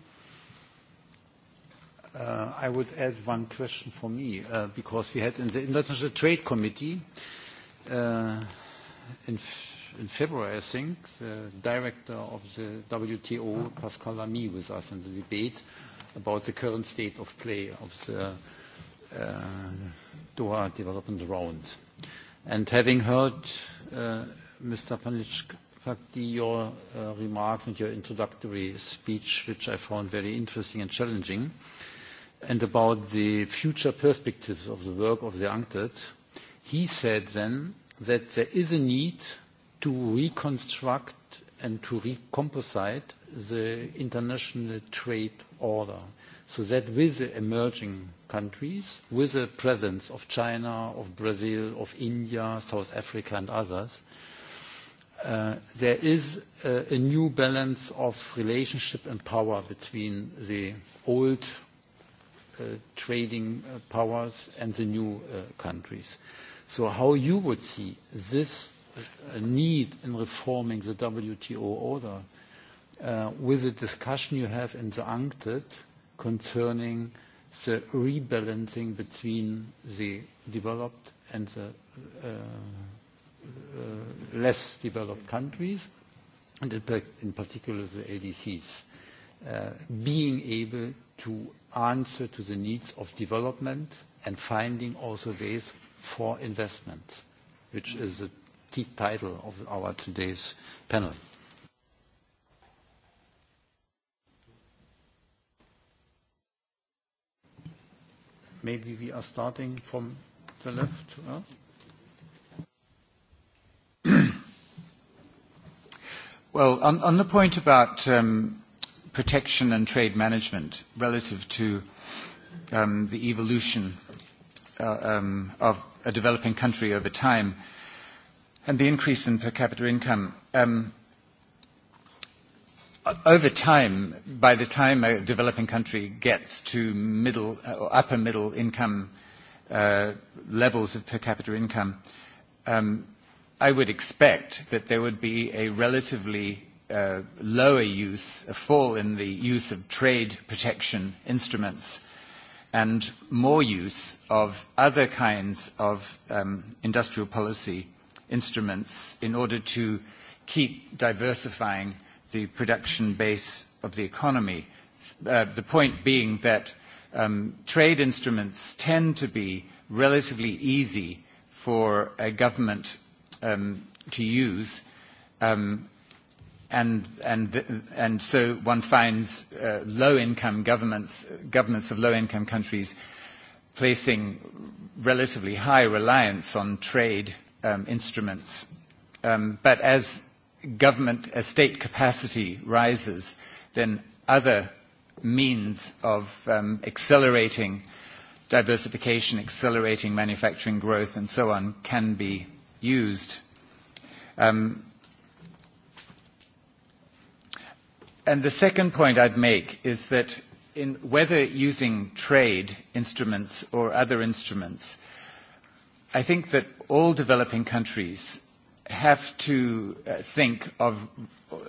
I would add one question for me, because we had in the International Trade Committee in February, I think, the director of the WTO, Pascal Lamy, was us in the debate about the current state of play of the Doha Development Round. And having heard, Mr. Pakti your remarks and your introductory speech, which I found very interesting and challenging, and about the future perspectives of the work of the UNCTAD, he said then that there is a need to reconstruct and to recomposite the international trade order so that with the emerging countries, with the presence of China, of Brazil, of India, South Africa and others, there is a new balance of relationship and power between the old trading powers and the new countries. So how you would see this need in reforming the WTO order with the discussion you have in the UNCTAD concerning the rebalancing between the developed and the less developed countries, and in particular the ADCs, being able to answer to the needs of development and finding also ways for investment, which is the title of our today's panel. Maybe we are starting from the left. Well, on the point about protection and trade management relative to the evolution of a developing country over time and the increase in per capita income. Over time, by the time a developing country gets to middle or upper middle income levels of per capita income, I would expect that there would be a relatively lower use, a fall in the use of trade protection instruments and more use of other kinds of industrial policy instruments in order to keep diversifying the production base of the economy. The point being that trade instruments tend to be relatively easy for a government to use And so one finds low-income governments, governments of low-income countries, placing relatively high reliance on trade instruments. But as government, as state capacity rises, then other means of accelerating diversification, accelerating manufacturing growth, and so on, can be used. And the second point I'd make is that in whether using trade instruments or other instruments, I think that all developing countries have to think of,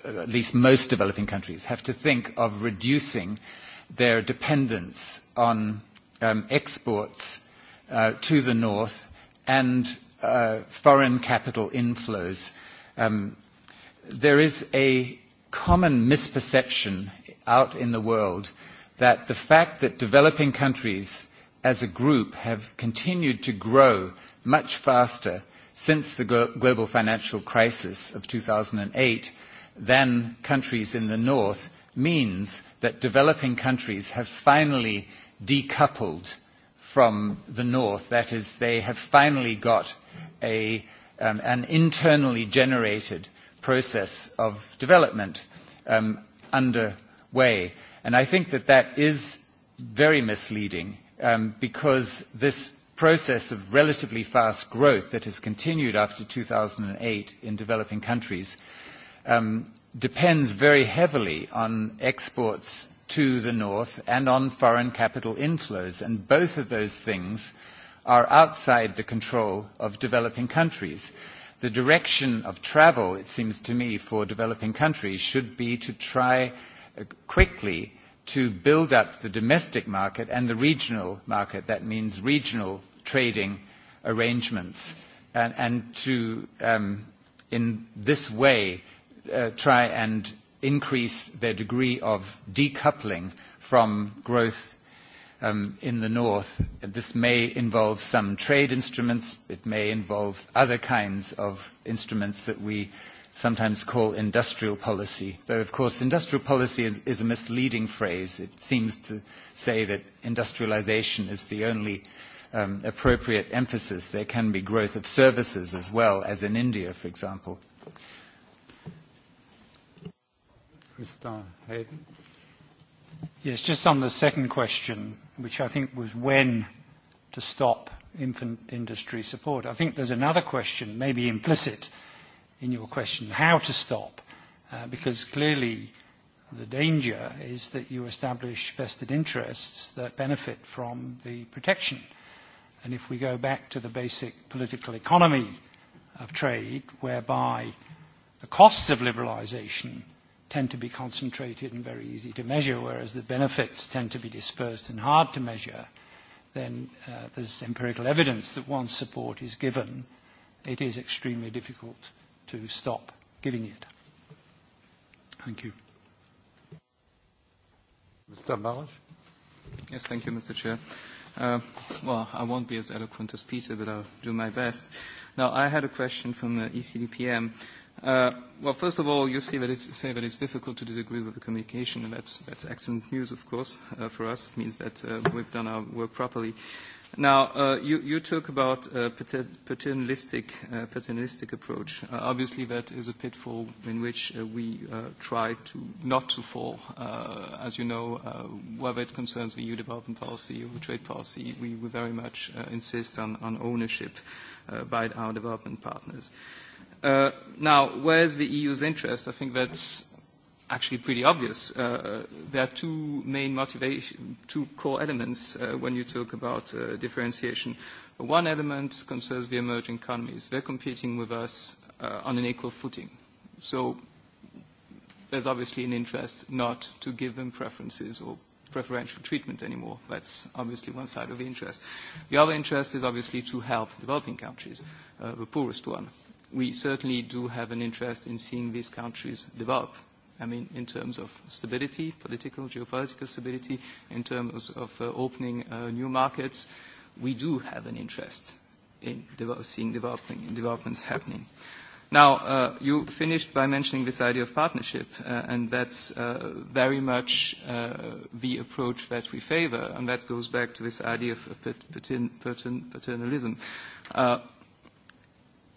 at least most developing countries, have to think of reducing their dependence on exports to the north and foreign capital inflows. There is a common misperception out in the world that the fact that developing countries as a group have continued to grow much faster since the global financial crisis of 2008 than countries in the north means that developing countries have finally decoupled from the north. That is, they have finally got an internally generated process of development underway. And I think that that is very misleading because this process of relatively fast growth that has continued after 2008 in developing countries depends very heavily on exports to the north and on foreign capital inflows. And both of those things are outside the control of developing countries the direction of travel, it seems to me, for developing countries should be to try quickly to build up the domestic market and the regional market. That means regional trading arrangements. And to, in this way, try and increase their degree of decoupling from growth in the north. This may involve some trade instruments. It may involve other kinds of instruments that we sometimes call industrial policy. Though, of course, industrial policy is a misleading phrase. It seems to say that industrialization is the only appropriate emphasis. There can be growth of services as well, as in India, for example. Mr. Hayden? Yes, just on the second question which I think was when to stop infant industry support. I think there's another question, maybe implicit in your question, how to stop, because clearly the danger is that you establish vested interests that benefit from the protection. And if we go back to the basic political economy of trade, whereby the costs of liberalisation tend to be concentrated and very easy to measure, whereas the benefits tend to be dispersed and hard to measure, then there's empirical evidence that once support is given, it is extremely difficult to stop giving it. Thank you. Mr. Balash? Yes, thank you, Mr. Chair. Well, I won't be as eloquent as Peter, but I'll do my best. Now, I had a question from the ECDPM. Well, first of all, you say that it's difficult to disagree with the communication, and that's excellent news, of course, for us. It means that we've done our work properly. Now, you talk about a paternalistic approach. Obviously, that is a pitfall in which we try to not to fall. As you know, whether it concerns the EU development policy or trade policy, we very much insist on ownership by our development partners. Now, where's the EU's interest? I think that's actually pretty obvious. There are two main motivations, two core elements when you talk about differentiation. One element concerns the emerging economies. They're competing with us on an equal footing. So there's obviously an interest not to give them preferences or preferential treatment anymore. That's obviously one side of the interest. The other interest is obviously to help developing countries, the poorest one we certainly do have an interest in seeing these countries develop. I mean, in terms of stability, political, geopolitical stability, in terms of opening new markets, we do have an interest in seeing developments happening. Now, you finished by mentioning this idea of partnership, and that's very much the approach that we favor, and that goes back to this idea of paternalism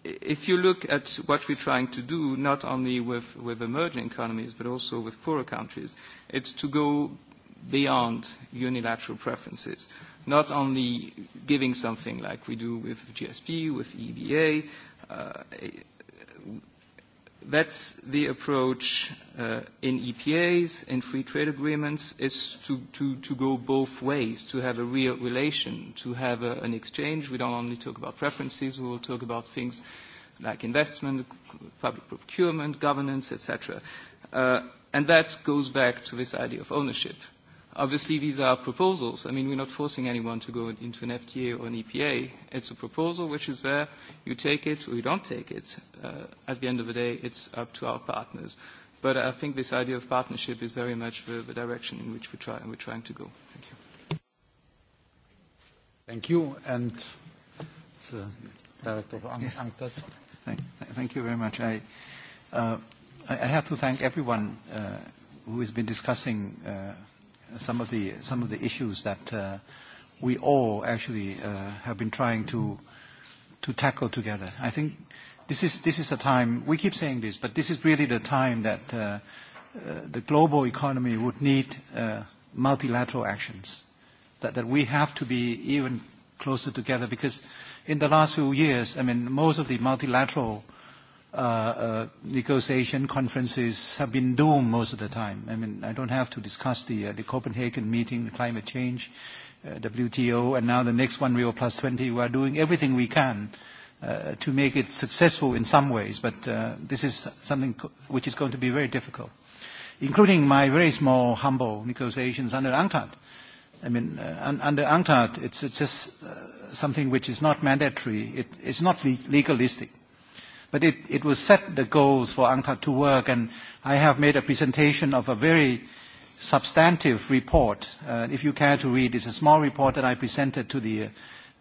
if you look at what we're trying to do, not only with, with emerging economies, but also with poorer countries, it's to go beyond unilateral preferences, not only giving something like we do with GSP, with EBA, That's the approach in EPAs, in free trade agreements, is to go both ways, to have a real relation, to have an exchange. We don't only talk about preferences, we will talk about things like investment, public procurement, governance, etc. And that goes back to this idea of ownership. Obviously, these are proposals. I mean, we're not forcing anyone to go into an FTA or an EPA. It's a proposal which is there. You take it or you don't take it. At the end of the day, it's up to our partners. But I think this idea of partnership is very much the direction in which we're trying to go. Thank you. Thank you. And the Director of yes. Thank you very much. I have to thank everyone who has been discussing some of the some of the issues that we all actually have been trying to to tackle together. I think this is this is a time we keep saying this, but this is really the time that the global economy would need multilateral actions. That that we have to be even closer together because in the last few years, I mean, most of the multilateral negotiation conferences have been doomed most of the time. I mean, I don't have to discuss the Copenhagen meeting, climate change, WTO, and now the next one, Rio Plus 20. We are doing everything we can to make it successful in some ways, but this is something which is going to be very difficult, including my very small, humble negotiations under UNCTAD. I mean, under UNCTAD, it's just something which is not mandatory. It It's not legalistic. But it, will set the goals for UNCTAD to work, and I have made a presentation of a very substantive report. If you care to read, it's a small report that I presented to the,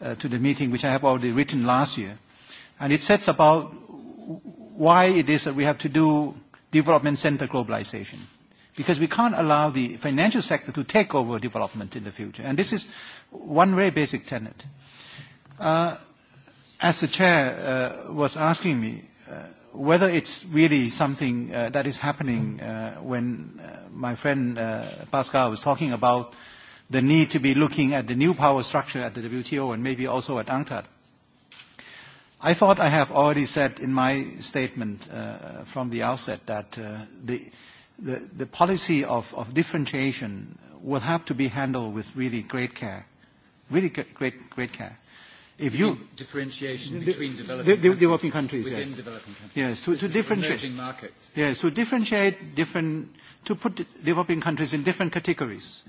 to the meeting, which I have already written last year. And it sets about why it is that we have to do development centre globalization. Because we can't allow the financial sector to take over development in the future. And this is one very basic tenet as the chair was asking me whether it's really something that is happening when my friend Pascal was talking about the need to be looking at the new power structure at the WTO and maybe also at UNCTAD. I thought I have already said in my statement from the outset that the policy of differentiation will have to be handled with really great care, really great great care. If you differentiation between developing countries, within developing countries, yes, to differentiate markets, yes, to differentiate different, to put developing countries in different categories,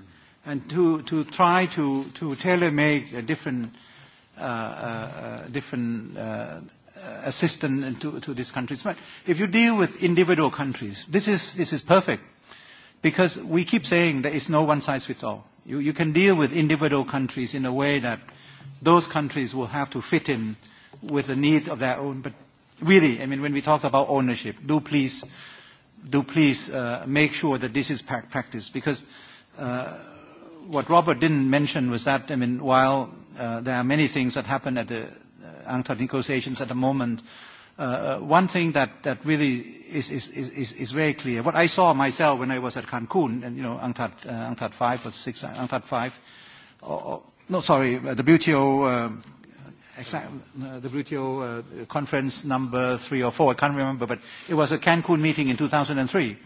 and to to try to to tailor make a different different assistance to to these countries. But if you deal with individual countries, this is this is perfect, because we keep saying there is no one size fits all. You you can deal with individual countries in a way that those countries will have to fit in with the needs of their own. But really, I mean, when we talk about ownership, do please, do please make sure that this is practice, because what Robert didn't mention was that, I mean, while there are many things that happen at the UNCTAD negotiations at the moment, one thing that that really is is is is very clear. What I saw myself when I was at Cancun, and you know, UNCTAD 5 or 6, UNCTAD 5 No, sorry, WTO, the WTO conference number three or four, I can't remember, but it was a Cancun meeting in 2003.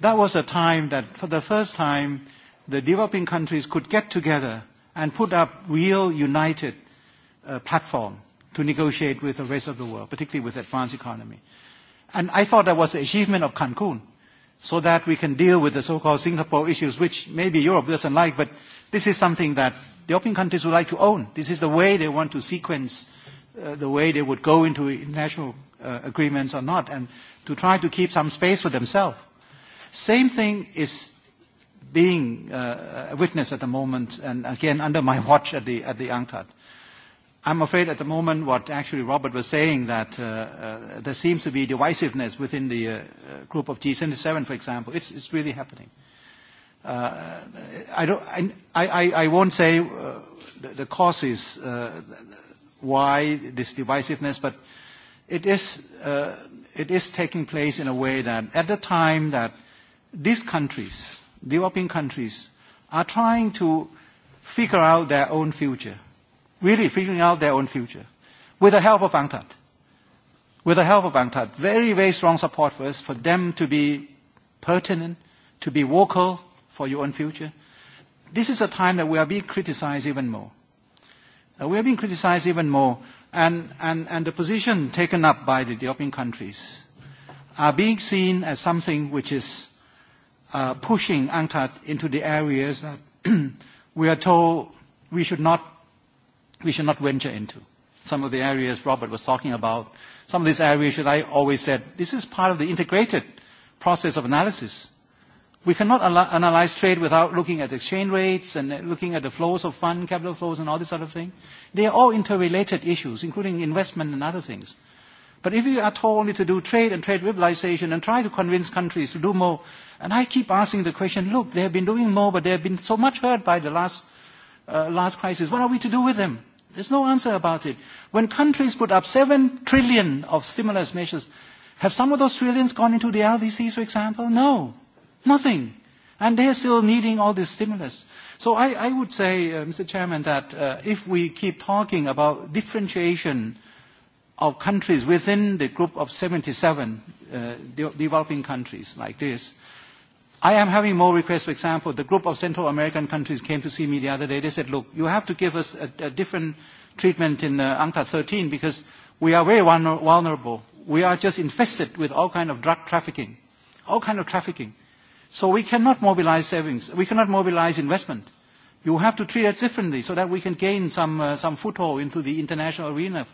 That was a time that, for the first time, the developing countries could get together and put up real united platform to negotiate with the rest of the world, particularly with advanced economy. And I thought that was the achievement of Cancun, so that we can deal with the so-called Singapore issues, which maybe Europe doesn't like, but this is something that European countries would like to own. This is the way they want to sequence the way they would go into international agreements or not, and to try to keep some space for themselves. Same thing is being witness at the moment, and again under my watch at the at the UNCTAD. I'm afraid at the moment what actually Robert was saying that there seems to be divisiveness within the group of G77, for example. It's It's really happening. I won't say the causes why this divisiveness, but it is it is taking place in a way that at the time that these countries, developing countries, are trying to figure out their own future, really figuring out their own future, with the help of UNCTAD. With the help of UNCTAD, very, very strong support for us, for them to be pertinent, to be vocal, for your own future. This is a time that we are being criticized even more. We are being criticized even more, and and the position taken up by the developing countries are being seen as something which is pushing UNCTAD into the areas that we are told we should not venture into. Some of the areas Robert was talking about, some of these areas that I always said, this is part of the integrated process of analysis. We cannot analyze trade without looking at exchange rates and looking at the flows of funds, capital flows, and all this sort of thing. They are all interrelated issues, including investment and other things. But if you are told only to do trade and trade liberalization and try to convince countries to do more, and I keep asking the question, look, they have been doing more, but they have been so much hurt by the last, last crisis. What are we to do with them? There's no answer about it. When countries put up 7 trillion of stimulus measures, have some of those trillions gone into the LDCs, for example? No. Nothing. And are still needing all this stimulus. So I would say, Mr. Chairman, that if we keep talking about differentiation of countries within the group of 77 developing countries like this, I am having more requests. For example, the group of Central American countries came to see me the other day. They said, look, you have to give us a different treatment in UNCTAD 13 because we are very vulnerable. We are just infested with all kind of drug trafficking, all kind of trafficking. So we cannot mobilize savings. We cannot mobilize investment. You have to treat it differently so that we can gain some some foothold into the international arena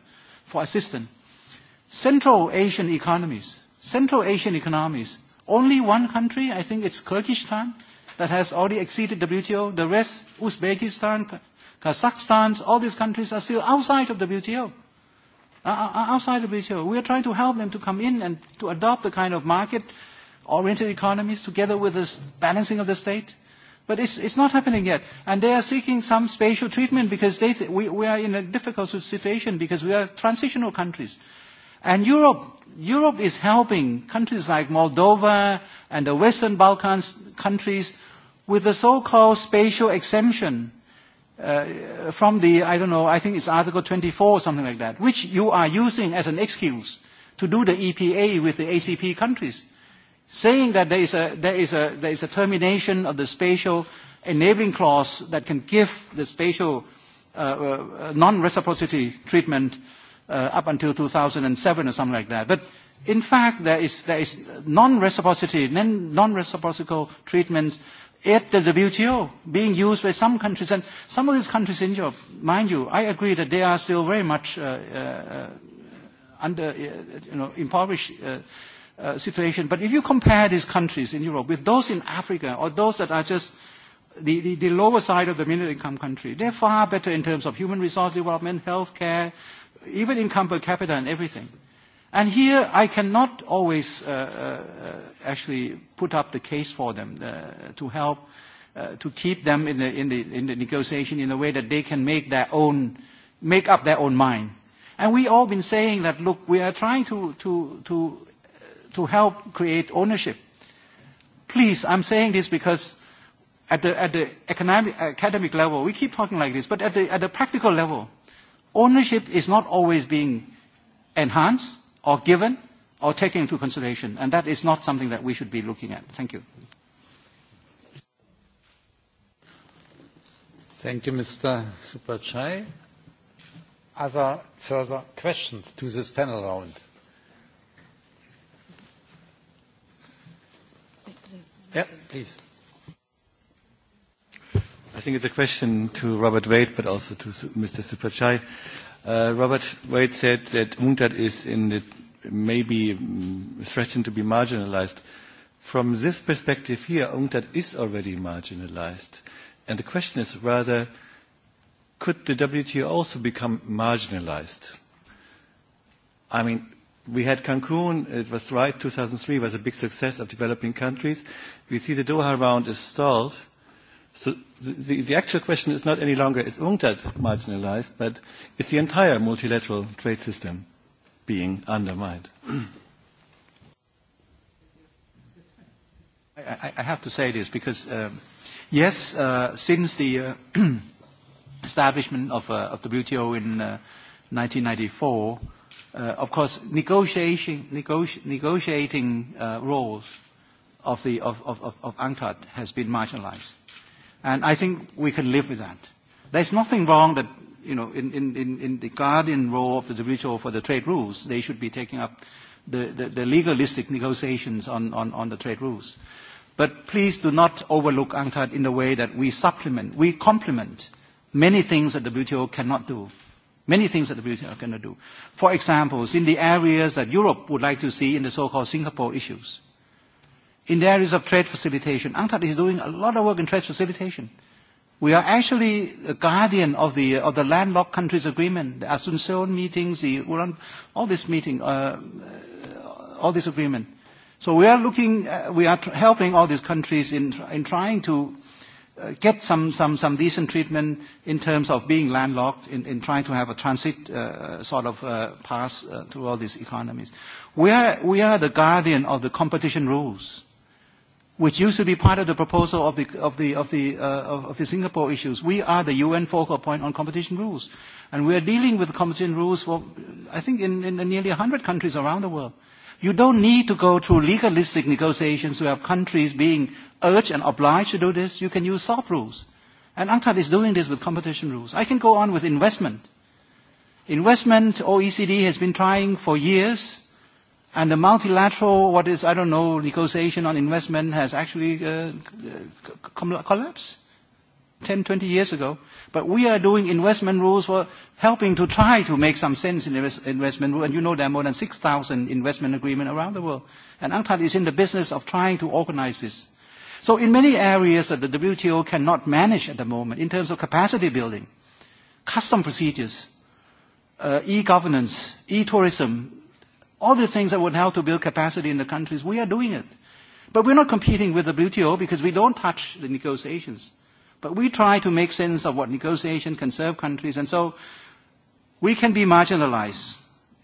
for assistance. Central Asian economies, Central Asian economies, only one country, I think it's Kyrgyzstan, that has already exceeded WTO. The rest, Uzbekistan, Kazakhstan, all these countries are still outside of WTO. Outside of WTO. We are trying to help them to come in and to adopt the kind of market oriented economies together with this balancing of the state. But it's, it's not happening yet. And they are seeking some spatial treatment because they th- we, we are in a difficult situation because we are transitional countries. And Europe, Europe is helping countries like Moldova and the Western Balkans countries with the so-called spatial exemption from the, I don't know, I think it's Article 24 or something like that, which you are using as an excuse to do the EPA with the ACP countries saying that there is a termination of the spatial enabling clause that can give the spatial non-reciprocity treatment up until 2007 or something like that. But in fact, there is there is non-reciprocity, non-reciprocal treatments at the WTO being used by some countries and some of these countries in Europe, mind you, I agree that they are still very much under, you know, impoverished situation. But if you compare these countries in Europe with those in Africa or those that are just the, the, lower side of the middle income country, they're far better in terms of human resource development, health care, even income per capita and everything. And here I cannot always actually put up the case for them to help to keep them in the, in, the, in the negotiation in a way that they can make their own, make up their own mind. And we all been saying that, look, we are trying to, to, to to help create ownership. Please, I'm saying this because at the, at the economic, academic level, we keep talking like this, but at the, at the practical level, ownership is not always being enhanced or given or taken into consideration, and that is not something that we should be looking at. Thank you. Thank you, Mr. Superchai. Other further questions to this panel round? Yeah, please. I think it's a question to Robert Wade, but also to Mr. Superchai. Robert Wade said that UNCTAD is in the maybe threatened to be marginalized. From this perspective here, UNCTAD is already marginalized. And the question is rather, could the WTO also become marginalized? I mean, We had Cancun, it was right, 2003 was a big success of developing countries. We see the Doha round is stalled. So the actual question is not any longer is UNCTAD marginalized, but is the entire multilateral trade system being undermined? I have to say this because, yes, since the establishment of the WTO in 1994, Of course, negotiating roles of the of UNCTAD has been marginalized, and I think we can live with that. There's nothing wrong that you know in in in the guardian role of the WTO for the trade rules, they should be taking up the the legalistic negotiations on on the trade rules. But please do not overlook UNCTAD in the way that we supplement, we complement many things that the WTO cannot do many things that the British are going to do. For example, in the areas that Europe would like to see in the so-called Singapore issues, in the areas of trade facilitation, UNCTAD is doing a lot of work in trade facilitation. We are actually a guardian of the, of the landlocked countries agreement, the Asunción meetings, the Uran, all this meeting, uh, all this agreement. So we are looking, we are helping all these countries in, in trying to get some some some decent treatment in terms of being landlocked in in trying to have a transit sort of pass through all these economies. We are we are the guardian of the competition rules, which used to be part of the proposal of the of the of the of the Singapore issues. We are the UN focal point on competition rules, and we are dealing with competition rules for I think in in nearly 100 countries around the world. You don't need to go through legalistic negotiations where countries being urged and obliged to do this. You can use soft rules. And UNCTAD is doing this with competition rules. I can go on with investment. Investment, OECD has been trying for years, and the multilateral, what is, I don't know, negotiation on investment has actually collapsed. 10, 20 years ago. But we are doing investment rules for helping to try to make some sense in investment rules. And you know there are more than 6,000 investment agreements around the world. And UNCTAD is in the business of trying to organize this. So in many areas that the WTO cannot manage at the moment, in terms of capacity building, custom procedures, e-governance, e-tourism, all the things that would help to build capacity in the countries, we are doing it. But we're not competing with the WTO because we don't touch the negotiations. But we try to make sense of what negotiation can serve countries, and so we can be marginalized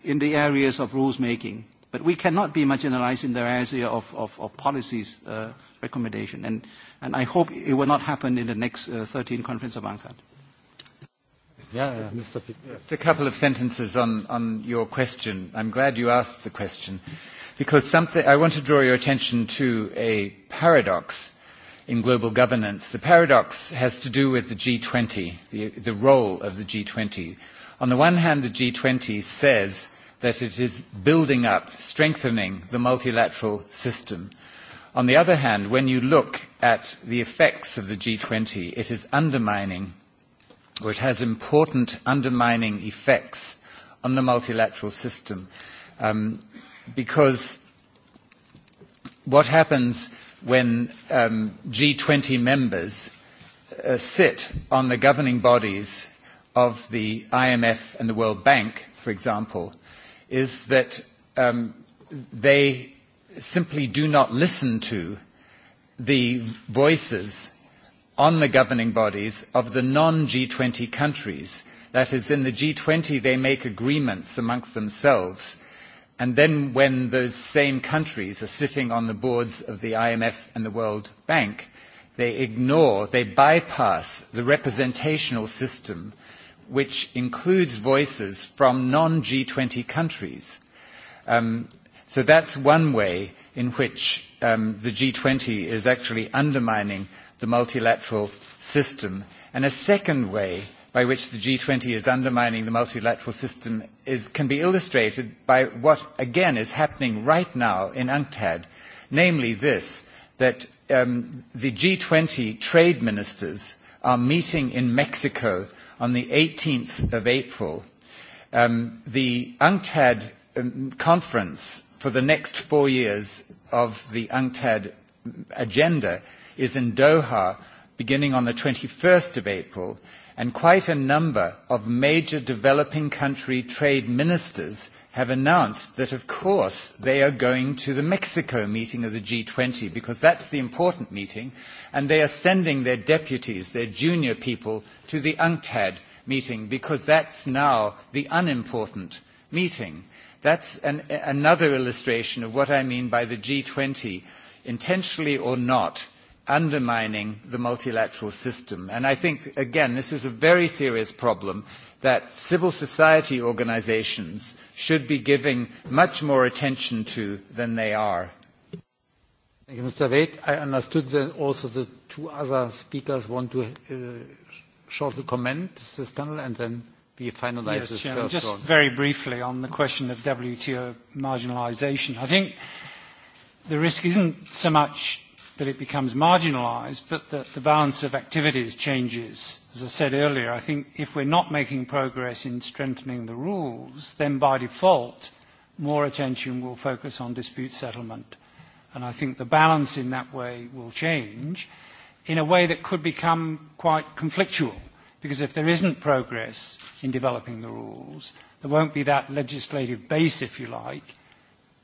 in the areas of rules making, but we cannot be marginalized in the area of policies recommendation. And I hope it will not happen in the next 13 Conference of Ankara. Mr. Just a couple of sentences on your question. I'm glad you asked the question, because something I want to draw your attention to a paradox in global governance. The paradox has to do with the G20, the role of the G20. On the one hand, the G20 says that it is building up, strengthening the multilateral system. On the other hand, when you look at the effects of the G20, it is undermining, or it has important undermining effects on the multilateral system. Because what happens when G20 members sit on the governing bodies of the IMF and the World Bank, for example, is that they simply do not listen to the voices on the governing bodies of the non-G20 countries. That is, in the G20, they make agreements amongst themselves and then when those same countries are sitting on the boards of the IMF and the World Bank, they ignore, they bypass the representational system which includes voices from non-G20 countries. So that's one way in which the G20 is actually undermining the multilateral system. And a second way by which the G20 is undermining the multilateral system can be illustrated by what, again, is happening right now in UNCTAD, namely this, that the G20 trade ministers are meeting in Mexico on the 18th of April. The UNCTAD conference for the next four years of the UNCTAD agenda is in Doha, beginning on the 21st of April, and quite a number of major developing country trade ministers have announced that of course they are going to the Mexico meeting of the G20 because that's the important meeting and they are sending their deputies, their junior people to the UNCTAD meeting because that's now the unimportant meeting. That's another illustration of what I mean by the G20, intentionally or not undermining the multilateral system. And I think, again, this is a very serious problem that civil society organizations should be giving much more attention to than they are. Thank you, Mr. Wade. I understood that also the two other speakers want to shortly comment this panel and then we finalize Yes, Chair, Just very briefly on the question of WTO marginalization. I think the risk isn't so much that it becomes marginalised, but that the balance of activities changes. As I said earlier, I think if we're not making progress in strengthening the rules, then by default, more attention will focus on dispute settlement. And I think the balance in that way will change in a way that could become quite conflictual, because if there isn't progress in developing the rules, there won't be that legislative base, if you like,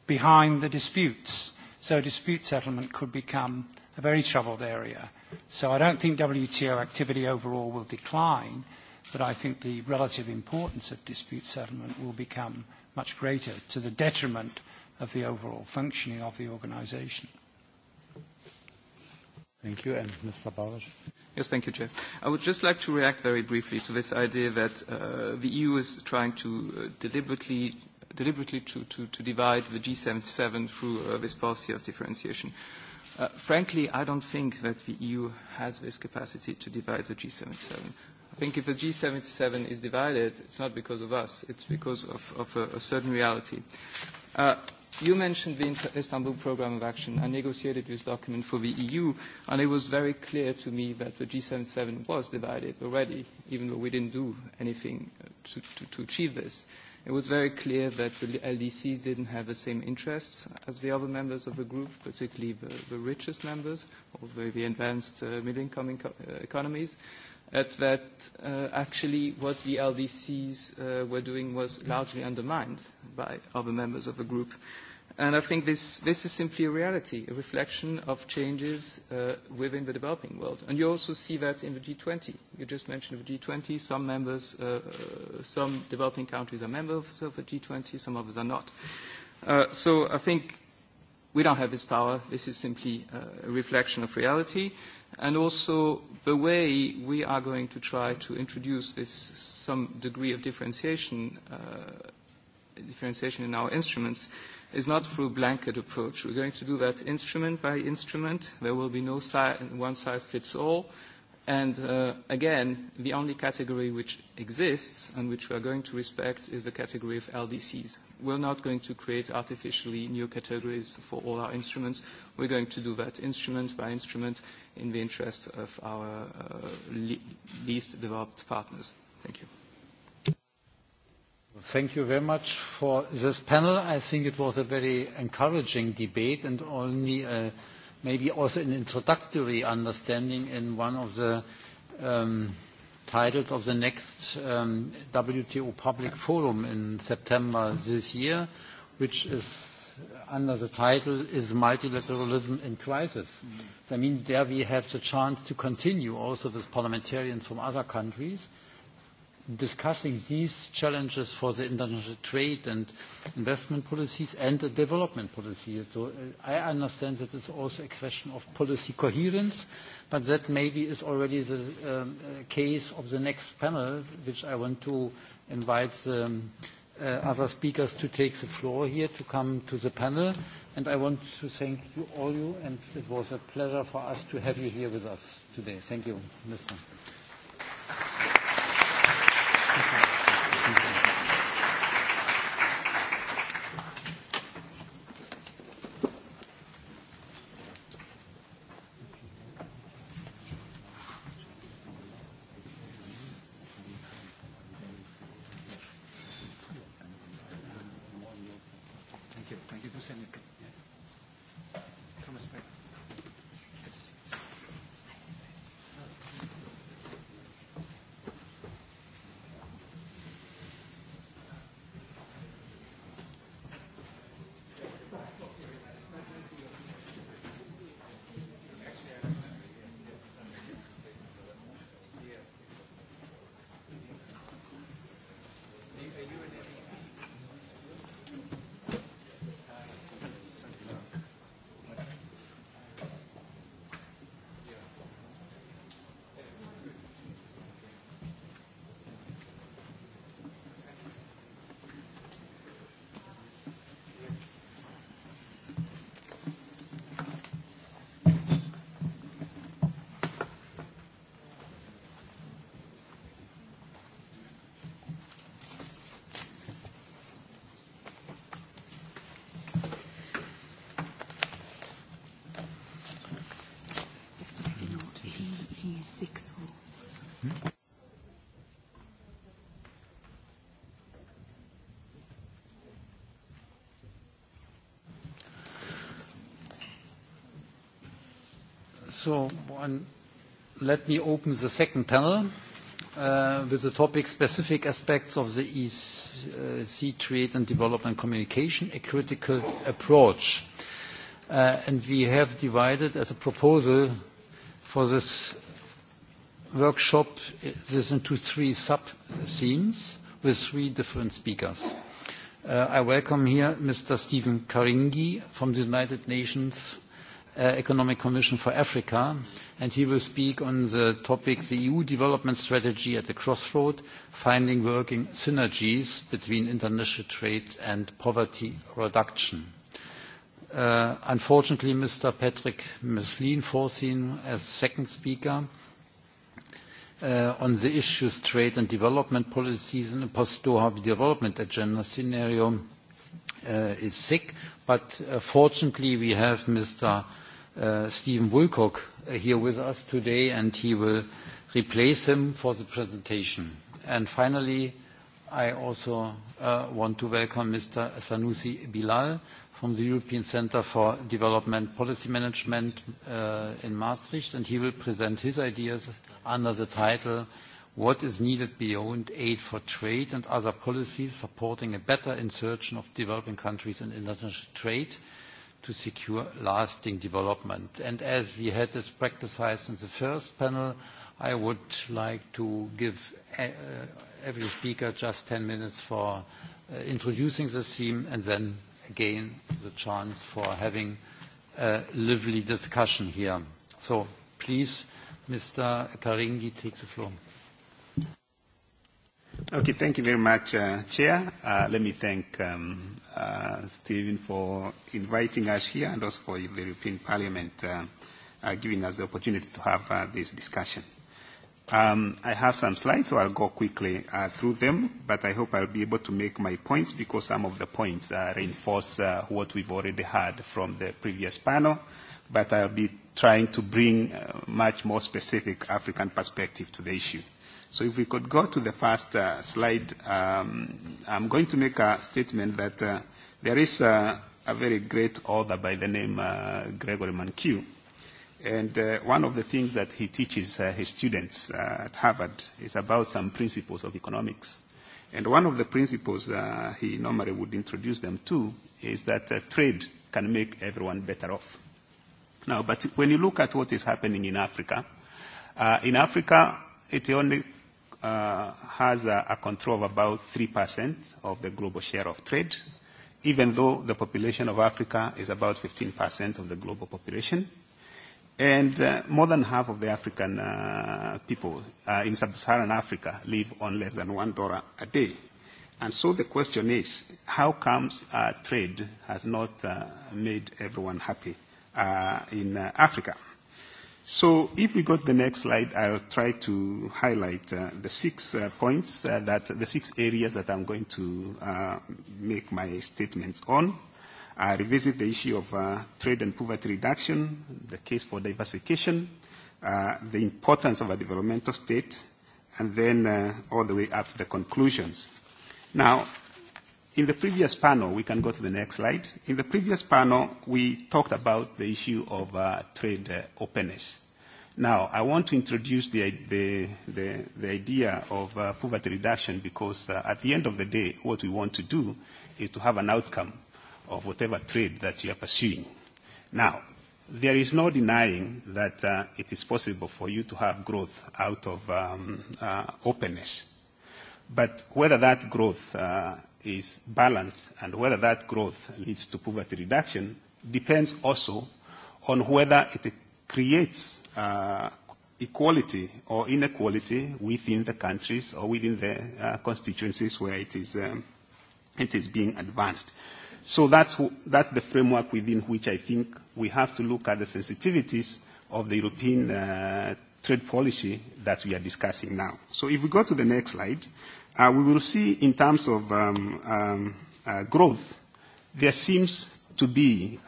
behind the disputes So dispute settlement could become a very troubled area. So I don't think WTO activity overall will decline, but I think the relative importance of dispute settlement will become much greater to the detriment of the overall functioning of the organization. Thank you. And Mr. Yes, thank you, Chair. I would just like to react very briefly to this idea that the EU is trying to deliberately deliberately to, to, to divide the G77 through this policy of differentiation. frankly, I don't think that the EU has this capacity to divide the G77. I think if the G77 is divided, it's not because of us, it's because of, of a, a certain reality. You mentioned the Istanbul Programme of Action. I negotiated this document for the EU, and it was very clear to me that the G77 was divided already, even though we didn't do anything to achieve this. It was very clear that the LDCs didn't have the same interests as the other members of the group, particularly the richest members or the advanced middle-income economies, that actually what the LDCs were doing was largely undermined by other members of the group. And I think this this is simply a reality, a reflection of changes within the developing world. And you also see that in the G20. You just mentioned the G20. Some members, some developing countries are members of the G20, some others are not. So I think we don't have this power. This is simply a reflection of reality. And also the way we are going to try to introduce this some degree of differentiation, differentiation in our instruments is not through a blanket approach. We're going to do that instrument by instrument. There will be no one size fits all. And again, the only category which exists and which we are going to respect is the category of LDCs. We're not going to create artificially new categories for all our instruments. We're going to do that instrument by instrument in the interest of our least developed partners. Thank you. Thank you very much for this panel. I think it was a very encouraging debate and only maybe also an introductory understanding in one of the titles of the next WTO Public Forum in September this year, which is under the title Is Multilateralism in Crisis? I mean, there we have the chance to continue also with parliamentarians from other countries discussing these challenges for the international trade and investment policies and the development policy. So I understand that it's also a question of policy coherence, but that maybe is already the case of the next panel, which I want to invite the other speakers to take the floor here to come to the panel. And I want to thank you all you, and it was a pleasure for us to have you here with us today. Thank you, Mr. Ευχαριστώ. So let me open the second panel with the topic specific aspects of the EC trade and development communication, a critical approach. And we have divided as a proposal for this workshop this into three sub-themes with three different speakers. I welcome here Mr. Stephen Karingi from the United Nations Economic Commission for Africa, and he will speak on the topic the EU Development Strategy at the Crossroad, finding working synergies between international trade and poverty reduction. Unfortunately, Mr. Patrick Meslin, foreseen as second speaker on the issues trade and development policies in the post-Doha development agenda scenario, is sick, but fortunately we have Mr. Stephen Woolcock here with us today, and he will replace him for the presentation. And finally, I also want to welcome Mr. Sanusi Bilal from the European Centre for Development Policy Management in Maastricht, and he will present his ideas under the title What is Needed Beyond Aid for Trade and Other Policies Supporting a Better Insertion of Developing Countries in International Trade to secure lasting development. And as we had this practice in the first panel, I would like to give every speaker just 10 minutes for introducing the theme and then again the chance for having a lively discussion here. So please, Mr. Karingi, take the floor. Okay, thank you very much, Chair. let me thank um, uh, Stephen for inviting us here and also for the European Parliament uh, giving us the opportunity to have this discussion. Um, I have some slides, so I'll go quickly through them, but I hope I'll be able to make my points because some of the points uh, reinforce uh, what we've already heard from the previous panel, but I'll be trying to bring a much more specific African perspective to the issue. So if we could go to the first slide, I'm going to make a statement that there is a very great author by the name Gregory Mankiw. And one of the things that he teaches his students at Harvard is about some principles of economics. And one of the principles he normally would introduce them to is that trade can make everyone better off. Now, but when you look at what is happening in Africa, in Africa, it only has a control of about 3% of the global share of trade, even though the population of Africa is about 15% of the global population. And more than half of the African people in sub-Saharan Africa live on less than one dollar a day. And so the question is, how comes trade has not made everyone happy in Africa? So if we go to the next slide, I'll try to highlight the six points that the six areas that I'm going to make my statements on. I revisit the issue of trade and poverty reduction, the case for diversification, the importance of a developmental state, and then all the way up to the conclusions. Now, In the previous panel, we can go to the next slide. In the previous panel, we talked about the issue of trade openness. Now, I want to introduce the, the, the, the idea of poverty reduction because at the end of the day, what we want to do is to have an outcome of whatever trade that you are pursuing. Now, there is no denying that it is possible for you to have growth out of openness. But whether that growth is balanced and whether that growth leads to poverty reduction depends also on whether it creates equality or inequality within the countries or within the constituencies where it is it is being advanced. So that's that's the framework within which I think we have to look at the sensitivities of the European trade policy that we are discussing now. So if we go to the next slide, we will see in terms of um, growth, there seems to be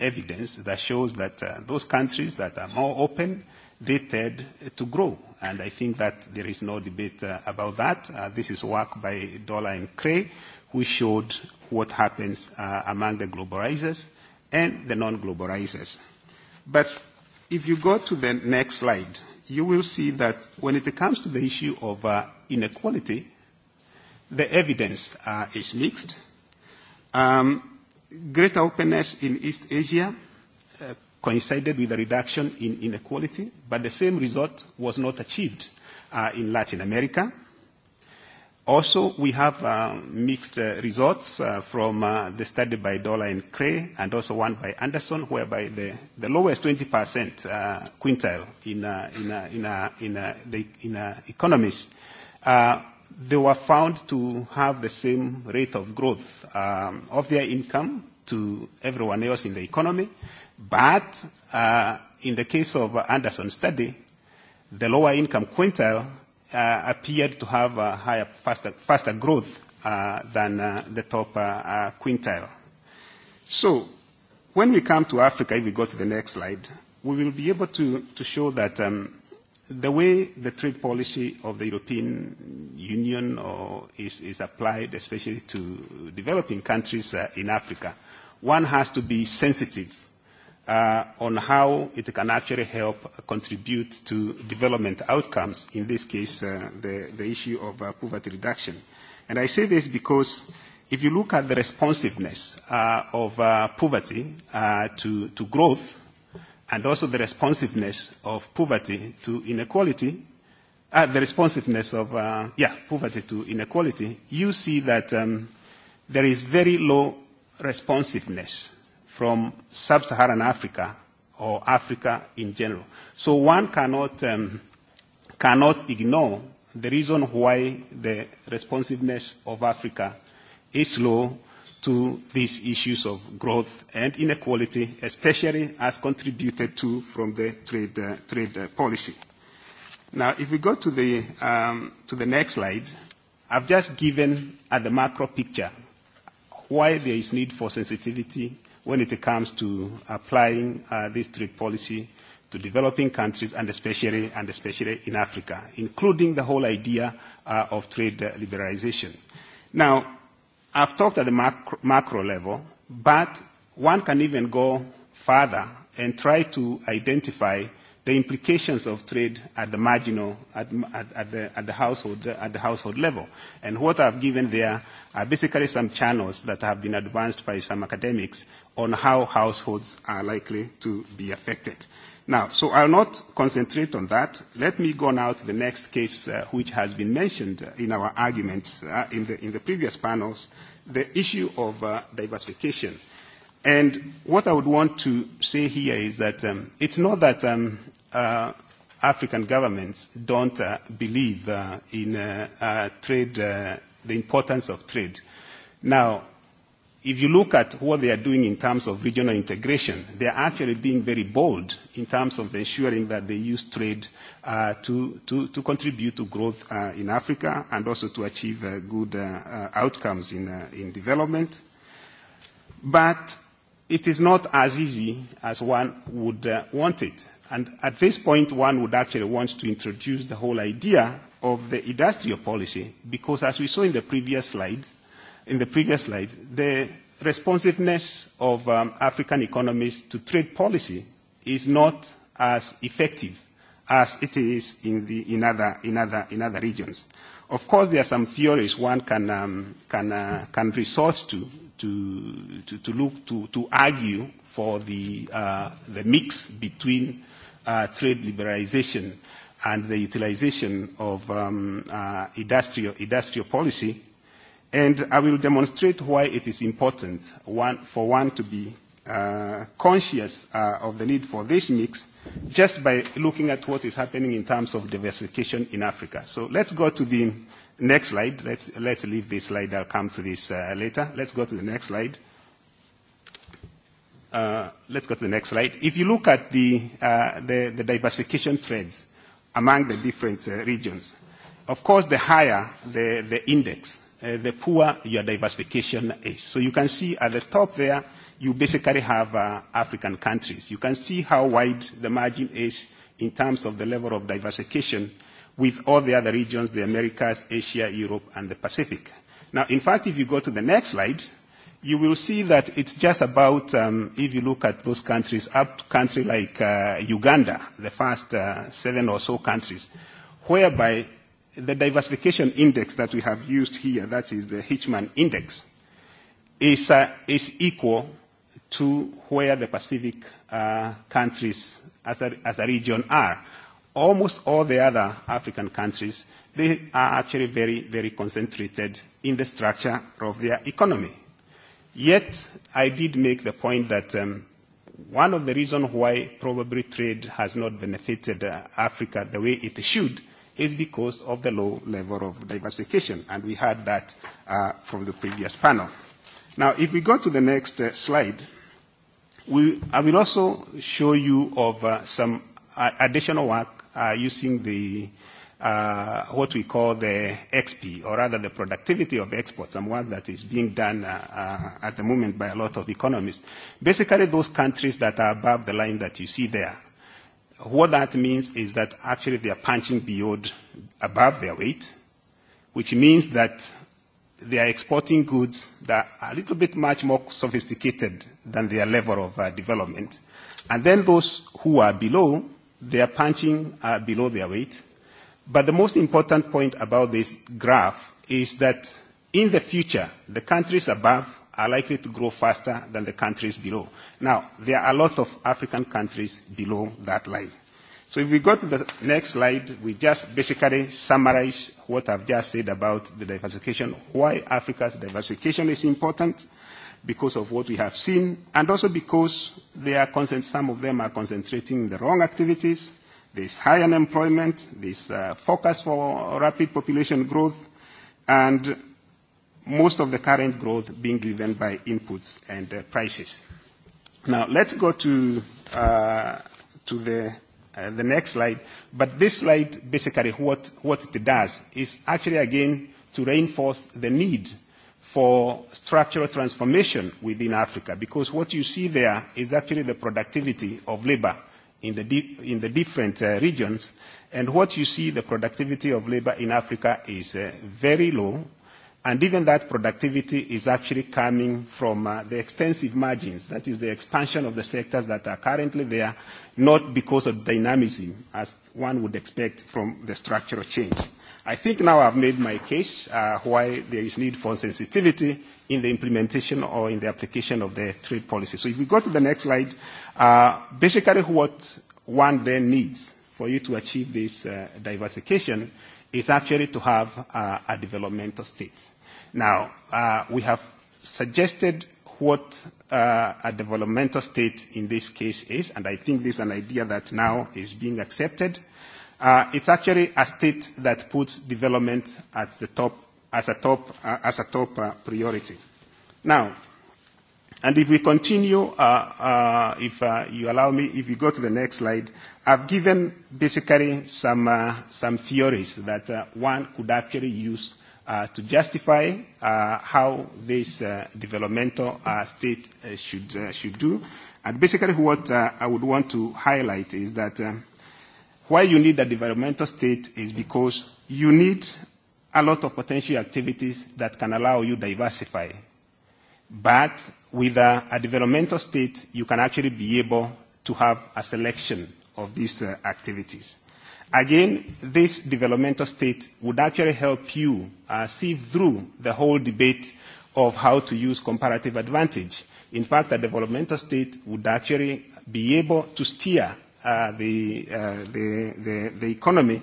evidence that shows that those countries that are more open, they tend to grow. And I think that there is no debate about that. This is work by Dollar and Cray, who showed what happens among the globalizers and the non-globalizers. But if you go to the next slide, you will see that when it comes to the issue of inequality, the evidence is mixed. Greater openness in East Asia coincided with a reduction in inequality, but the same result was not achieved in Latin America. Also, we have mixed results from the study by Dollar and Cray and also one by Anderson, whereby the lowest 20% quintile in economies they were found to have the same rate of growth of their income to everyone else in the economy. But in the case of Anderson's study, the lower income quintile appeared to have a higher, faster growth than the top quintile. So when we come to Africa, if we go to the next slide, we will be able to to show that the way the trade policy of the European Union is applied, especially to developing countries in Africa, one has to be sensitive on how it can actually help contribute to development outcomes, in this case, the issue of poverty reduction. And I say this because if you look at the responsiveness of poverty to growth, and also the responsiveness of poverty to inequality, the responsiveness of, yeah, poverty to inequality, you see that there is very low responsiveness from sub-Saharan Africa or Africa in general. So one cannot cannot ignore the reason why the responsiveness of Africa is low to these issues of growth and inequality, especially as contributed to from the trade trade policy. Now, if we go to the to the next slide, I've just given at the macro picture why there is need for sensitivity when it comes to applying this trade policy to developing countries and especially and especially in Africa, including the whole idea of trade liberalization. Now I've talked at the macro level, but one can even go further and try to identify the implications of trade at the marginal, at, at, the, at, the household, at the household level. And what I've given there are basically some channels that have been advanced by some academics on how households are likely to be affected. Now, so I'll not concentrate on that. Let me go now to the next case, which has been mentioned in our arguments in the in the previous panels, the issue of diversification. And what I would want to say here is that it's not that African governments don't believe in trade, the importance of trade. Now, If you look at what they are doing in terms of regional integration, they are actually being very bold in terms of ensuring that they use trade to contribute to growth in Africa and also to achieve good outcomes in development. But it is not as easy as one would want it. And at this point, one would actually want to introduce the whole idea of the industrial policy because, as we saw in the previous slide, in the previous slide, the responsiveness of African economies to trade policy is not as effective as it is in the in other in other in other regions. Of course, there are some theories one can can can resort to to to look to to argue for the the mix between trade liberalization and the utilization of industrial industrial policy And I will demonstrate why it is important for one to be conscious of the need for this mix just by looking at what is happening in terms of diversification in Africa. So let's go to the next slide. Let's let's leave this slide. I'll come to this later. Let's go to the next slide. Let's go to the next slide. If you look at the the diversification trends among the different regions, of course, the higher the index, the poor your diversification is. So you can see at the top there, you basically have African countries. You can see how wide the margin is in terms of the level of diversification with all the other regions, the Americas, Asia, Europe, and the Pacific. Now, in fact, if you go to the next slide, you will see that it's just about, if you look at those countries, up to country like Uganda, the first seven or so countries, whereby the diversification index that we have used here, that is the Hitchman index, is, is equal to where the Pacific countries as a, as a region are. Almost all the other African countries, they are actually very, very concentrated in the structure of their economy. Yet, I did make the point that one of the reasons why probably trade has not benefited Africa the way it should is because of the low level of diversification, and we had that from the previous panel. Now, if we go to the next slide, I will also show you of some additional work using the what we call the XP, or rather the productivity of exports, some work that is being done at the moment by a lot of economists. Basically, those countries that are above the line that you see there, What that means is that actually they are punching beyond above their weight, which means that they are exporting goods that are a little bit much more sophisticated than their level of development. And then those who are below, they are punching below their weight. But the most important point about this graph is that in the future, the countries above are likely to grow faster than the countries below. Now, there are a lot of African countries below that line. So if we go to the next slide, we just basically summarize what I've just said about the diversification, why Africa's diversification is important, because of what we have seen, and also because they are some of them are concentrating the wrong activities. There's high unemployment, there's focus for rapid population growth, and most of the current growth being driven by inputs and prices. Now, let's go to the next slide. But this slide, basically, what it does is actually, again, to reinforce the need for structural transformation within Africa, because what you see there is actually the productivity of labor in the different regions. And what you see, the productivity of labor in Africa is very low And even that productivity is actually coming from the extensive margins, that is the expansion of the sectors that are currently there, not because of dynamism, as one would expect from the structural change. I think now I've made my case why there is need for sensitivity in the implementation or in the application of the trade policy. So if we go to the next slide, basically what one then needs for you to achieve this diversification is actually to have a developmental state Now, we have suggested what a developmental state in this case is, and I think this is an idea that now is being accepted. It's actually a state that puts development at the top as a top as a top priority. Now, and if we continue, if you allow me, if you go to the next slide, I've given basically some some theories that one could actually use to justify how this developmental state should should do. And basically what I would want to highlight is that why you need a developmental state is because you need a lot of potential activities that can allow you diversify. But with a developmental state, you can actually be able to have a selection of these activities. Again, this developmental state would actually help you see through the whole debate of how to use comparative advantage. In fact, a developmental state would actually be able to steer the, the, the, economy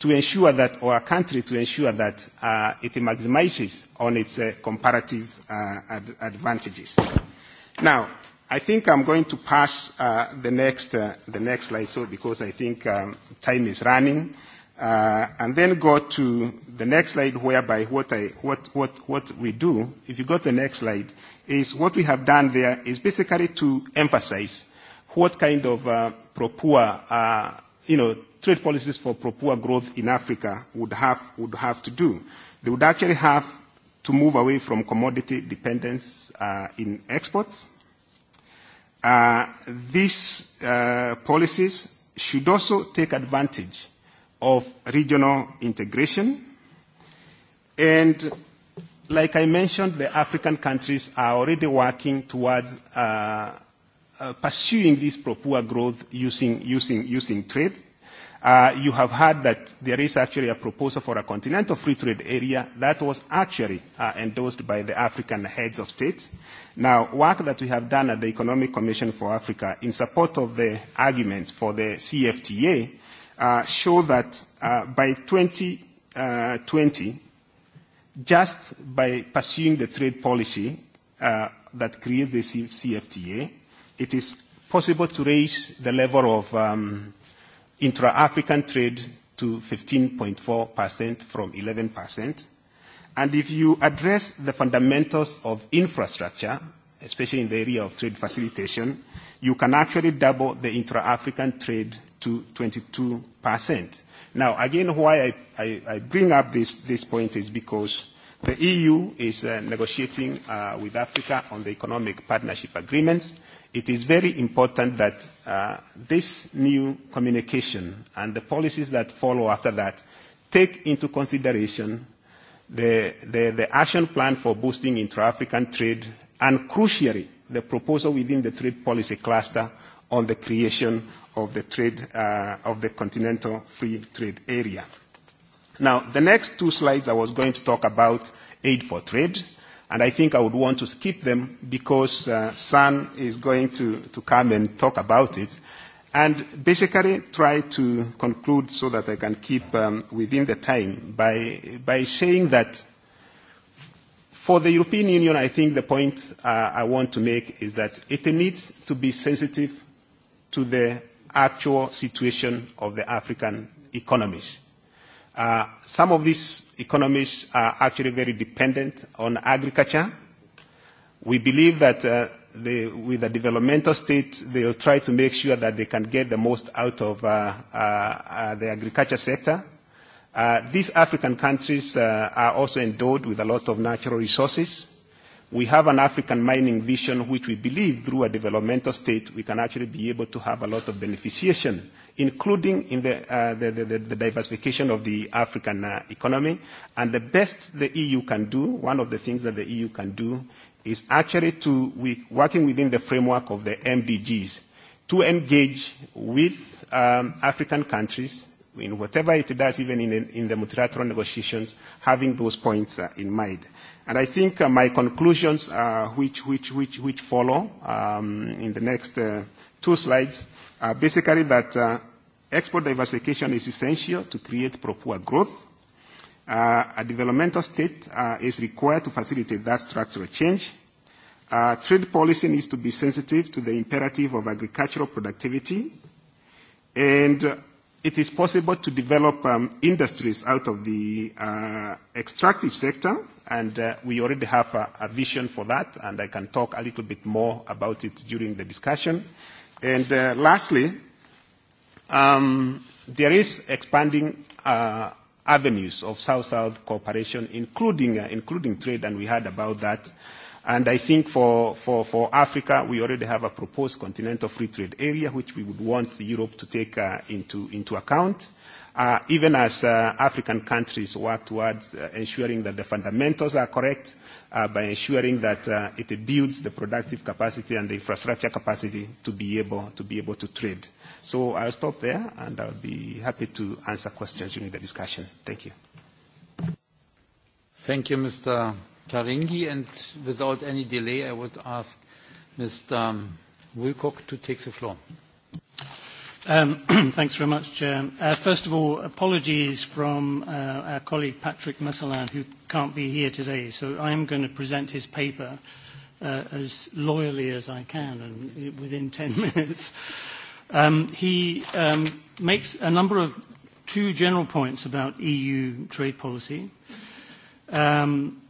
to ensure that, or a country to ensure that it maximizes on its comparative advantages. Now, I think I'm going to pass the next the next slide, so because I think time is running, and then go to the next slide, whereby what I what what what we do. If you go to the next slide, is what we have done there is basically to emphasize what kind of pro-poor, you know, trade policies for pro-poor growth in Africa would have would have to do. They would actually have to move away from commodity dependence in exports these policies should also take advantage of regional integration. And like I mentioned, the African countries are already working towards pursuing this pro poor growth using using using trade you have heard that there is actually a proposal for a continental free trade area that was actually endorsed by the African heads of state. Now, work that we have done at the Economic Commission for Africa in support of the arguments for the CFTA show that by 2020, just by pursuing the trade policy that creates the CFTA, it is possible to raise the level of intra-African trade to 15.4% from 11%. And if you address the fundamentals of infrastructure, especially in the area of trade facilitation, you can actually double the intra-African trade to 22%. Now, again, why I bring up this point is because the EU is negotiating with Africa on the economic partnership agreements, It is very important that this new communication and the policies that follow after that take into consideration the action plan for boosting intra-African trade and, crucially, the proposal within the trade policy cluster on the creation of the trade of the continental free trade area. Now, the next two slides I was going to talk about aid for trade And I think I would want to skip them because San is going to to come and talk about it and basically try to conclude so that I can keep within the time by by saying that For the European Union, I think the point I want to make is that it needs to be sensitive to the actual situation of the African economies. Some of these economies are actually very dependent on agriculture. We believe that with a developmental state, they will try to make sure that they can get the most out of the agriculture sector. These African countries are also endowed with a lot of natural resources. We have an African mining vision, which we believe through a developmental state, we can actually be able to have a lot of beneficiation including in the diversification of the African economy. And the best the EU can do, one of the things that the EU can do, is actually to working within the framework of the MDGs to engage with African countries in whatever it does, even in the multilateral negotiations, having those points in mind. And I think my conclusions, which which which which follow in the next two slides, are basically that export diversification is essential to create proper growth. A developmental state is required to facilitate that structural change. Trade policy needs to be sensitive to the imperative of agricultural productivity, and it is possible to develop industries out of the extractive sector, and we already have a vision for that, and I can talk a little bit more about it during the discussion. And lastly, there is expanding avenues of South-South cooperation, including including trade, and we heard about that. And I think for for for Africa, we already have a proposed continental free trade area, which we would want Europe to take into into account, even as African countries work towards ensuring that the fundamentals are correct by ensuring that it builds the productive capacity and the infrastructure capacity to be able to be able to trade. So I'll stop there and I'll be happy to answer questions during the discussion. Thank you. Thank you, Mr. Taringi. And without any delay, I would ask Mr. Wilcock to take the floor. Thanks very much, Chair. First of all, apologies from our colleague Patrick Massalan, who can't be here today. So I am going to present his paper as loyally as I can and within 10 minutes. He makes a number of two general points about EU trade policy.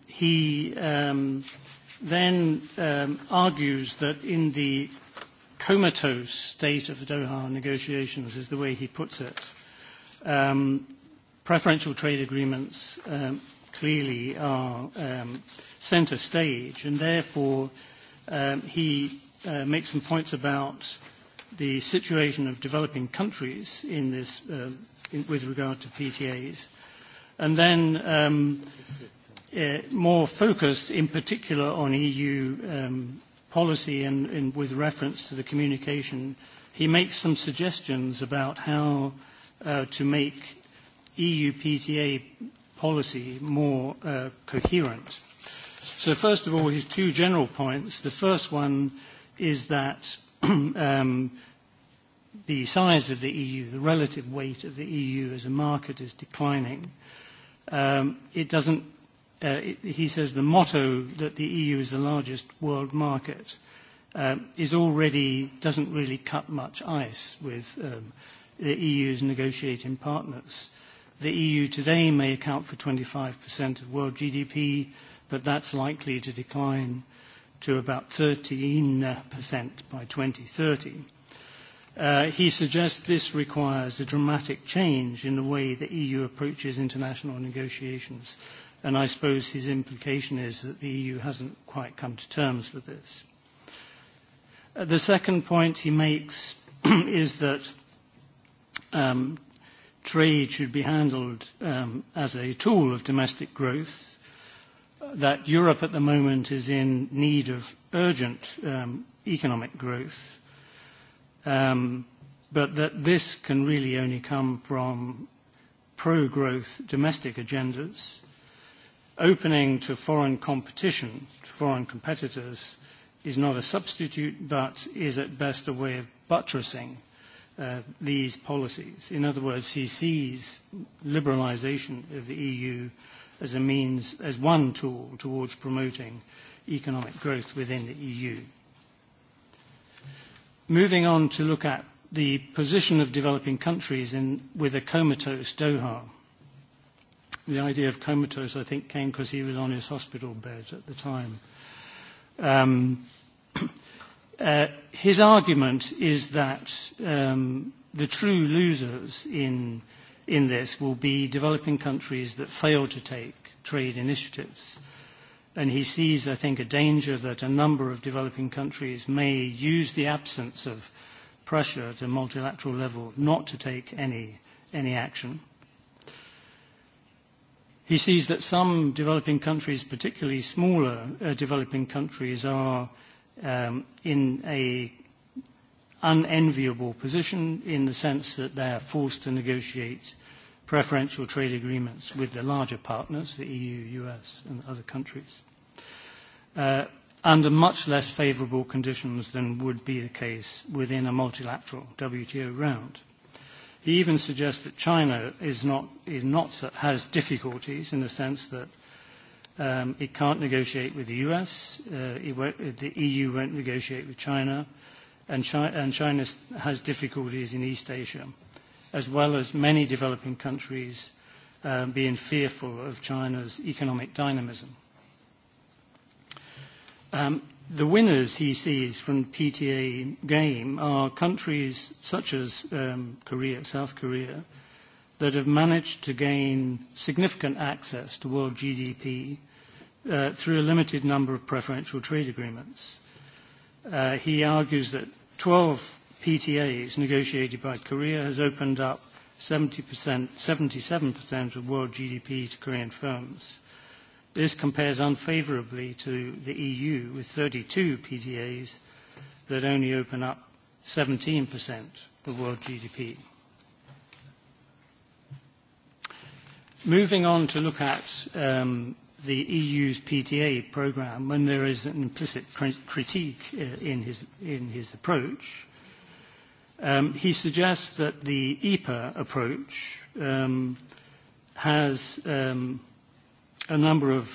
He then argues that in the comatose state of the Doha negotiations is the way he puts it. Preferential trade agreements clearly are centre stage and therefore he makes some points about the situation of developing countries in this in with regard to PTAs and then more focused in particular on EU policy and with reference to the communication, he makes some suggestions about how to make EU PTA policy more coherent. So first of all, his two general points. The first one is that the size of the EU, the relative weight of the EU as a market is declining. It doesn't he says the motto that the EU is the largest world market is already doesn't really cut much ice with the EU's negotiating partners. The EU today may account for 25% of world GDP, but that's likely to decline to about 13% by 2030. He suggests this requires a dramatic change in the way the EU approaches international negotiations and I suppose his implication is that the EU hasn't quite come to terms with this. The second point he makes is that trade should be handled as a tool of domestic growth, that Europe at the moment is in need of urgent economic growth, but that this can really only come from pro-growth domestic agendas opening to foreign competition, to foreign competitors, is not a substitute but is at best a way of buttressing these policies. In other words, he sees liberalisation of the EU as a means, as one tool towards promoting economic growth within the EU. Moving on to look at the position of developing countries with a comatose Doha. The idea of comatose, I think, came because he was on his hospital bed at the time. His argument is that the true losers in in this will be developing countries that fail to take trade initiatives. And he sees, I think, a danger that a number of developing countries may use the absence of pressure at a multilateral level not to take any action. He sees that some developing countries, particularly smaller developing countries, are in a unenviable position in the sense that they are forced to negotiate preferential trade agreements with the larger partners, the EU, US, and other countries, under much less favorable conditions than would be the case within a multilateral WTO round. He even suggests that China is not is not has difficulties in the sense that it can't negotiate with the U.S., the EU won't negotiate with China, and China has difficulties in East Asia, as well as many developing countries being fearful of China's economic dynamism the winners he sees from PTA game are countries such as Korea, South Korea, that have managed to gain significant access to world GDP through a limited number of preferential trade agreements. He argues that 12 PTAs negotiated by Korea has opened up 77% of world GDP to Korean firms. This compares unfavorably to the EU with 32 PTAs that only open up 17% of world GDP. Moving on to look at the EU's PTA program when there is an implicit critique in his approach, he suggests that the EPA approach has a number of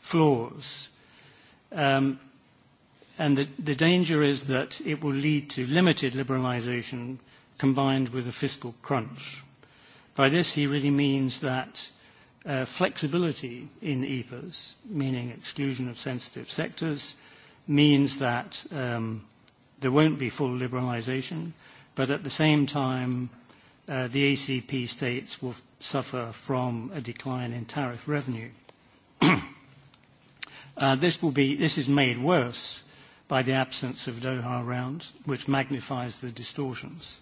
flaws. And the danger is that it will lead to limited liberalisation combined with a fiscal crunch. By this, he really means that flexibility in EPAs, meaning exclusion of sensitive sectors, means that there won't be full liberalisation, but at the same time, the ACP states will suffer from a decline in tariff revenue. This will be this is made worse by the absence of Doha round, which magnifies the distortions,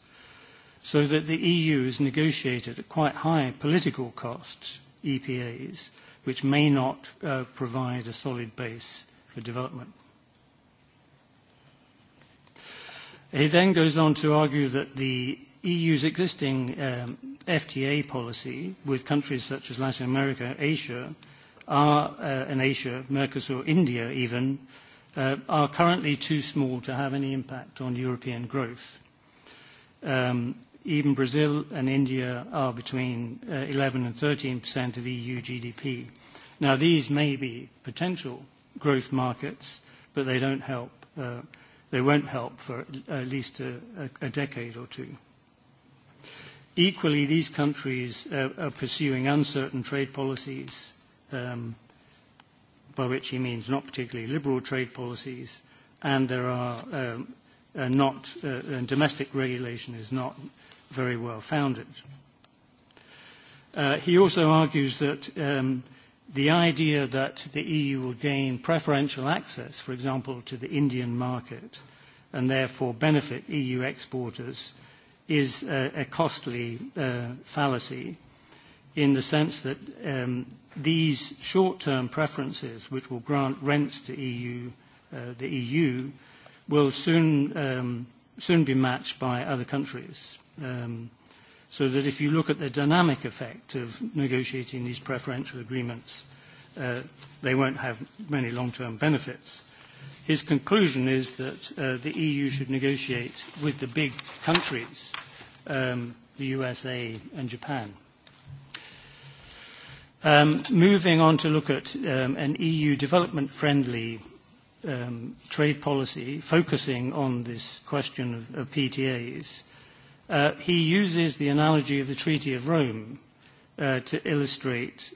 so that the EU has negotiated at quite high political costs EPAs, which may not provide a solid base for development. He then goes on to argue that the EU's existing FTA policy with countries such as Latin America, Asia, are in Asia, Mercosur, India even, are currently too small to have any impact on European growth. Even Brazil and India are between 11 and 13% of EU GDP. Now, these may be potential growth markets, but they don't help. They won't help for at least a decade or two. Equally, these countries are pursuing uncertain trade policies by which he means not particularly liberal trade policies, and there are not domestic regulation is not very well founded. He also argues that the idea that the EU will gain preferential access, for example, to the Indian market, and therefore benefit EU exporters, is a costly fallacy in the sense that these short-term preferences, which will grant rents to EU, the EU, will soon soon be matched by other countries. So that if you look at the dynamic effect of negotiating these preferential agreements, they won't have many long-term benefits. His conclusion is that the EU should negotiate with the big countries, the USA and Japan. Moving on to look at an EU development-friendly trade policy, focusing on this question of PTAs, he uses the analogy of the Treaty of Rome to illustrate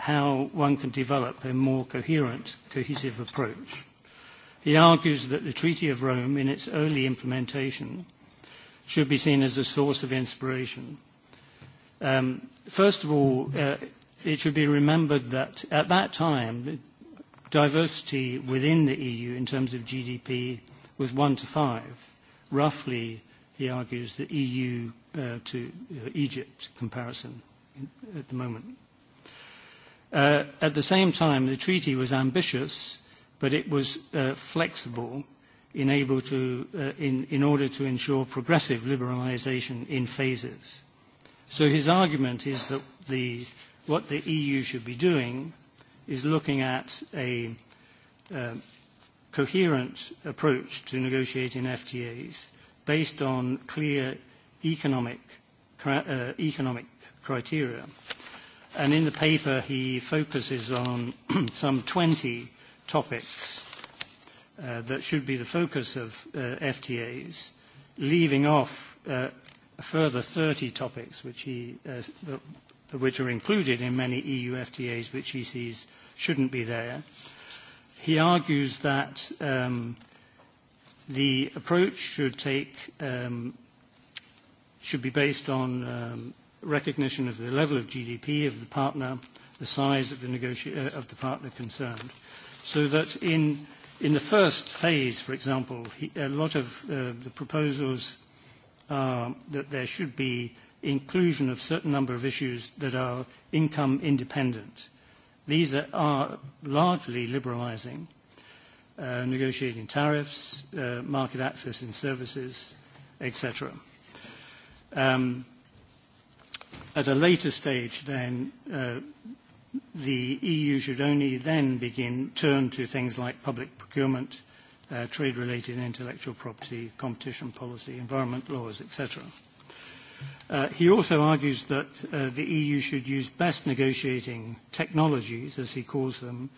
how one can develop a more coherent, cohesive approach. He argues that the Treaty of Rome, in its early implementation, should be seen as a source of inspiration. First of all, it should be remembered that at that time, diversity within the EU in terms of GDP was one to five. Roughly, he argues, the EU to Egypt comparison at the moment. At the same time, the treaty was ambitious, but it was flexible in order to ensure progressive liberalisation in phases. So his argument is that the what the EU should be doing is looking at a coherent approach to negotiating FTAs based on clear economic economic criteria. And in the paper he focuses on some 20 topics that should be the focus of FTAs, leaving off a further 30 topics which he which are included in many EU FTAs which he sees shouldn't be there. He argues that the approach should take should be based on recognition of the level of GDP of the partner, the size of the of the partner concerned, so that in in the first phase, for example, a lot of the proposals are that there should be inclusion of a certain number of issues that are income independent. These are largely liberalising, negotiating tariffs, market access in services, etc. At a later stage, then, the EU should only then begin turn to things like public procurement, trade-related intellectual property, competition policy, environment laws, etc. He also argues that the EU should use best negotiating technologies, as he calls them,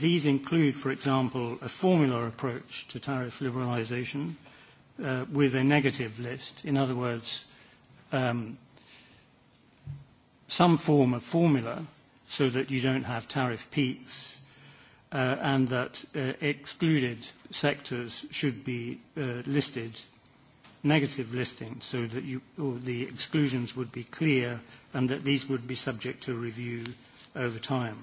these include, for example, a formula approach to tariff liberalisation with a negative list. In other words, some form of formula so that you don't have tariff peaks and that excluded sectors should be listed negative listing so that the exclusions would be clear and that these would be subject to review over time.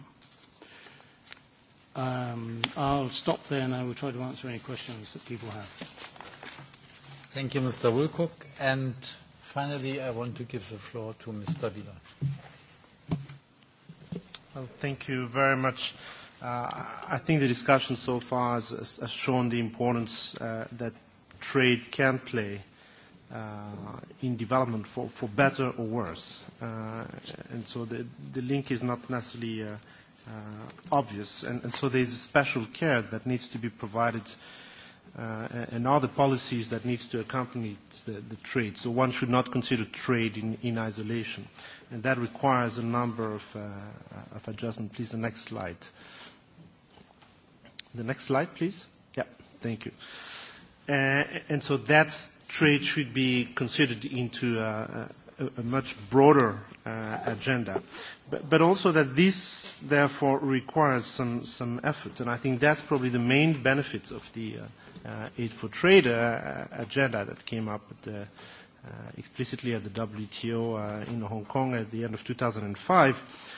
I'll stop there and I will try to answer any questions that people have. Thank you, Mr. Wilcock. And finally, I want to give the floor to Mr. Wieland. Well, thank you very much. I think the discussion so far has shown the importance that trade can play in development for for better or worse. And so the the link is not necessarily obvious. And so there is a special care that needs to be provided and other policies that needs to accompany the trade. So one should not consider trade in isolation. And that requires a number of adjustments. Please, the next slide. The next slide, please. Yeah, thank you. And so that trade should be considered into a much broader agenda. But also that this, therefore, requires some some effort. And I think that's probably the main benefits of the Aid for Trade agenda that came up explicitly at the WTO in Hong Kong at the end of 2005.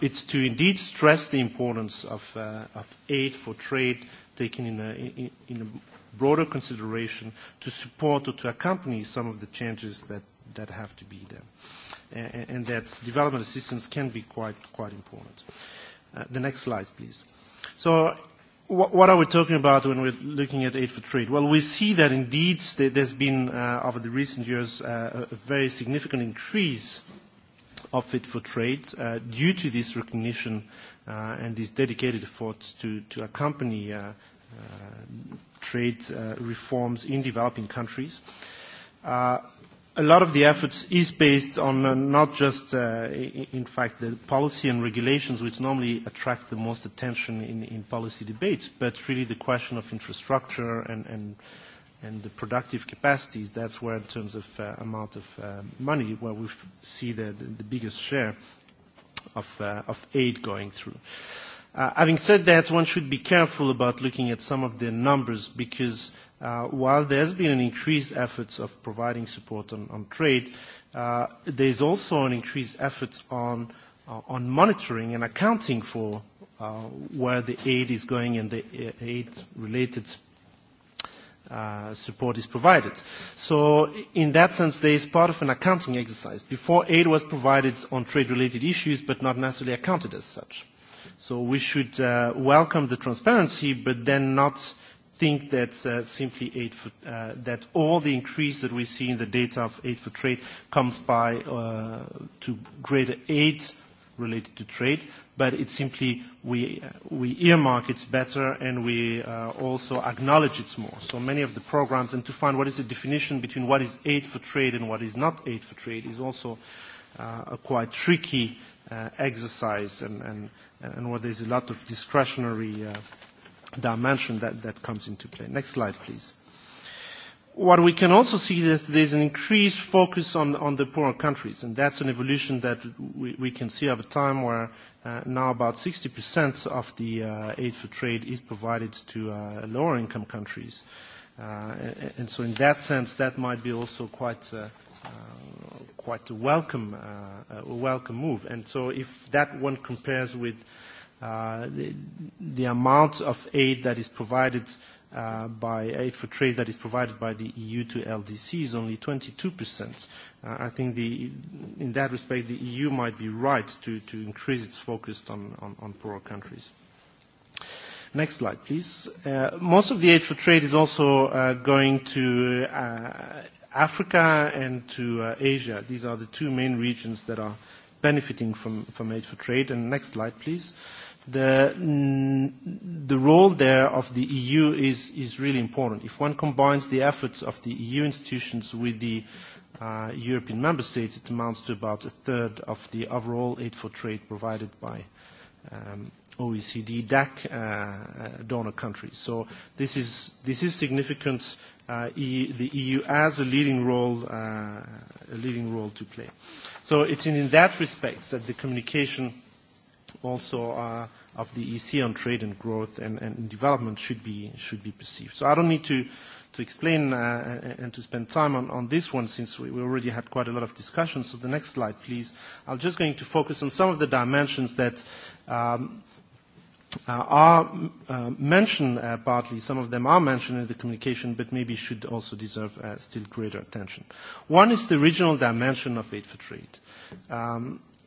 It's to indeed stress the importance of aid for trade taken in a in broader consideration to support or to accompany some of the changes that that have to be there. And that development assistance can be quite quite important. The next slide, please. So what are we talking about when we're looking at aid for trade? Well, we see that indeed there's been, over the recent years, a very significant increase of aid for trade due to this recognition and these dedicated efforts to to accompany trade reforms in developing countries. A lot of the efforts is based on not just, in fact, the policy and regulations which normally attract the most attention in policy debates, but really the question of infrastructure and the productive capacities. That's where, in terms of amount of money, where we see the biggest share of aid going through. Having said that, one should be careful about looking at some of the numbers because while there has been an increased effort of providing support on trade, there is also an increased effort on monitoring and accounting for where the aid is going and the aid-related support is provided. So in that sense, there is part of an accounting exercise. Before, aid was provided on trade-related issues but not necessarily accounted as such. So we should welcome the transparency, but then not think that simply that all the increase that we see in the data of aid for trade comes by to greater aid related to trade, but it's simply we we earmark it better and we also acknowledge it more. So many of the programs, and to find what is the definition between what is aid for trade and what is not aid for trade is also a quite tricky exercise and and where there's a lot of discretionary dimension that comes into play. Next slide, please. What we can also see is there's an increased focus on the poorer countries, and that's an evolution that we can see over time where now about 60% of the aid for trade is provided to lower income countries. And so in that sense, that might be also quite quite a welcome, a welcome move. And so if that one compares with the amount of aid that is provided by aid for trade that is provided by the EU to LDCs, only 22%. I think in that respect the EU might be right to to increase its focus on poorer countries. Next slide, please. Most of the aid for trade is also going to Africa and to Asia. These are the two main regions that are benefiting from from aid for trade. And next slide, please. The the role there of the EU is is really important. If one combines the efforts of the EU institutions with the European member states, it amounts to about a third of the overall aid for trade provided by OECD DAC donor countries. So this is this is significant the EU as a leading role, a leading role to play. So it's in that respect that the communication also of the EC on trade and growth and development should be should be perceived. So I don't need to to explain and to spend time on this one since we already had quite a lot of discussion. So the next slide, please. I'm just going to focus on some of the dimensions that are mentioned partly. Some of them are mentioned in the communication, but maybe should also deserve still greater attention. One is the regional dimension of aid for trade.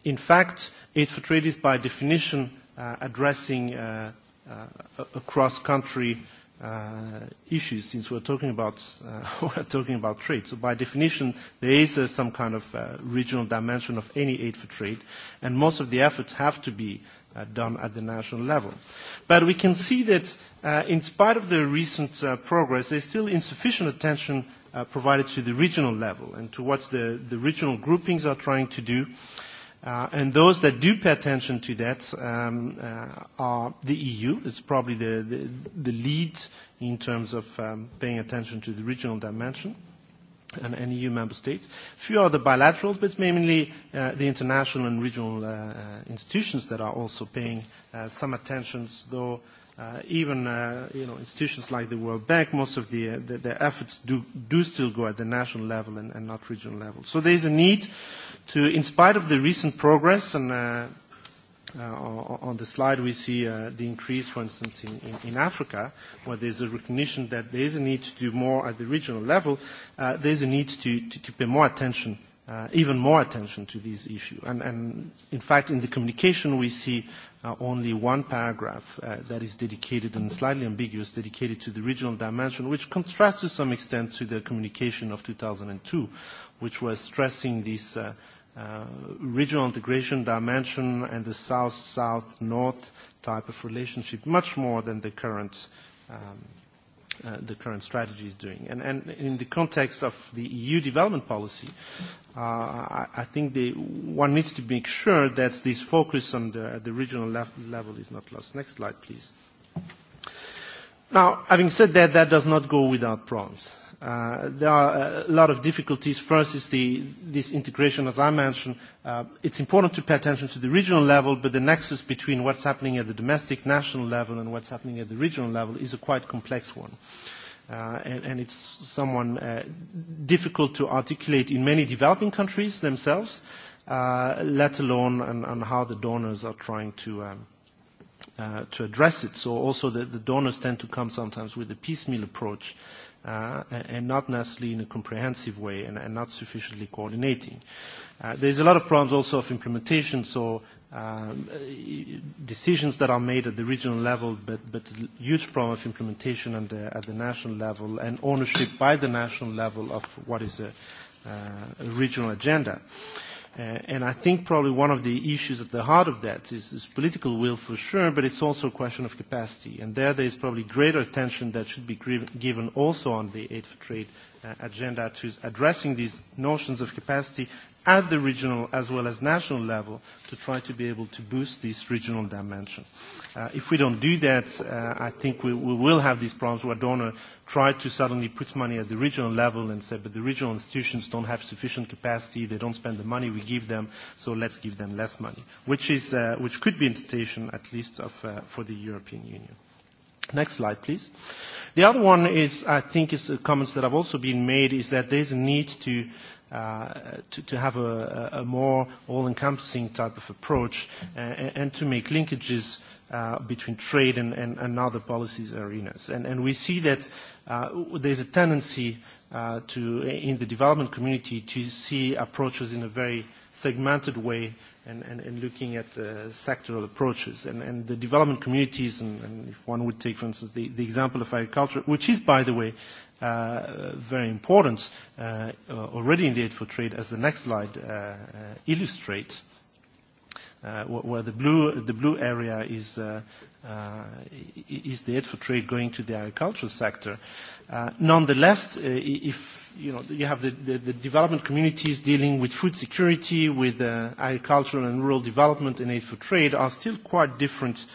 In fact, aid for trade is by definition addressing across-country issues, since we're talking about talking about trade. So by definition, there is some kind of regional dimension of any aid for trade, and most of the efforts have to be done at the national level. But we can see that in spite of the recent progress, there is still insufficient attention provided to the regional level and to what the regional groupings are trying to do. And those that do pay attention to that are the EU. It's probably the lead in terms of paying attention to the regional dimension and EU member states. Few are the bilaterals, but it's mainly the international and regional institutions that are also paying some attention, though even you know institutions like the World Bank, most of the their efforts do do still go at the national level and not regional level. So there is a need to, in spite of the recent progress and on the slide, we see the increase, for instance, in Africa, where there's a recognition that there is a need to do more at the regional level. there is a need to pay more attention, even more attention to this issue And, in fact, in the communication, we see only one paragraph that is dedicated and slightly ambiguous, dedicated to the regional dimension, which contrasts to some extent to the communication of 2002, which was stressing this regional integration dimension and the south-south-north type of relationship much more than the current the current strategy is doing. And in the context of the EU development policy, I think one needs to make sure that this focus on the regional level is not lost. Next slide, please. Now, having said that, that does not go without problems. There are a lot of difficulties. First is this integration, as I mentioned. It's important to pay attention to the regional level, but the nexus between what's happening at the domestic national level and what's happening at the regional level is a quite complex one. And it's someone difficult to articulate in many developing countries themselves, let alone on how the donors are trying to address it. So also the donors tend to come sometimes with a piecemeal approach and not necessarily in a comprehensive way and not sufficiently coordinating. There's a lot of problems also of implementation, so decisions that are made at the regional level, but huge problem of implementation at the national level and ownership by the national level of what is a regional agenda. And I think probably one of the issues at the heart of that is political will for sure, but it's also a question of capacity. And there, there is probably greater attention that should be given also on the aid for trade agenda to addressing these notions of capacity at the regional as well as national level to try to be able to boost this regional dimension. If we don't do that, I think we will have these problems where donors try to suddenly put money at the regional level and say, but the regional institutions don't have sufficient capacity, they don't spend the money we give them, so let's give them less money, which is which could be an at least for the European Union. Next slide, please. The other one is, I think, is comments that have also been made, is that there's a need to to have a more all-encompassing type of approach and to make linkages between trade and other policies arenas. And we see that there's a tendency to in the development community to see approaches in a very segmented way and looking at sectoral approaches. And the development communities, and if one would take, for instance, the example of agriculture, which is, by the way, very important already in the Aid for Trade, as the next slide illustrates, where the blue the blue area is is the aid for trade going to the agricultural sector. Nonetheless, if you know you have the the development communities dealing with food security, with agricultural and rural development and aid for trade are still quite different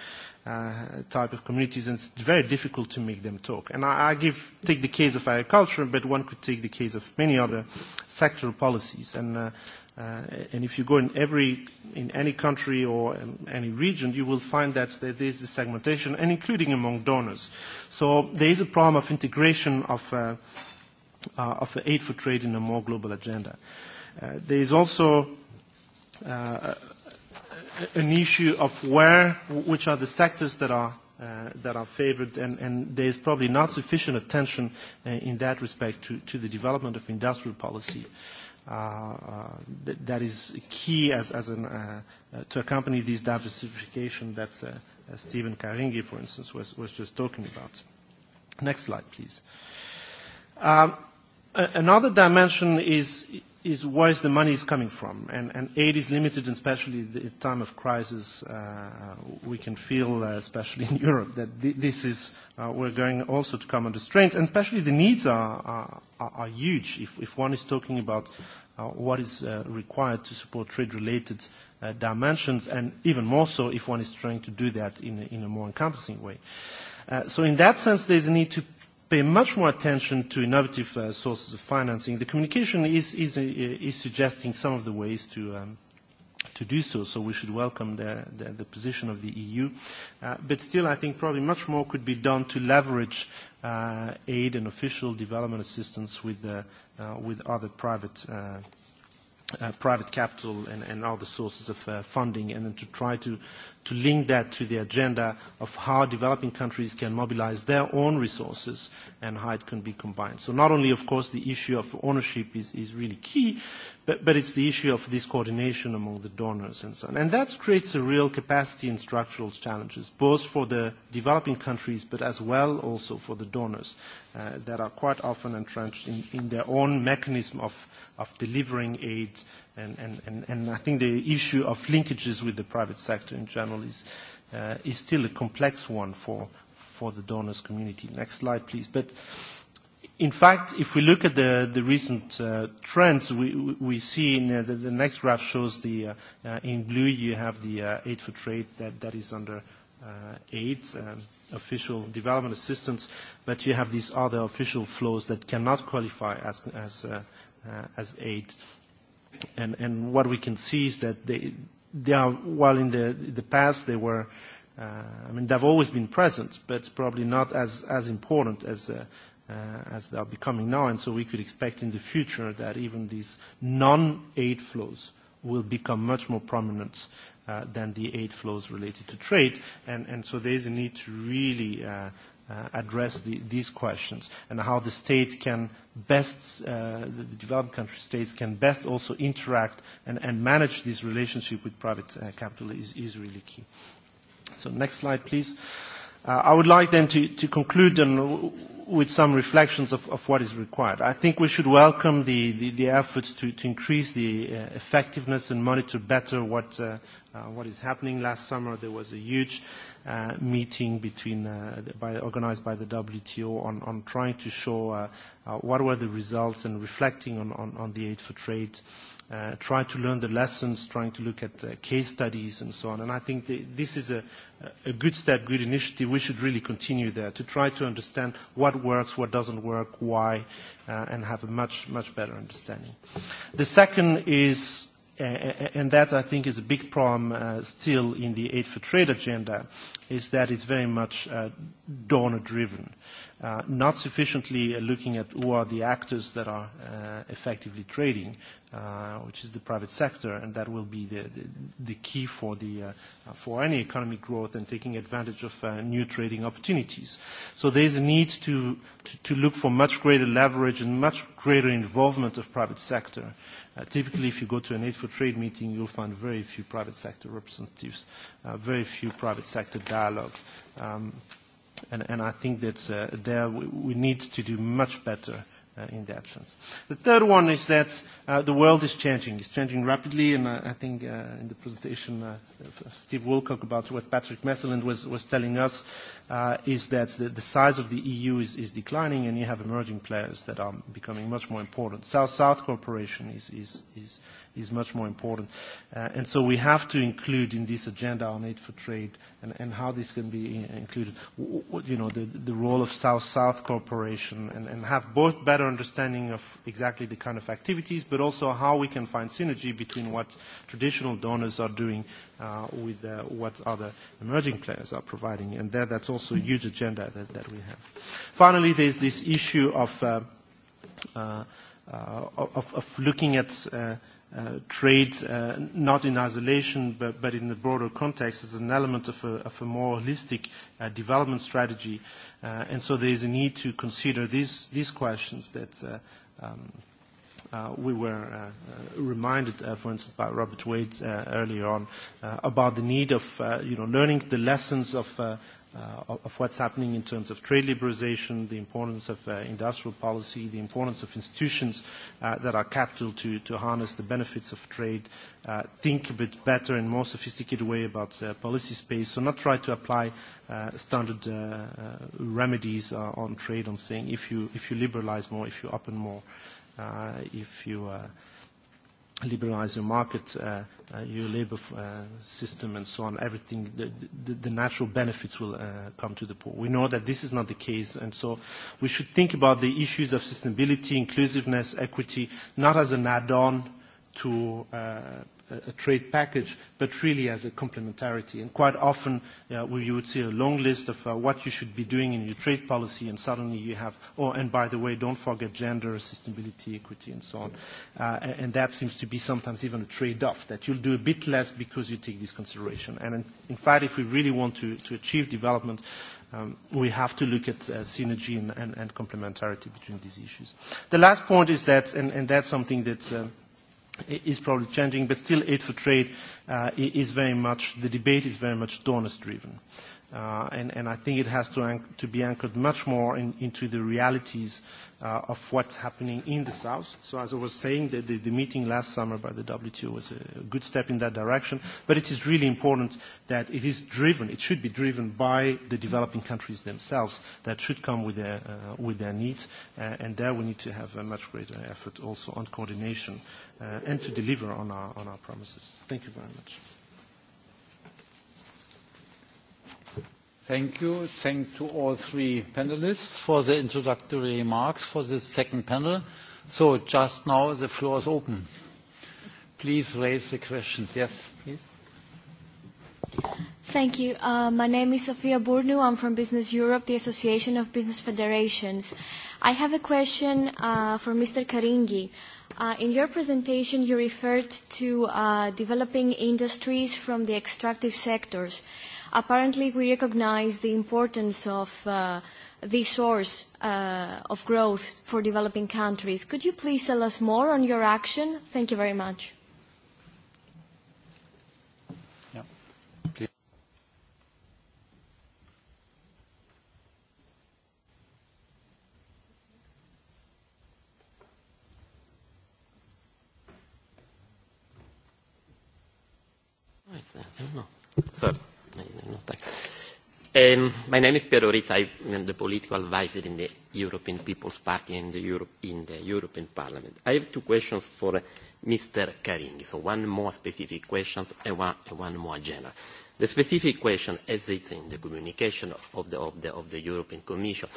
type of communities and it's very difficult to make them talk. And I give take the case of agriculture, but one could take the case of many other sectoral policies. And And if you go in every, in any country or any region, you will find that there is this segmentation, and including among donors. So there is a problem of integration of of aid for trade in a more global agenda. There is also an issue of where, which are the sectors that are that are favoured, and there is probably not sufficient attention in that respect to the development of industrial policy that is key as to accompany this diversification that Stephen Karingi, for instance, was just talking about. Next slide, please. Another dimension is is where the money is coming from. And aid is limited, and especially at time of crisis, we can feel, especially in Europe, that this is, we're going also to come under strain. And especially the needs are huge. If one is talking about what is required to support trade-related dimensions, and even more so if one is trying to do that in a more encompassing way. So in that sense, there's a need to pay much more attention to innovative sources of financing. The communication is, is, is suggesting some of the ways to, um, to do so, so we should welcome the, the, the position of the EU. but still, I think probably much more could be done to leverage aid and official development assistance with, with other private private capital and, and other sources of funding and then to try to to link that to the agenda of how developing countries can mobilize their own resources and how it can be combined. So not only, of course, the issue of ownership is, is really key, but, but it's the issue of this coordination among the donors and so on. And that creates a real capacity and structural challenges, both for the developing countries, but as well also for the donors that are quite often entrenched in, in their own mechanism of, of delivering aid And I think the issue of linkages with the private sector in general is still a complex one for the donors community. Next slide, please. But in fact, if we look at the recent trends, we see in the next graph shows the in blue you have the aid for trade that is under aid, official development assistance, but you have these other official flows that cannot qualify as aid And what we can see is that they are, while in the past they were, I mean, they've always been present, but probably not as as important as as they are becoming now. And so we could expect in the future that even these non-aid flows will become much more prominent than the aid flows related to trade. And so there is a need to really address these questions and how the state can best, the developed country states can best also interact and manage this relationship with private capital is really key. So next slide, please. I would like then to conclude with some reflections of what is required. I think we should welcome the efforts to increase the effectiveness and monitor better what is happening. Last summer there was a huge meeting between by organized by the WTO on on trying to show what were the results and reflecting on on the aid for trade trying to learn the lessons, trying to look at case studies and so on. And I think this is a good step, good initiative. We should really continue there to try to understand what works, what doesn't work, why, and have a much, much better understanding. The second is and that I think is a big problem still in the aid for trade agenda, is that it's very much donor driven not sufficiently looking at who are the actors that are effectively trading, which is the private sector, and that will be the key for for any economic growth and taking advantage of new trading opportunities. So there is a need to look for much greater leverage and much greater involvement of private sector. Typically, if you go to an Aid for Trade meeting, you'll find very few private sector representatives, very few private sector dialogues. And I think that there we need to do much better in that sense. The third one is that the world is changing. It's changing rapidly, and I think in the presentation of Steve Wilcock about what Patrick Messeland was telling us is that the size of the EU is declining, and you have emerging players that are becoming much more important. South-South cooperation is is much more important. And so we have to include in this agenda on aid for trade and how this can be included, you know, the the role of South-South cooperation and have both better understanding of exactly the kind of activities, but also how we can find synergy between what traditional donors are doing with what other emerging players are providing. And that that's also a huge agenda that we have. Finally, there's this issue of looking at trade not in isolation but in the broader context as an element of a more holistic development strategy. And so there is a need to consider these questions that we were reminded, for instance, by Robert Wade earlier on, about the need of, you know, learning the lessons of of what's happening in terms of trade liberalization, the importance of industrial policy, the importance of institutions that are capital to harness the benefits of trade, think a bit better in a more sophisticated way about policy space, so not try to apply standard remedies on trade on saying if you if you liberalize more, if you open more, if you liberalize your market, your labor system and so on, everything, the natural benefits will come to the poor. We know that this is not the case, and so we should think about the issues of sustainability, inclusiveness, equity, not as an add-on to a trade package, but really as a complementarity. And quite often you would see a long list of what you should be doing in your trade policy, and suddenly you have, oh, and by the way, don't forget gender, sustainability, equity, and so on. And that seems to be sometimes even a trade-off, that you'll do a bit less because you take this consideration. And in fact, if we really want to achieve development, we have to look at synergy and complementarity between these issues. The last point is that, and that's something that is probably changing, but still aid for trade is very much, the debate is very much donors driven and I think it has to be anchored much more into the realities of what's happening in the South. So as I was saying, the meeting last summer by the WTO was a good step in that direction, but it is really important that it is driven, it should be driven by the developing countries themselves that should come with their needs, and there we need to have a much greater effort also on coordination and to deliver on our promises. Thank you very much. Thank you. Thanks to all three panelists for the introductory remarks for this second panel. So just now the floor is open. Please raise the questions. Yes, please. Thank you. My name is Sophia Bournou. I'm from Business Europe, the Association of Business Federations. I have a question for Mr. Karingi. In your presentation, you referred to developing industries from the extractive sectors apparently we recognize the importance of the source of growth for developing countries. Could you please tell us more on your action? Thank you very much. My name is Piero Rita. I am the political advisor in the European People's Party and in the European Parliament. I have two questions for Mr. Caringhi. So one more specific question and one more general. The specific question, as it's in the communication of the European Commission,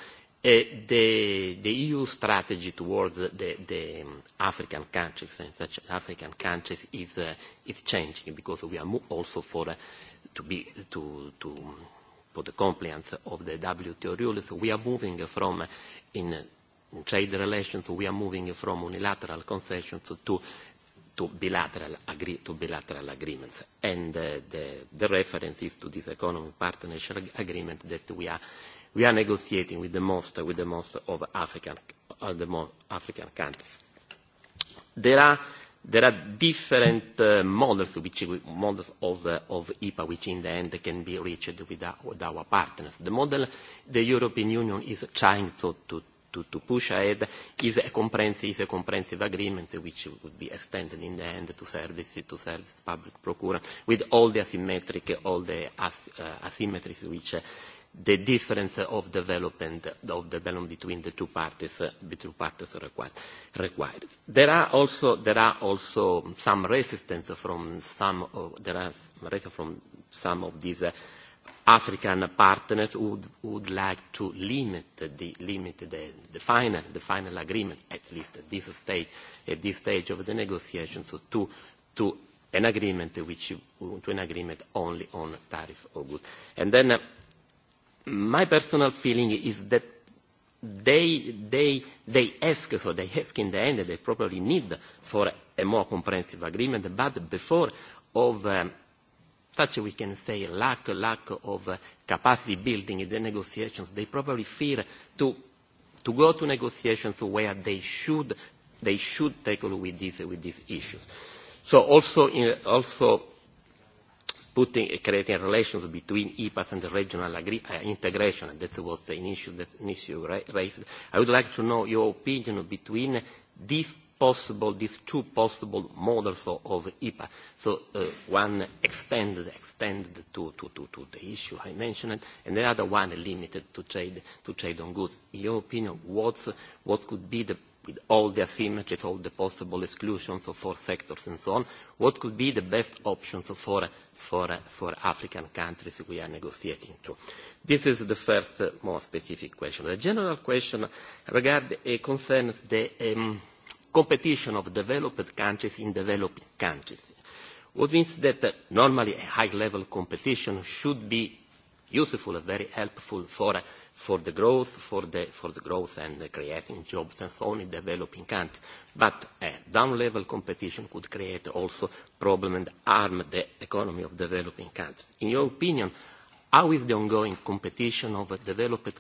the EU strategy towards the African countries and such African countries is changing because we are also for to be to to for the compliance of the WTO rules, we are moving from in trade relations we are moving from unilateral concessions to to bilateral to bilateral agreements. And the the reference is to this economic partnership agreement that we are we are negotiating with the most with the most of African the most African countries. There are There are different models which models of of IPA which in the end can be reached with our partners. The model the European Union is trying to to to push ahead is a comprehensive is a comprehensive agreement which would be extended in the end to services to service public procurement with all the asymmetric all the asymmetries which the difference of development of development between the two parties between parties required required. there are also there are also some resistance from some of there are from some of these african partners who would like to limit the limit the the final the final agreement at least at this stage at this stage of the negotiations to to an agreement which to an agreement only on tariff or goods and then my personal feeling is that they, they, they ask, so they ask in the end, they probably need for a more comprehensive agreement, but before of such we can say lack, lack of capacity building in the negotiations, they probably fear to, to go to negotiations where they should, they should tackle with these, with these issues. So also, also putting creating relations between EPAS and the regional integration, that was an issue raised. I would like to know your opinion between these possible, these two possible models of EPA. So one extended, extended to, to, to, to the issue I mentioned, and the other one limited to trade, to trade on goods. In your opinion, what's, what could be the with all the asymmetries, all the possible exclusions of four sectors and so on, what could be the best options for African countries we are negotiating to? This is the first, more specific question. The general question concerns the competition of developed countries in developing countries. What means that normally a high-level competition should be useful and very helpful for for the growth, for the for the growth and creating jobs and so on in developing countries. But down-level competition could create also problems and harm the economy of developing countries. In your opinion, how is the ongoing competition of developed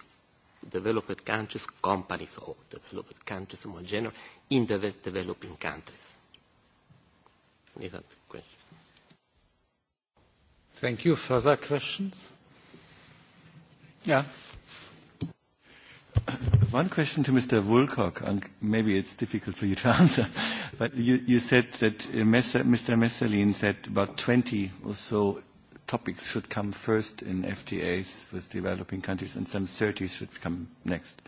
developed countries, companies or developed countries more general, in the developing countries? Thank you. Further questions? Yeah. One question to Mr. Woolcock, and maybe it's difficult for you to answer, but you, you said that Mr. Messalin said about 20 or so topics should come first in FTAs with developing countries and some 30 should come next.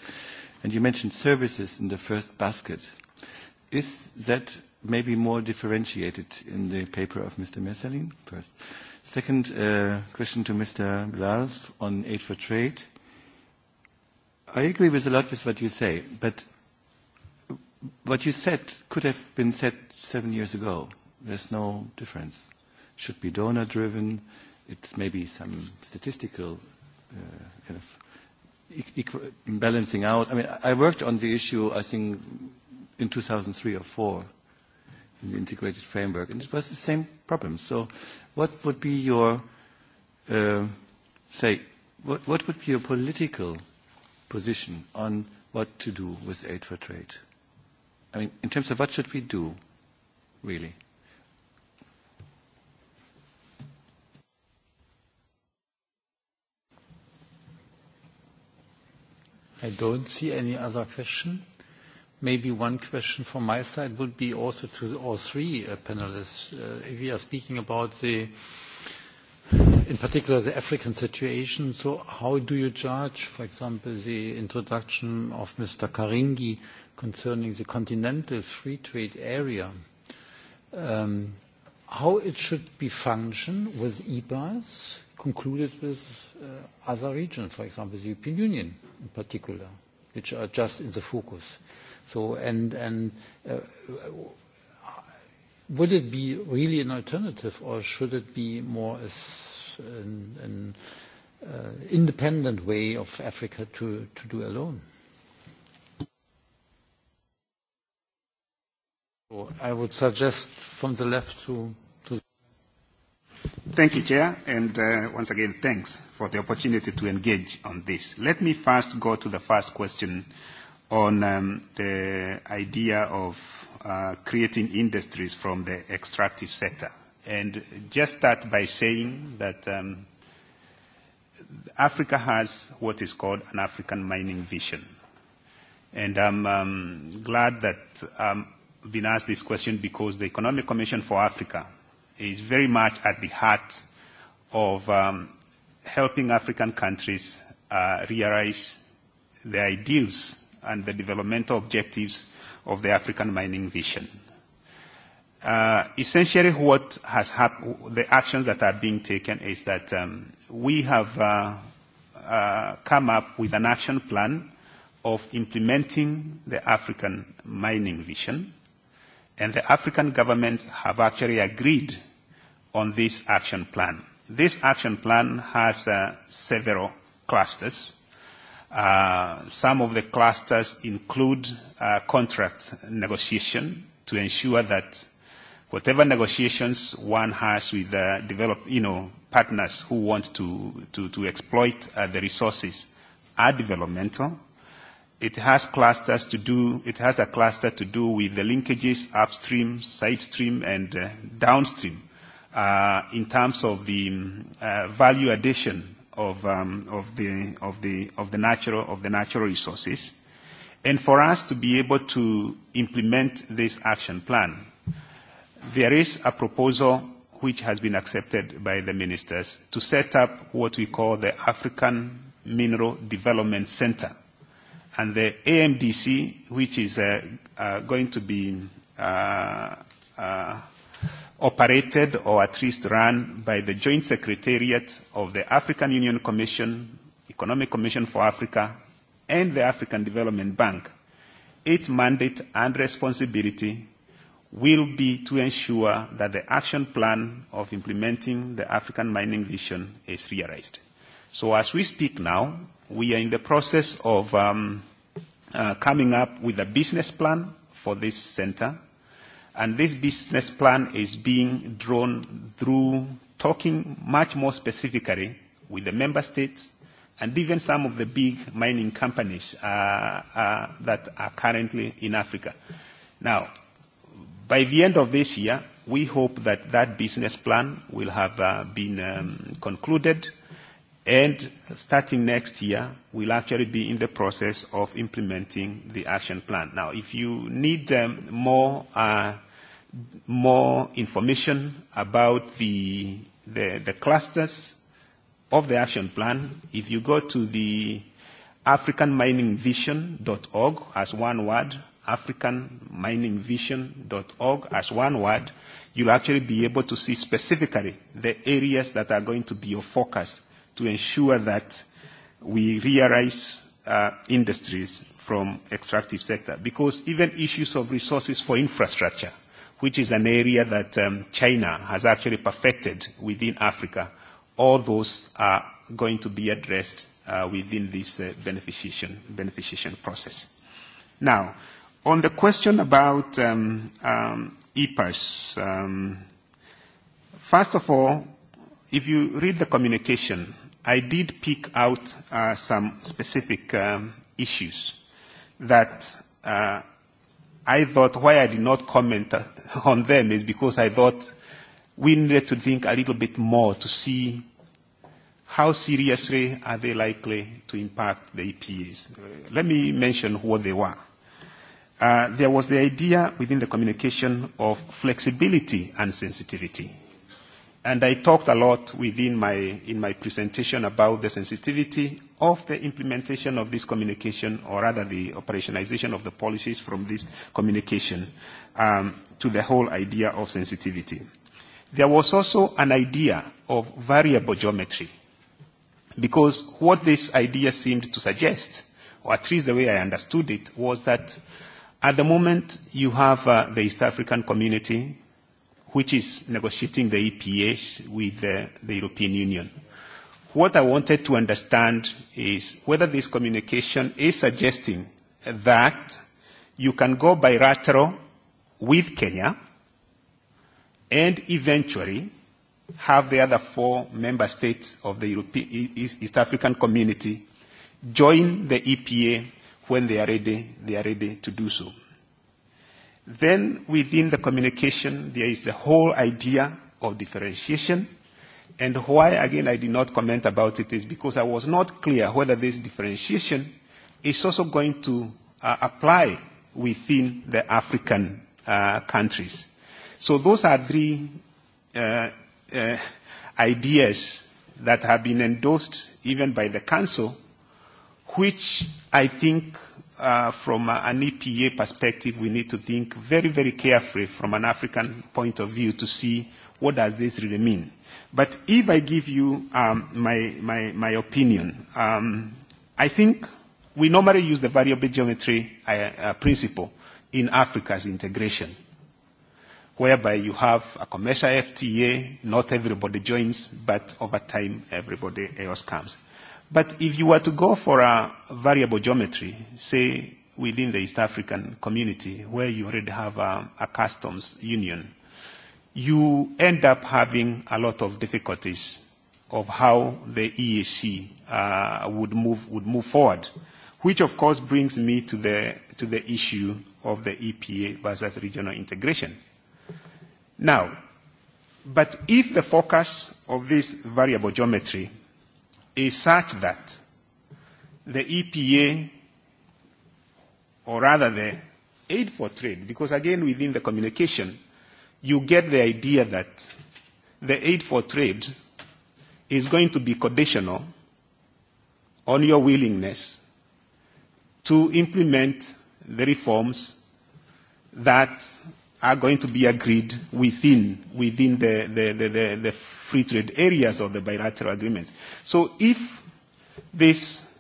And you mentioned services in the first basket. Is that maybe more differentiated in the paper of Mr. Messerlin? First. Second question to Mr. Blalf on aid for trade. I agree with a lot with what you say, but what you said could have been said seven years ago. There's no difference. It should be donor-driven. It's maybe some statistical kind of balancing out. I mean, I worked on the issue, I think, in 2003 or 4 in the integrated framework, and it was the same problem. So what would be your, say, what would be your political position on what to do with aid for trade. I mean, in terms of what should we do, really? I don't see any other question. Maybe one question from my side would be also to all three panelists. If we are speaking about the in particular the African situation. So how do you judge, for example, the introduction of Mr. Karingi concerning the continental free trade area? How it should be function with EBAS concluded with other regions, for example, the European Union in particular, which are just in the focus. So and and would it be really an alternative or should it be more a an independent way of Africa to do alone. I would suggest from the left to. Thank you, Chair, and once again, thanks for the opportunity to engage on this. Let me first go to the first question on the idea of creating industries from the extractive sector And just start by saying that Africa has what is called an African mining vision. And I'm glad that I've been asked this question because the Economic Commission for Africa is very much at the heart of helping African countries realize the ideals and the developmental objectives of the African mining vision essentially what has happened, the actions that are being taken is that we have come up with an action plan of implementing the African mining vision, and the African governments have actually agreed on this action plan. This action plan has several clusters. Some of the clusters include contract negotiation to ensure that whatever negotiations one has with develop, you know, partners who want to, to, to exploit the resources are developmental. It has clusters to do, it has a cluster to do with the linkages upstream, side stream, and downstream in terms of the value addition of of the of the of the natural of the natural resources and for us to be able to implement this action plan There is a proposal which has been accepted by the ministers to set up what we call the African Mineral Development Center. And the AMDC, which is going to be operated or at least run by the Joint Secretariat of the African Union Commission, Economic Commission for Africa, and the African Development Bank. Its mandate and responsibility will be to ensure that the action plan of implementing the African mining vision is realized. So as we speak now, we are in the process of coming up with a business plan for this center, and this business plan is being drawn through talking much more specifically with the member states and even some of the big mining companies that are currently in Africa. Now, By the end of this year, we hope that that business plan will have been concluded and starting next year, we'll actually be in the process of implementing the action plan. Now, if you need more more information about the the clusters of the action plan, if you go to the africanminingvision.org as one word, africanminingvision.org as one word, you'll actually be able to see specifically the areas that are going to be your focus to ensure that we realize industries from extractive sector. Because even issues of resources for infrastructure, which is an area that China has actually perfected within Africa, all those are going to be addressed within this beneficiation process. Now, On the question about EPAS, first of all, if you read the communication, I did pick out some specific issues that I thought why I did not comment on them is because I thought we needed to think a little bit more to see how seriously are they likely to impact the EPAs. Let me mention what they were there was the idea within the communication of flexibility and sensitivity. And I talked a lot within my, in my presentation about the sensitivity of the implementation of this communication, or rather the operationalization of the policies from this communication, to the whole idea of sensitivity. There was also an idea of variable geometry, because what this idea seemed to suggest, or at least the way I understood it, was that At the moment, you have the East African Community, which is negotiating the EPA with the European Union. What I wanted to understand is whether this communication is suggesting that you can go bilateral with Kenya and eventually have the other four member states of the East African Community join the EPA when they are ready, they are ready to do so. Then within the communication, there is the whole idea of differentiation. And why, again, I did not comment about it is because I was not clear whether this differentiation is also going to apply within the African countries. So those are three ideas that have been endorsed even by the Council which I think from an EPA perspective we need to think very, very carefully from an African point of view to see what does this really mean. But if I give you my, my, my opinion, I think we normally use the variable geometry principle in Africa's integration, whereby you have a commercial FTA, not everybody joins, but over time everybody else comes. But if you were to go for a variable geometry, say within the East African community where you already have a customs union, you end up having a lot of difficulties of how the EAC would move would move forward, which of course brings me to the to the issue of the EPA versus regional integration. Now, but if the focus of this variable geometry is such that the EPA, or rather the aid for trade, because again within the communication, you get the idea that the aid for trade is going to be conditional on your willingness to implement the reforms that are going to be agreed within within the the the free trade areas of the bilateral agreements. So if this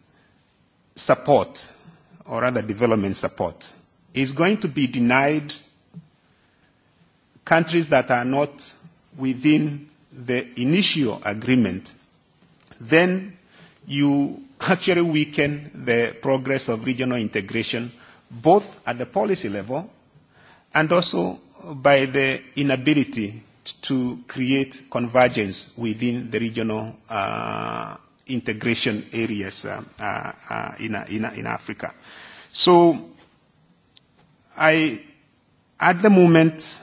support, or rather development support, is going to be denied countries that are not within the initial agreement, then you actually weaken the progress of regional integration, both at the policy level and also by the inability to create convergence within the regional integration areas in in Africa. So I at the moment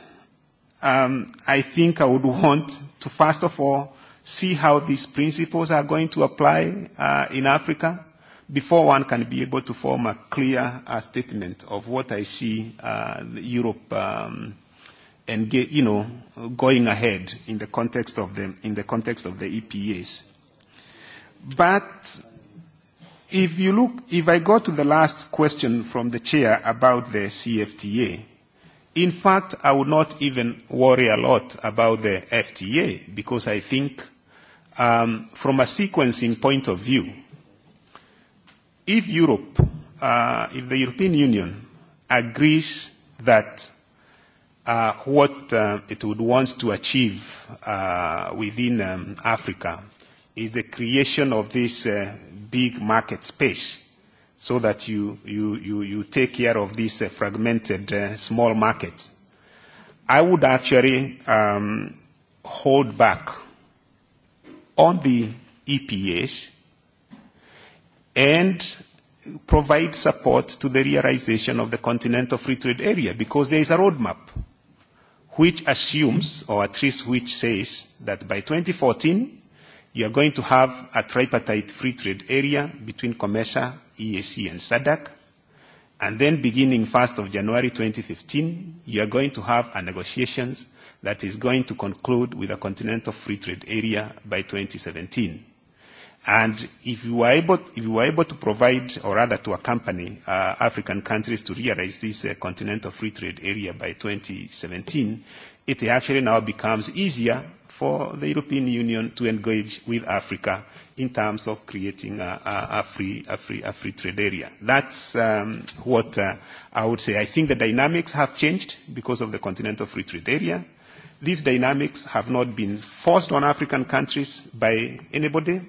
I think I would want to first of all see how these principles are going to apply in Africa before one can be able to form a clear statement of what I see Europe and you know going ahead in the context of the in the context of the EPAs. But if you look, if I go to the last question from the chair about the CFTA, in fact I would not even worry a lot about the FTA because I think from a sequencing point of view, if Europe, uh, if the European Union agrees that what it would want to achieve within Africa is the creation of this big market space so that you, you, you, you take care of these fragmented small markets. I would actually um, hold back on the EPAs and provide support to the realization of the Continental Free Trade Area because there is a roadmap which assumes, or at least which says, that by 2014 you are going to have a tripartite free trade area between COMESA, EAC and SADC, and then beginning 1st of January 2015 you are going to have a negotiations that is going to conclude with a continental free trade area by 2017. And if you were able, if you were able to provide, or rather to accompany African countries to realize this continental free trade area by 2017, it actually now becomes easier for the European Union to engage with Africa in terms of creating a free trade area. That's what I would say. I think the dynamics have changed because of the continental free trade area. These dynamics have not been forced on African countries by anybody.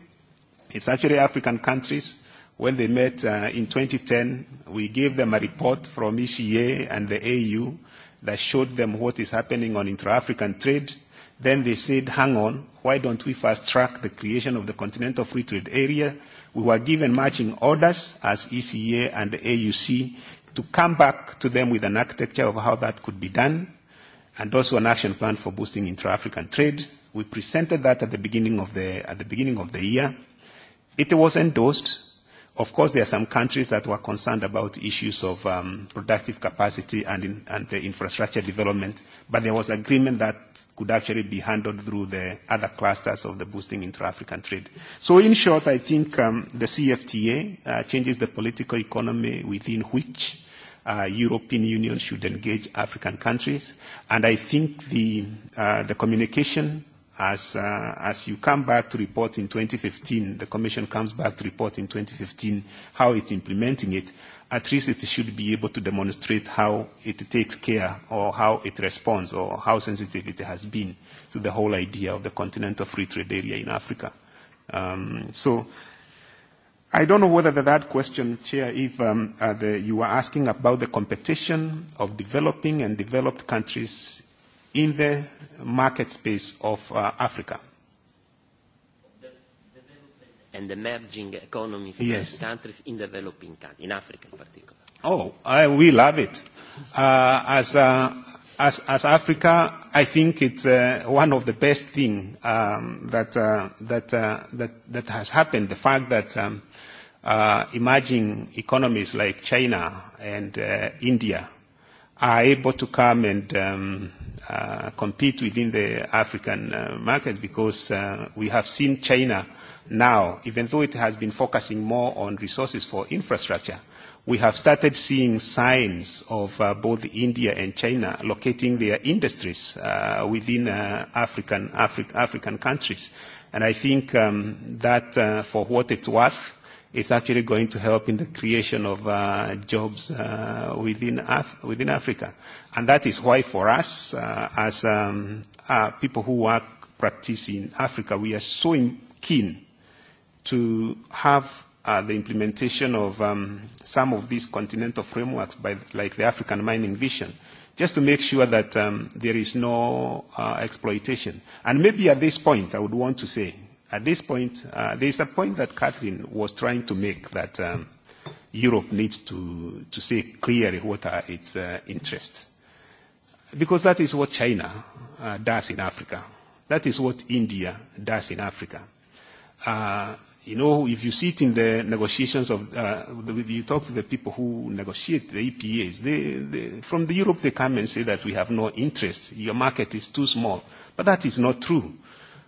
It's actually African countries. When they met in 2010, we gave them a report from ECA and the AU that showed them what is happening on intra-African trade. Then they said, hang on, why don't we fast track the creation of the Continental Free Trade Area? We were given marching orders as ECA and the AUC to come back to them with an architecture of how that could be done and also an action plan for boosting intra-African trade. We presented that at the beginning of the, at the beginning of the year. It was endorsed. Of course, there are some countries that were concerned about issues of productive capacity and and the infrastructure development, but there was agreement that could actually be handled through the other clusters of the boosting intra-African trade. So, in short, I think the CFTA changes the political economy within which European Union should engage African countries, and I think the the communication as as you come back to report in 2015, the Commission comes back to report in 2015 how it's implementing it, at least it should be able to demonstrate how it takes care or how it responds or how sensitive it has been to the whole idea of the continental free trade area in Africa. So I don't know whether that question, Chair, if you were asking about the competition of developing and developed countries in the market space of Africa. And emerging economies in countries, in developing countries, in Africa in particular. Oh, we love it. As as Africa, I think it's one of the best things that that that has happened. The fact that emerging economies like China and India are able to come and compete within the African market because we have seen China now, even though it has been focusing more on resources for infrastructure, we have started seeing signs of both India and China locating their industries within African African countries. And I think that, for what it's worth, is actually going to help in the creation of jobs within within Africa. And that is why for us, as people who work, practice in Africa, we are so keen to have the implementation of some of these continental frameworks, like the African Mining Vision, just to make sure that there is no exploitation. And maybe at this point, I would want to say At this point, there is a point that Catherine was trying to make that Europe needs to to say clearly what are its interests, because that is what China does in Africa, that is what India does in Africa. You know, if you sit in the negotiations of, you talk to the people who negotiate the EPAs, they from the Europe they come and say that we have no interest, your market is too small, but that is not true.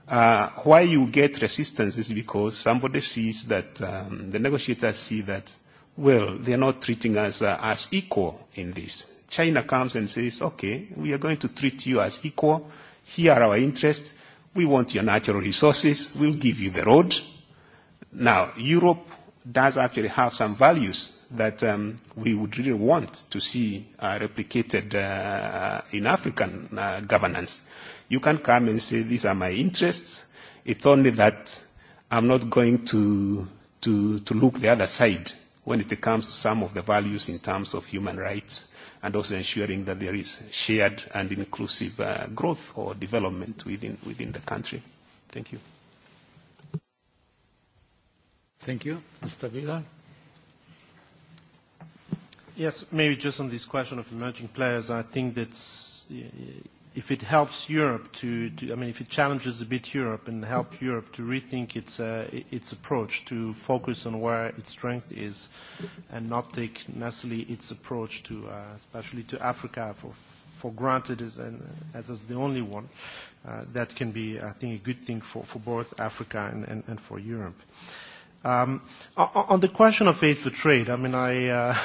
Why you get resistance is because somebody sees that the negotiators see that, well, they are not treating us as equal in this. China comes and says, okay, we are going to treat you as equal. Here are our interests. We want your natural resources. We'll give you the road. Now, Europe does actually have some values that we would really want to see replicated in African governance. You can come and say, these are my interests. It's only that I'm not going to, to, to look the other side when it comes to some of the values in terms of human rights and also ensuring that there is shared and inclusive growth or development within, within the country. Thank you. Thank you. Mr. Yes, maybe just on this question of emerging players, I think that's if it helps Europe to, I mean, if it challenges a bit Europe and help Europe to rethink its its approach, to focus on where its strength is, and not take necessarily its approach to, especially to Africa, for for granted as as the only one, that can be, I think, a good thing for for both Africa and and for Europe. On the question of aid for trade, I mean, I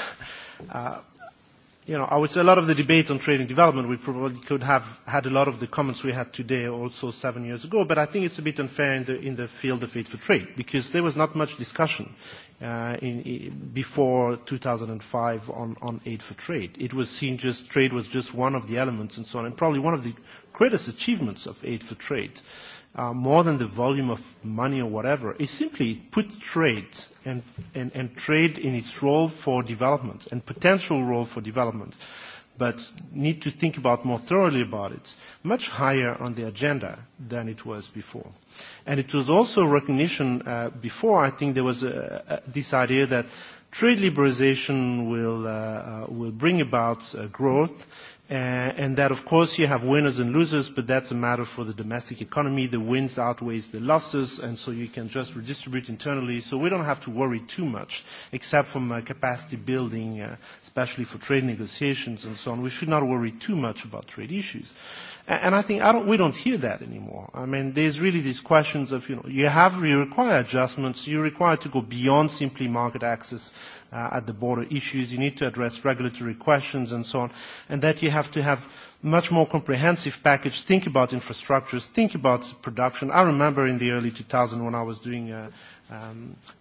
you know, I would say a lot of the debate on trade and development, we probably could have had a lot of the comments we had today also seven years ago, but I think it's a bit unfair in the, in the field of aid for trade because there was not much discussion uh, in, before 2005 on, on aid for trade. It was seen just trade was just one of the elements and so on, and probably one of the greatest achievements of aid for trade more than the volume of money or whatever, is simply put trade and, and, and trade in its role for development and potential role for development, but need to think about more thoroughly about it, much higher on the agenda than it was before. And it was also recognition before, I think there was this idea that trade liberalization will, will bring about growth and that, of course, you have winners and losers, but that's a matter for the domestic economy. The wins outweighs the losses, and so you can just redistribute internally. So we don't have to worry too much, except from capacity building, especially for trade negotiations and so on. We should not worry too much about trade issues. And I think I don't, we don't hear that anymore. I mean, there's really these questions of, you know, you have, you require adjustments, you require to go beyond simply market access at the border issues, you need to address regulatory questions and so on, and that you have to have much more comprehensive package, think about infrastructures, think about production. I remember in the early 2000 when I was doing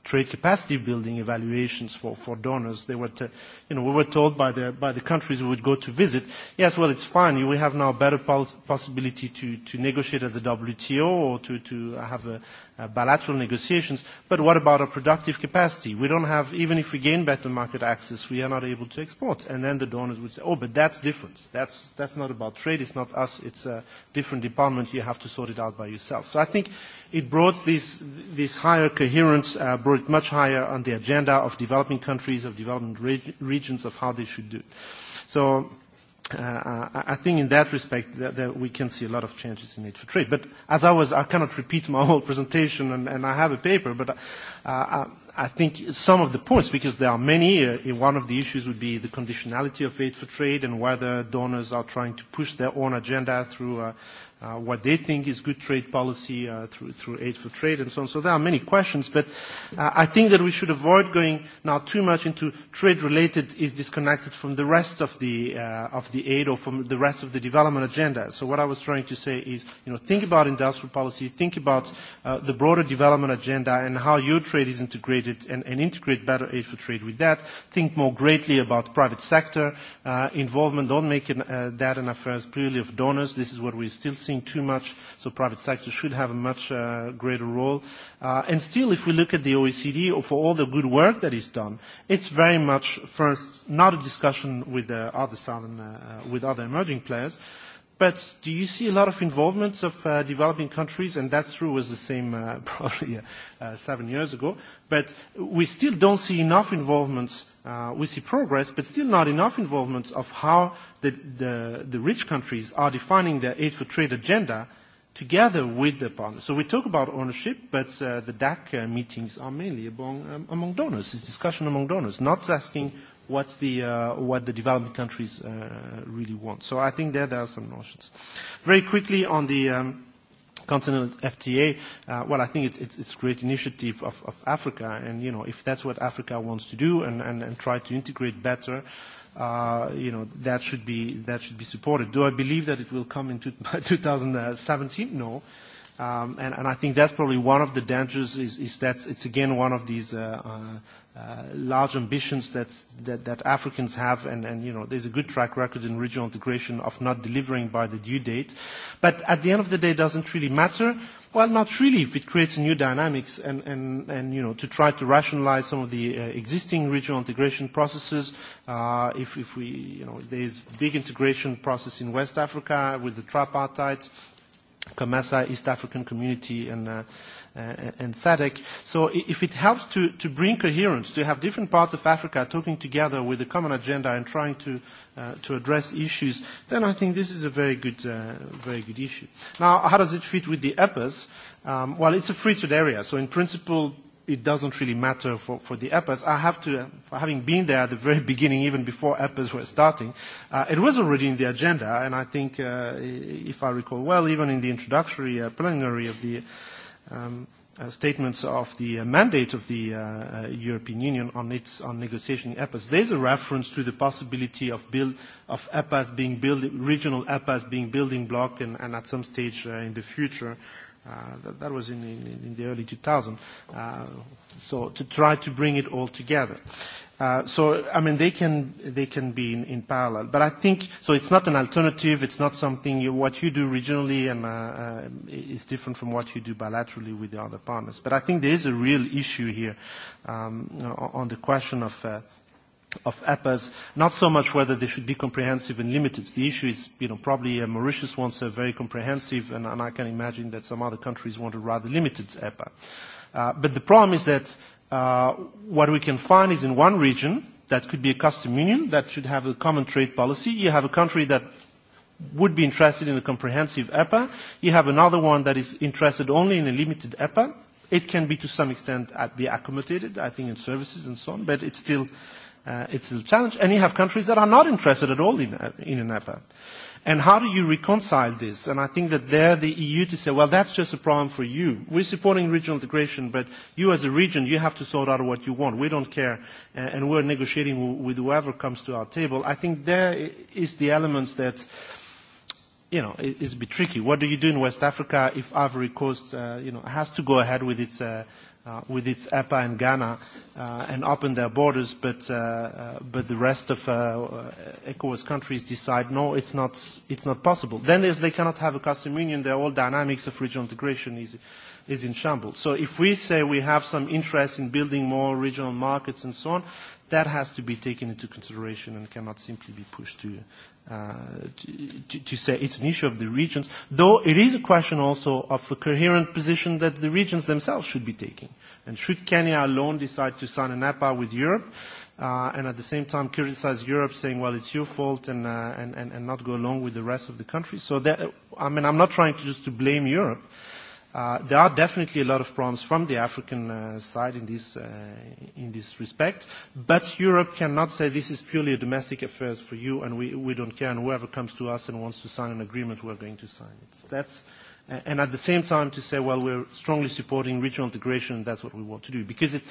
trade capacity building evaluations for donors. They were, you know, we were told by the by the countries we would go to visit, yes, well, it's fine. We have now better possibility to to negotiate at the WTO or to to have bilateral negotiations. But what about our productive capacity? We don't have, even if we gain better market access, we are not able to export. And then the donors would say, oh, but that's different. That's that's not about trade. It's not us. It's a different department. You have to sort it out by yourself. So I think it brought this this higher coherence it much higher on the agenda of developing countries, of developing regions, of how they should do So I think in that respect that we can see a lot of changes in aid for trade. But as I was, I cannot repeat my whole presentation, and I have a paper, but I think some of the points, because there are many, one of the issues would be the conditionality of aid for trade and whether donors are trying to push their own agenda through what they think is good trade policy through through aid for trade and so on. So there are many questions, but I think that we should avoid going now too much into trade-related is disconnected from the rest of the of the aid or from the rest of the development agenda. So what I was trying to say is, you know, think about industrial policy, think about the broader development agenda and how your trade is integrated and integrate better aid for trade with that. Think more greatly about private sector involvement. Don't make that an affair purely of donors. This is what we're still seeing too much, so private sector should have a much greater role. And still, if we look at the OECD, or for all the good work that is done, it's very much first not a discussion with the other southern, with other emerging players. But do you see a lot of involvement of developing countries, and that through was the same probably seven years ago, but we still don't see enough involvement we see progress, but still not enough involvement of how the rich countries are defining their aid for trade agenda together with the partners. So we talk about ownership, but the DAC meetings are mainly among donors. It's discussion among donors, not asking what the developing countries really want. So I think there are some notions. Very quickly on the continental FTA, well, I think it's it's a great initiative of Africa, and you know, if that's what Africa wants to do and and try to integrate better, you know, that should be that should be supported. Do I believe that it will come in 2017? No. Um, and, and I think that's probably one of the dangers is, is that it's again one of these uh, uh, large ambitions that, that Africans have and, and you know, there's a good track record in regional integration of not delivering by the due date. But at the end of the day, it doesn't really matter. Well, not really, if it creates new dynamics and, and, and you know, to try to rationalize some of the existing regional integration processes. Uh, if, if we, you know, there's big integration process in West Africa with the tripartite Kamasa, East African Community, and and SADC. So if it helps to to bring coherence, to have different parts of Africa talking together with a common agenda and trying to to address issues, then I think this is a very good very good issue. Now, how does it fit with the EPAs? Well, it's a free trade area, so in principle it doesn't really matter for, for the EPAs. I have to, for having been there at the very beginning, even before EPAs were starting, it was already in the agenda, and I think, if I recall well, even in the introductory plenary of the statements of the mandate of the European Union on its on negotiation EPAs, there's a reference to the possibility of build of EPAs being built, regional EPAs being building block, and, and at some stage in the future That was in the early 2000. So to try to bring it all together. So, I mean, they can they can be in parallel. But I think, so it's not an alternative. It's not something, what you do regionally and is different from what you do bilaterally with the other partners. But I think there is a real issue here on the question of of EPAs, not so much whether they should be comprehensive and limited. The issue is, you know, probably Mauritius wants a very comprehensive, and I can imagine that some other countries want a rather limited EPA. But the problem is that what we can find is in one region, that could be a custom union, that should have a common trade policy. You have a country that would be interested in a comprehensive EPA. You have another one that is interested only in a limited EPA. It can be, to some extent, be accommodated, I think, in services and so on, but it's still it's a challenge. And you have countries that are not interested at all in an EPA. And how do you reconcile this? And I think that there the EU to say, well, that's just a problem for you. We're supporting regional integration, but you as a region, you have to sort out what you want. We don't care, and we're negotiating with whoever comes to our table. I think there is the elements that, you know, is a bit tricky. What do you do in West Africa if Ivory Coast, you know, has to go ahead with its with its EPA and Ghana and open their borders, but the rest of ECOWAS countries decide, no, it's not possible. Then as they cannot have a custom union. their whole dynamics of regional integration is in shambles. So if we say we have some interest in building more regional markets and so on, that has to be taken into consideration and cannot simply be pushed to to say it's an issue of the regions, though it is a question also of a coherent position that the regions themselves should be taking. And should Kenya alone decide to sign an APA with Europe, uh and at the same time criticize Europe, saying, well, it's your fault, and and and not go along with the rest of the country? So that, I mean, I'm not trying to just to blame Europe. There are definitely a lot of problems from the African side in this in this respect, but Europe cannot say this is purely a domestic affair for you and we we don't care and whoever comes to us and wants to sign an agreement we are going to sign it. That's and at the same time to say well we're strongly supporting regional integration and that's what we want to do because it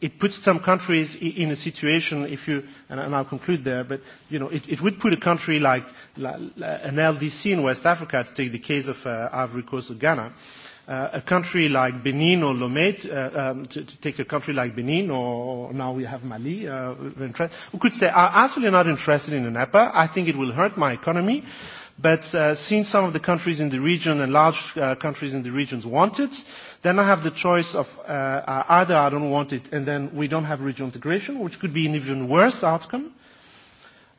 it puts some countries in a situation if you and I'll conclude there but you know it it would put a country like an LDC in West Africa to take the case of Ivory Coast or Ghana a country like Benin or Lomé, to take a country like Benin or now we have Mali, who could say, I'm absolutely not interested in an EPA. I think it will hurt my economy. But since some of the countries in the region and large countries in the regions want it, then I have the choice of either I don't want it and then we don't have regional integration, which could be an even worse outcome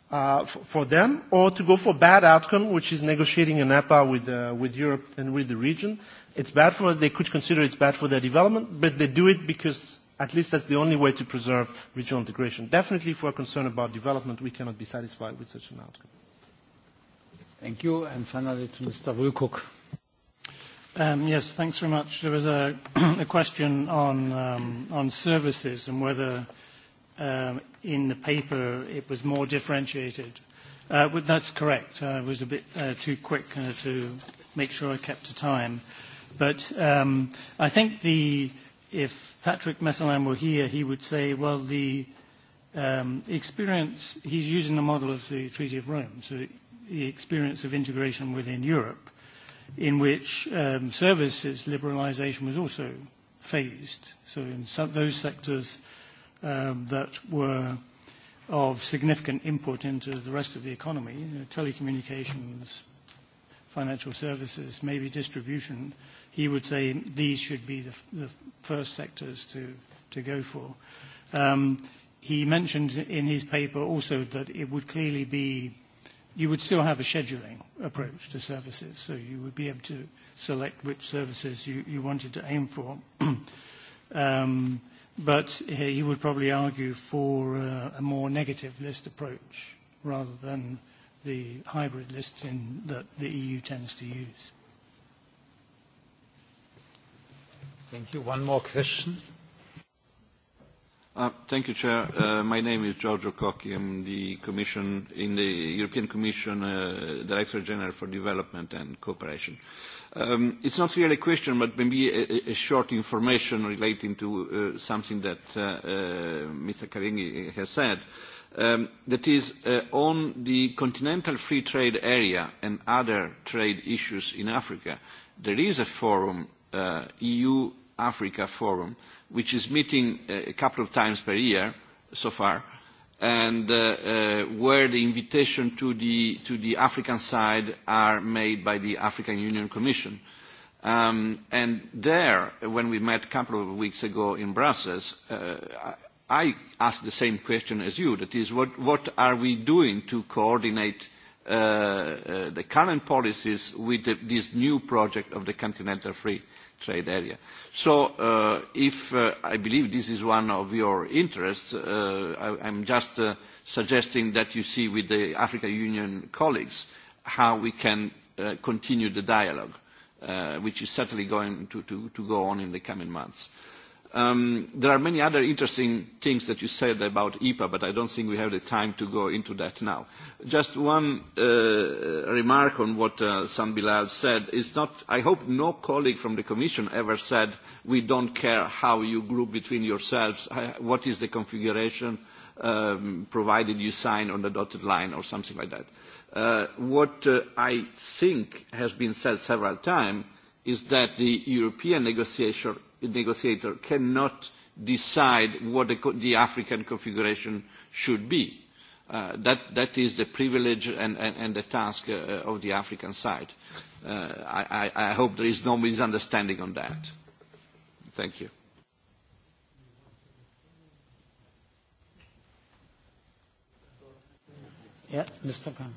for them, or to go for a bad outcome, which is negotiating an EPA with Europe and with the region, It's bad for they could consider it's bad for their development, but they do it because at least that's the only way to preserve regional integration. Definitely, if we're concerned about development, we cannot be satisfied with such an outcome. Thank you. And finally to Mr. Um, Yes, thanks very much. There was a question on on services and whether in the paper it was more differentiated. That's correct. I was a bit too quick to make sure I kept to time. But um I think the if Patrick Messalin were here, he would say, well, the experience, he's using the model of the Treaty of Rome, so the experience of integration within Europe, in which services liberalization was also phased. So in those sectors that were of significant input into the rest of the economy, telecommunications, financial services, maybe distribution, he would say these should be the first sectors to to go for. He mentioned in his paper also that it would clearly be, you would still have a scheduling approach to services, so you would be able to select which services you you wanted to aim for. But he would probably argue for a more negative list approach rather than the hybrid in that the EU tends to use. Thank you. One more question. Thank you, Chair. My name is Giorgio Cocchi. I'm the Commission in the European Commission Director General for Development and Cooperation. It's not really a question, but maybe a short information relating to something that Mr. Karingi has said. That is, on the continental free trade area and other trade issues in Africa, there is a forum, EU Africa Forum, which is meeting a couple of times per year so far, and where the invitation to the to the African side are made by the African Union Commission. And there, when we met a couple of weeks ago in Brussels, I asked the same question as you, that is, what are we doing to coordinate the current policies with this new project of the Continental Free trade area. So if I believe this is one of your interests, I I'm just suggesting that you see with the African Union colleagues how we can continue the dialogue, which is certainly going to go on in the coming months. There are many other interesting things that you said about EPA, but I don't think we have the time to go into that now. Just one remark on what Sam Bilal said. is not, I hope no colleague from the Commission ever said we don't care how you group between yourselves, what is the configuration, provided you sign on the dotted line or something like that. What I think has been said several times is that the European negotiator negotiator cannot decide what the African configuration should be. That is the privilege and the task of the African side. I hope there is no misunderstanding on that. Thank you. Yeah, Mr. Khan.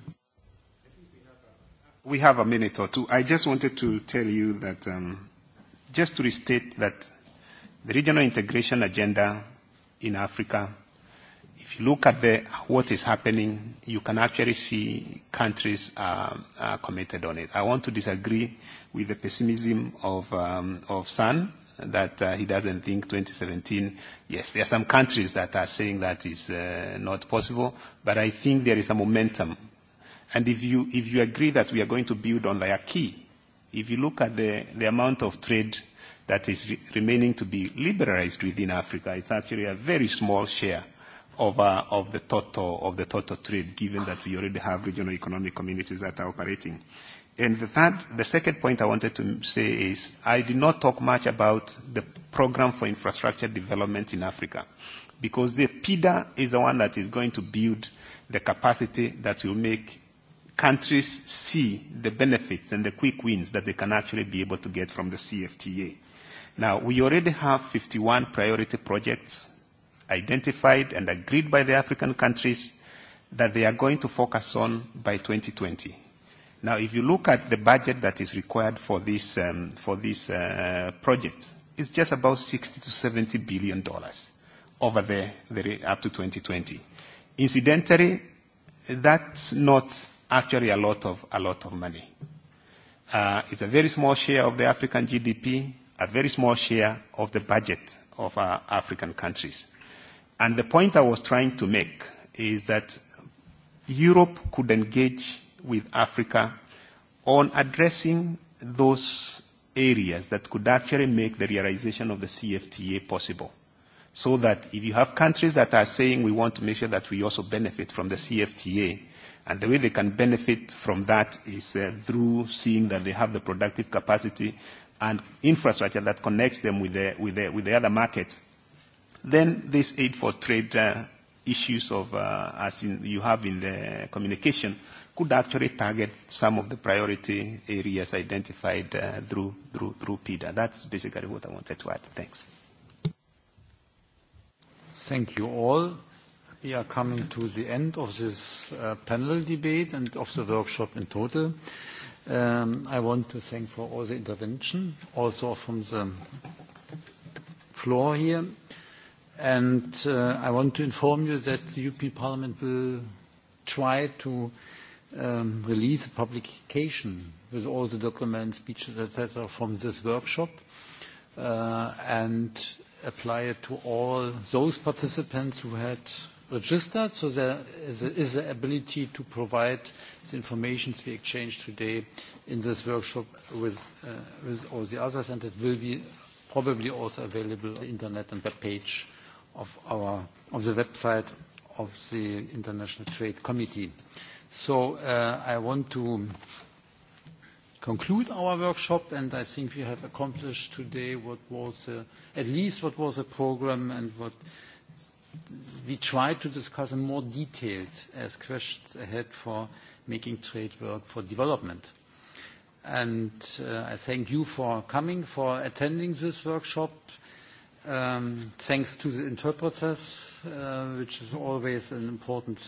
We have a minute or two. I just wanted to tell you that just to restate that the regional integration agenda in Africa, if you look at the, what is happening, you can actually see countries are, are committed on it. I want to disagree with the pessimism of, um, of San that he doesn't think 2017. Yes, there are some countries that are saying that is not possible, but I think there is a momentum. And if you, if you agree that we are going to build on the key If you look at the the amount of trade that is remaining to be liberalized within Africa, it's actually a very small share of of the total of the total trade, given that we already have regional economic communities that are operating. And the third, the second point I wanted to say is I did not talk much about the program for infrastructure development in Africa, because the PIDA is the one that is going to build the capacity that will make countries see the benefits and the quick wins that they can actually be able to get from the CFTA. Now, we already have 51 priority projects identified and agreed by the African countries that they are going to focus on by 2020. Now, if you look at the budget that is required for this, um, for this uh, project, it's just about 60 to 70 billion dollars over the, the up to 2020. Incidentally, that's not actually a lot of a lot of money. It's a very small share of the African GDP, a very small share of the budget of our African countries. And the point I was trying to make is that Europe could engage with Africa on addressing those areas that could actually make the realization of the CFTA possible. So that if you have countries that are saying we want to make sure that we also benefit from the CFTA, And the way they can benefit from that is through seeing that they have the productive capacity and infrastructure that connects them with the, with the, other markets. Then this aid for trade issues of, as you have in the communication, could actually target some of the priority areas identified through, through, through PIDA. That's basically what I wanted to add. Thanks. Thank you all. We are coming to the end of this panel debate and of the workshop in total. I want to thank for all the intervention, also from the floor here. And I want to inform you that the European Parliament will try to release a publication with all the documents, speeches, etc., from this workshop and apply it to all those participants who had registered, so there is the ability to provide the information we exchanged today in this workshop with all the others, and it will be probably also available on the internet and the page of our of the website of the International Trade Committee. So I want to conclude our workshop, and I think we have accomplished today what was at least what was the program and what we try to discuss in more detail as questions ahead for making trade work for development. And I thank you for coming, for attending this workshop. Thanks to the interpreters, which is always an important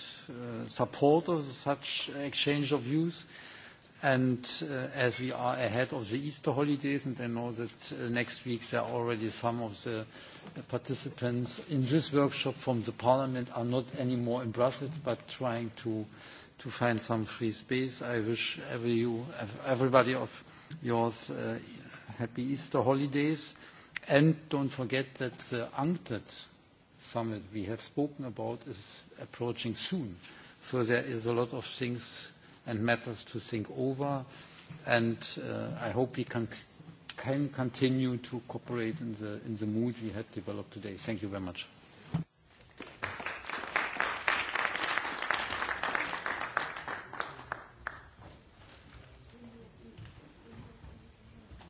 support of such exchange of views. And as we are ahead of the Easter holidays, and I know that next week there are already some of the participants in this workshop from the Parliament are not anymore in Brussels, but trying to to find some free space. I wish everybody of yours happy Easter holidays. And don't forget that the UNCTAD summit we have spoken about is approaching soon. So there is a lot of things and matters to think over. And I hope we can continue to cooperate in the mood we had developed today. Thank you very much.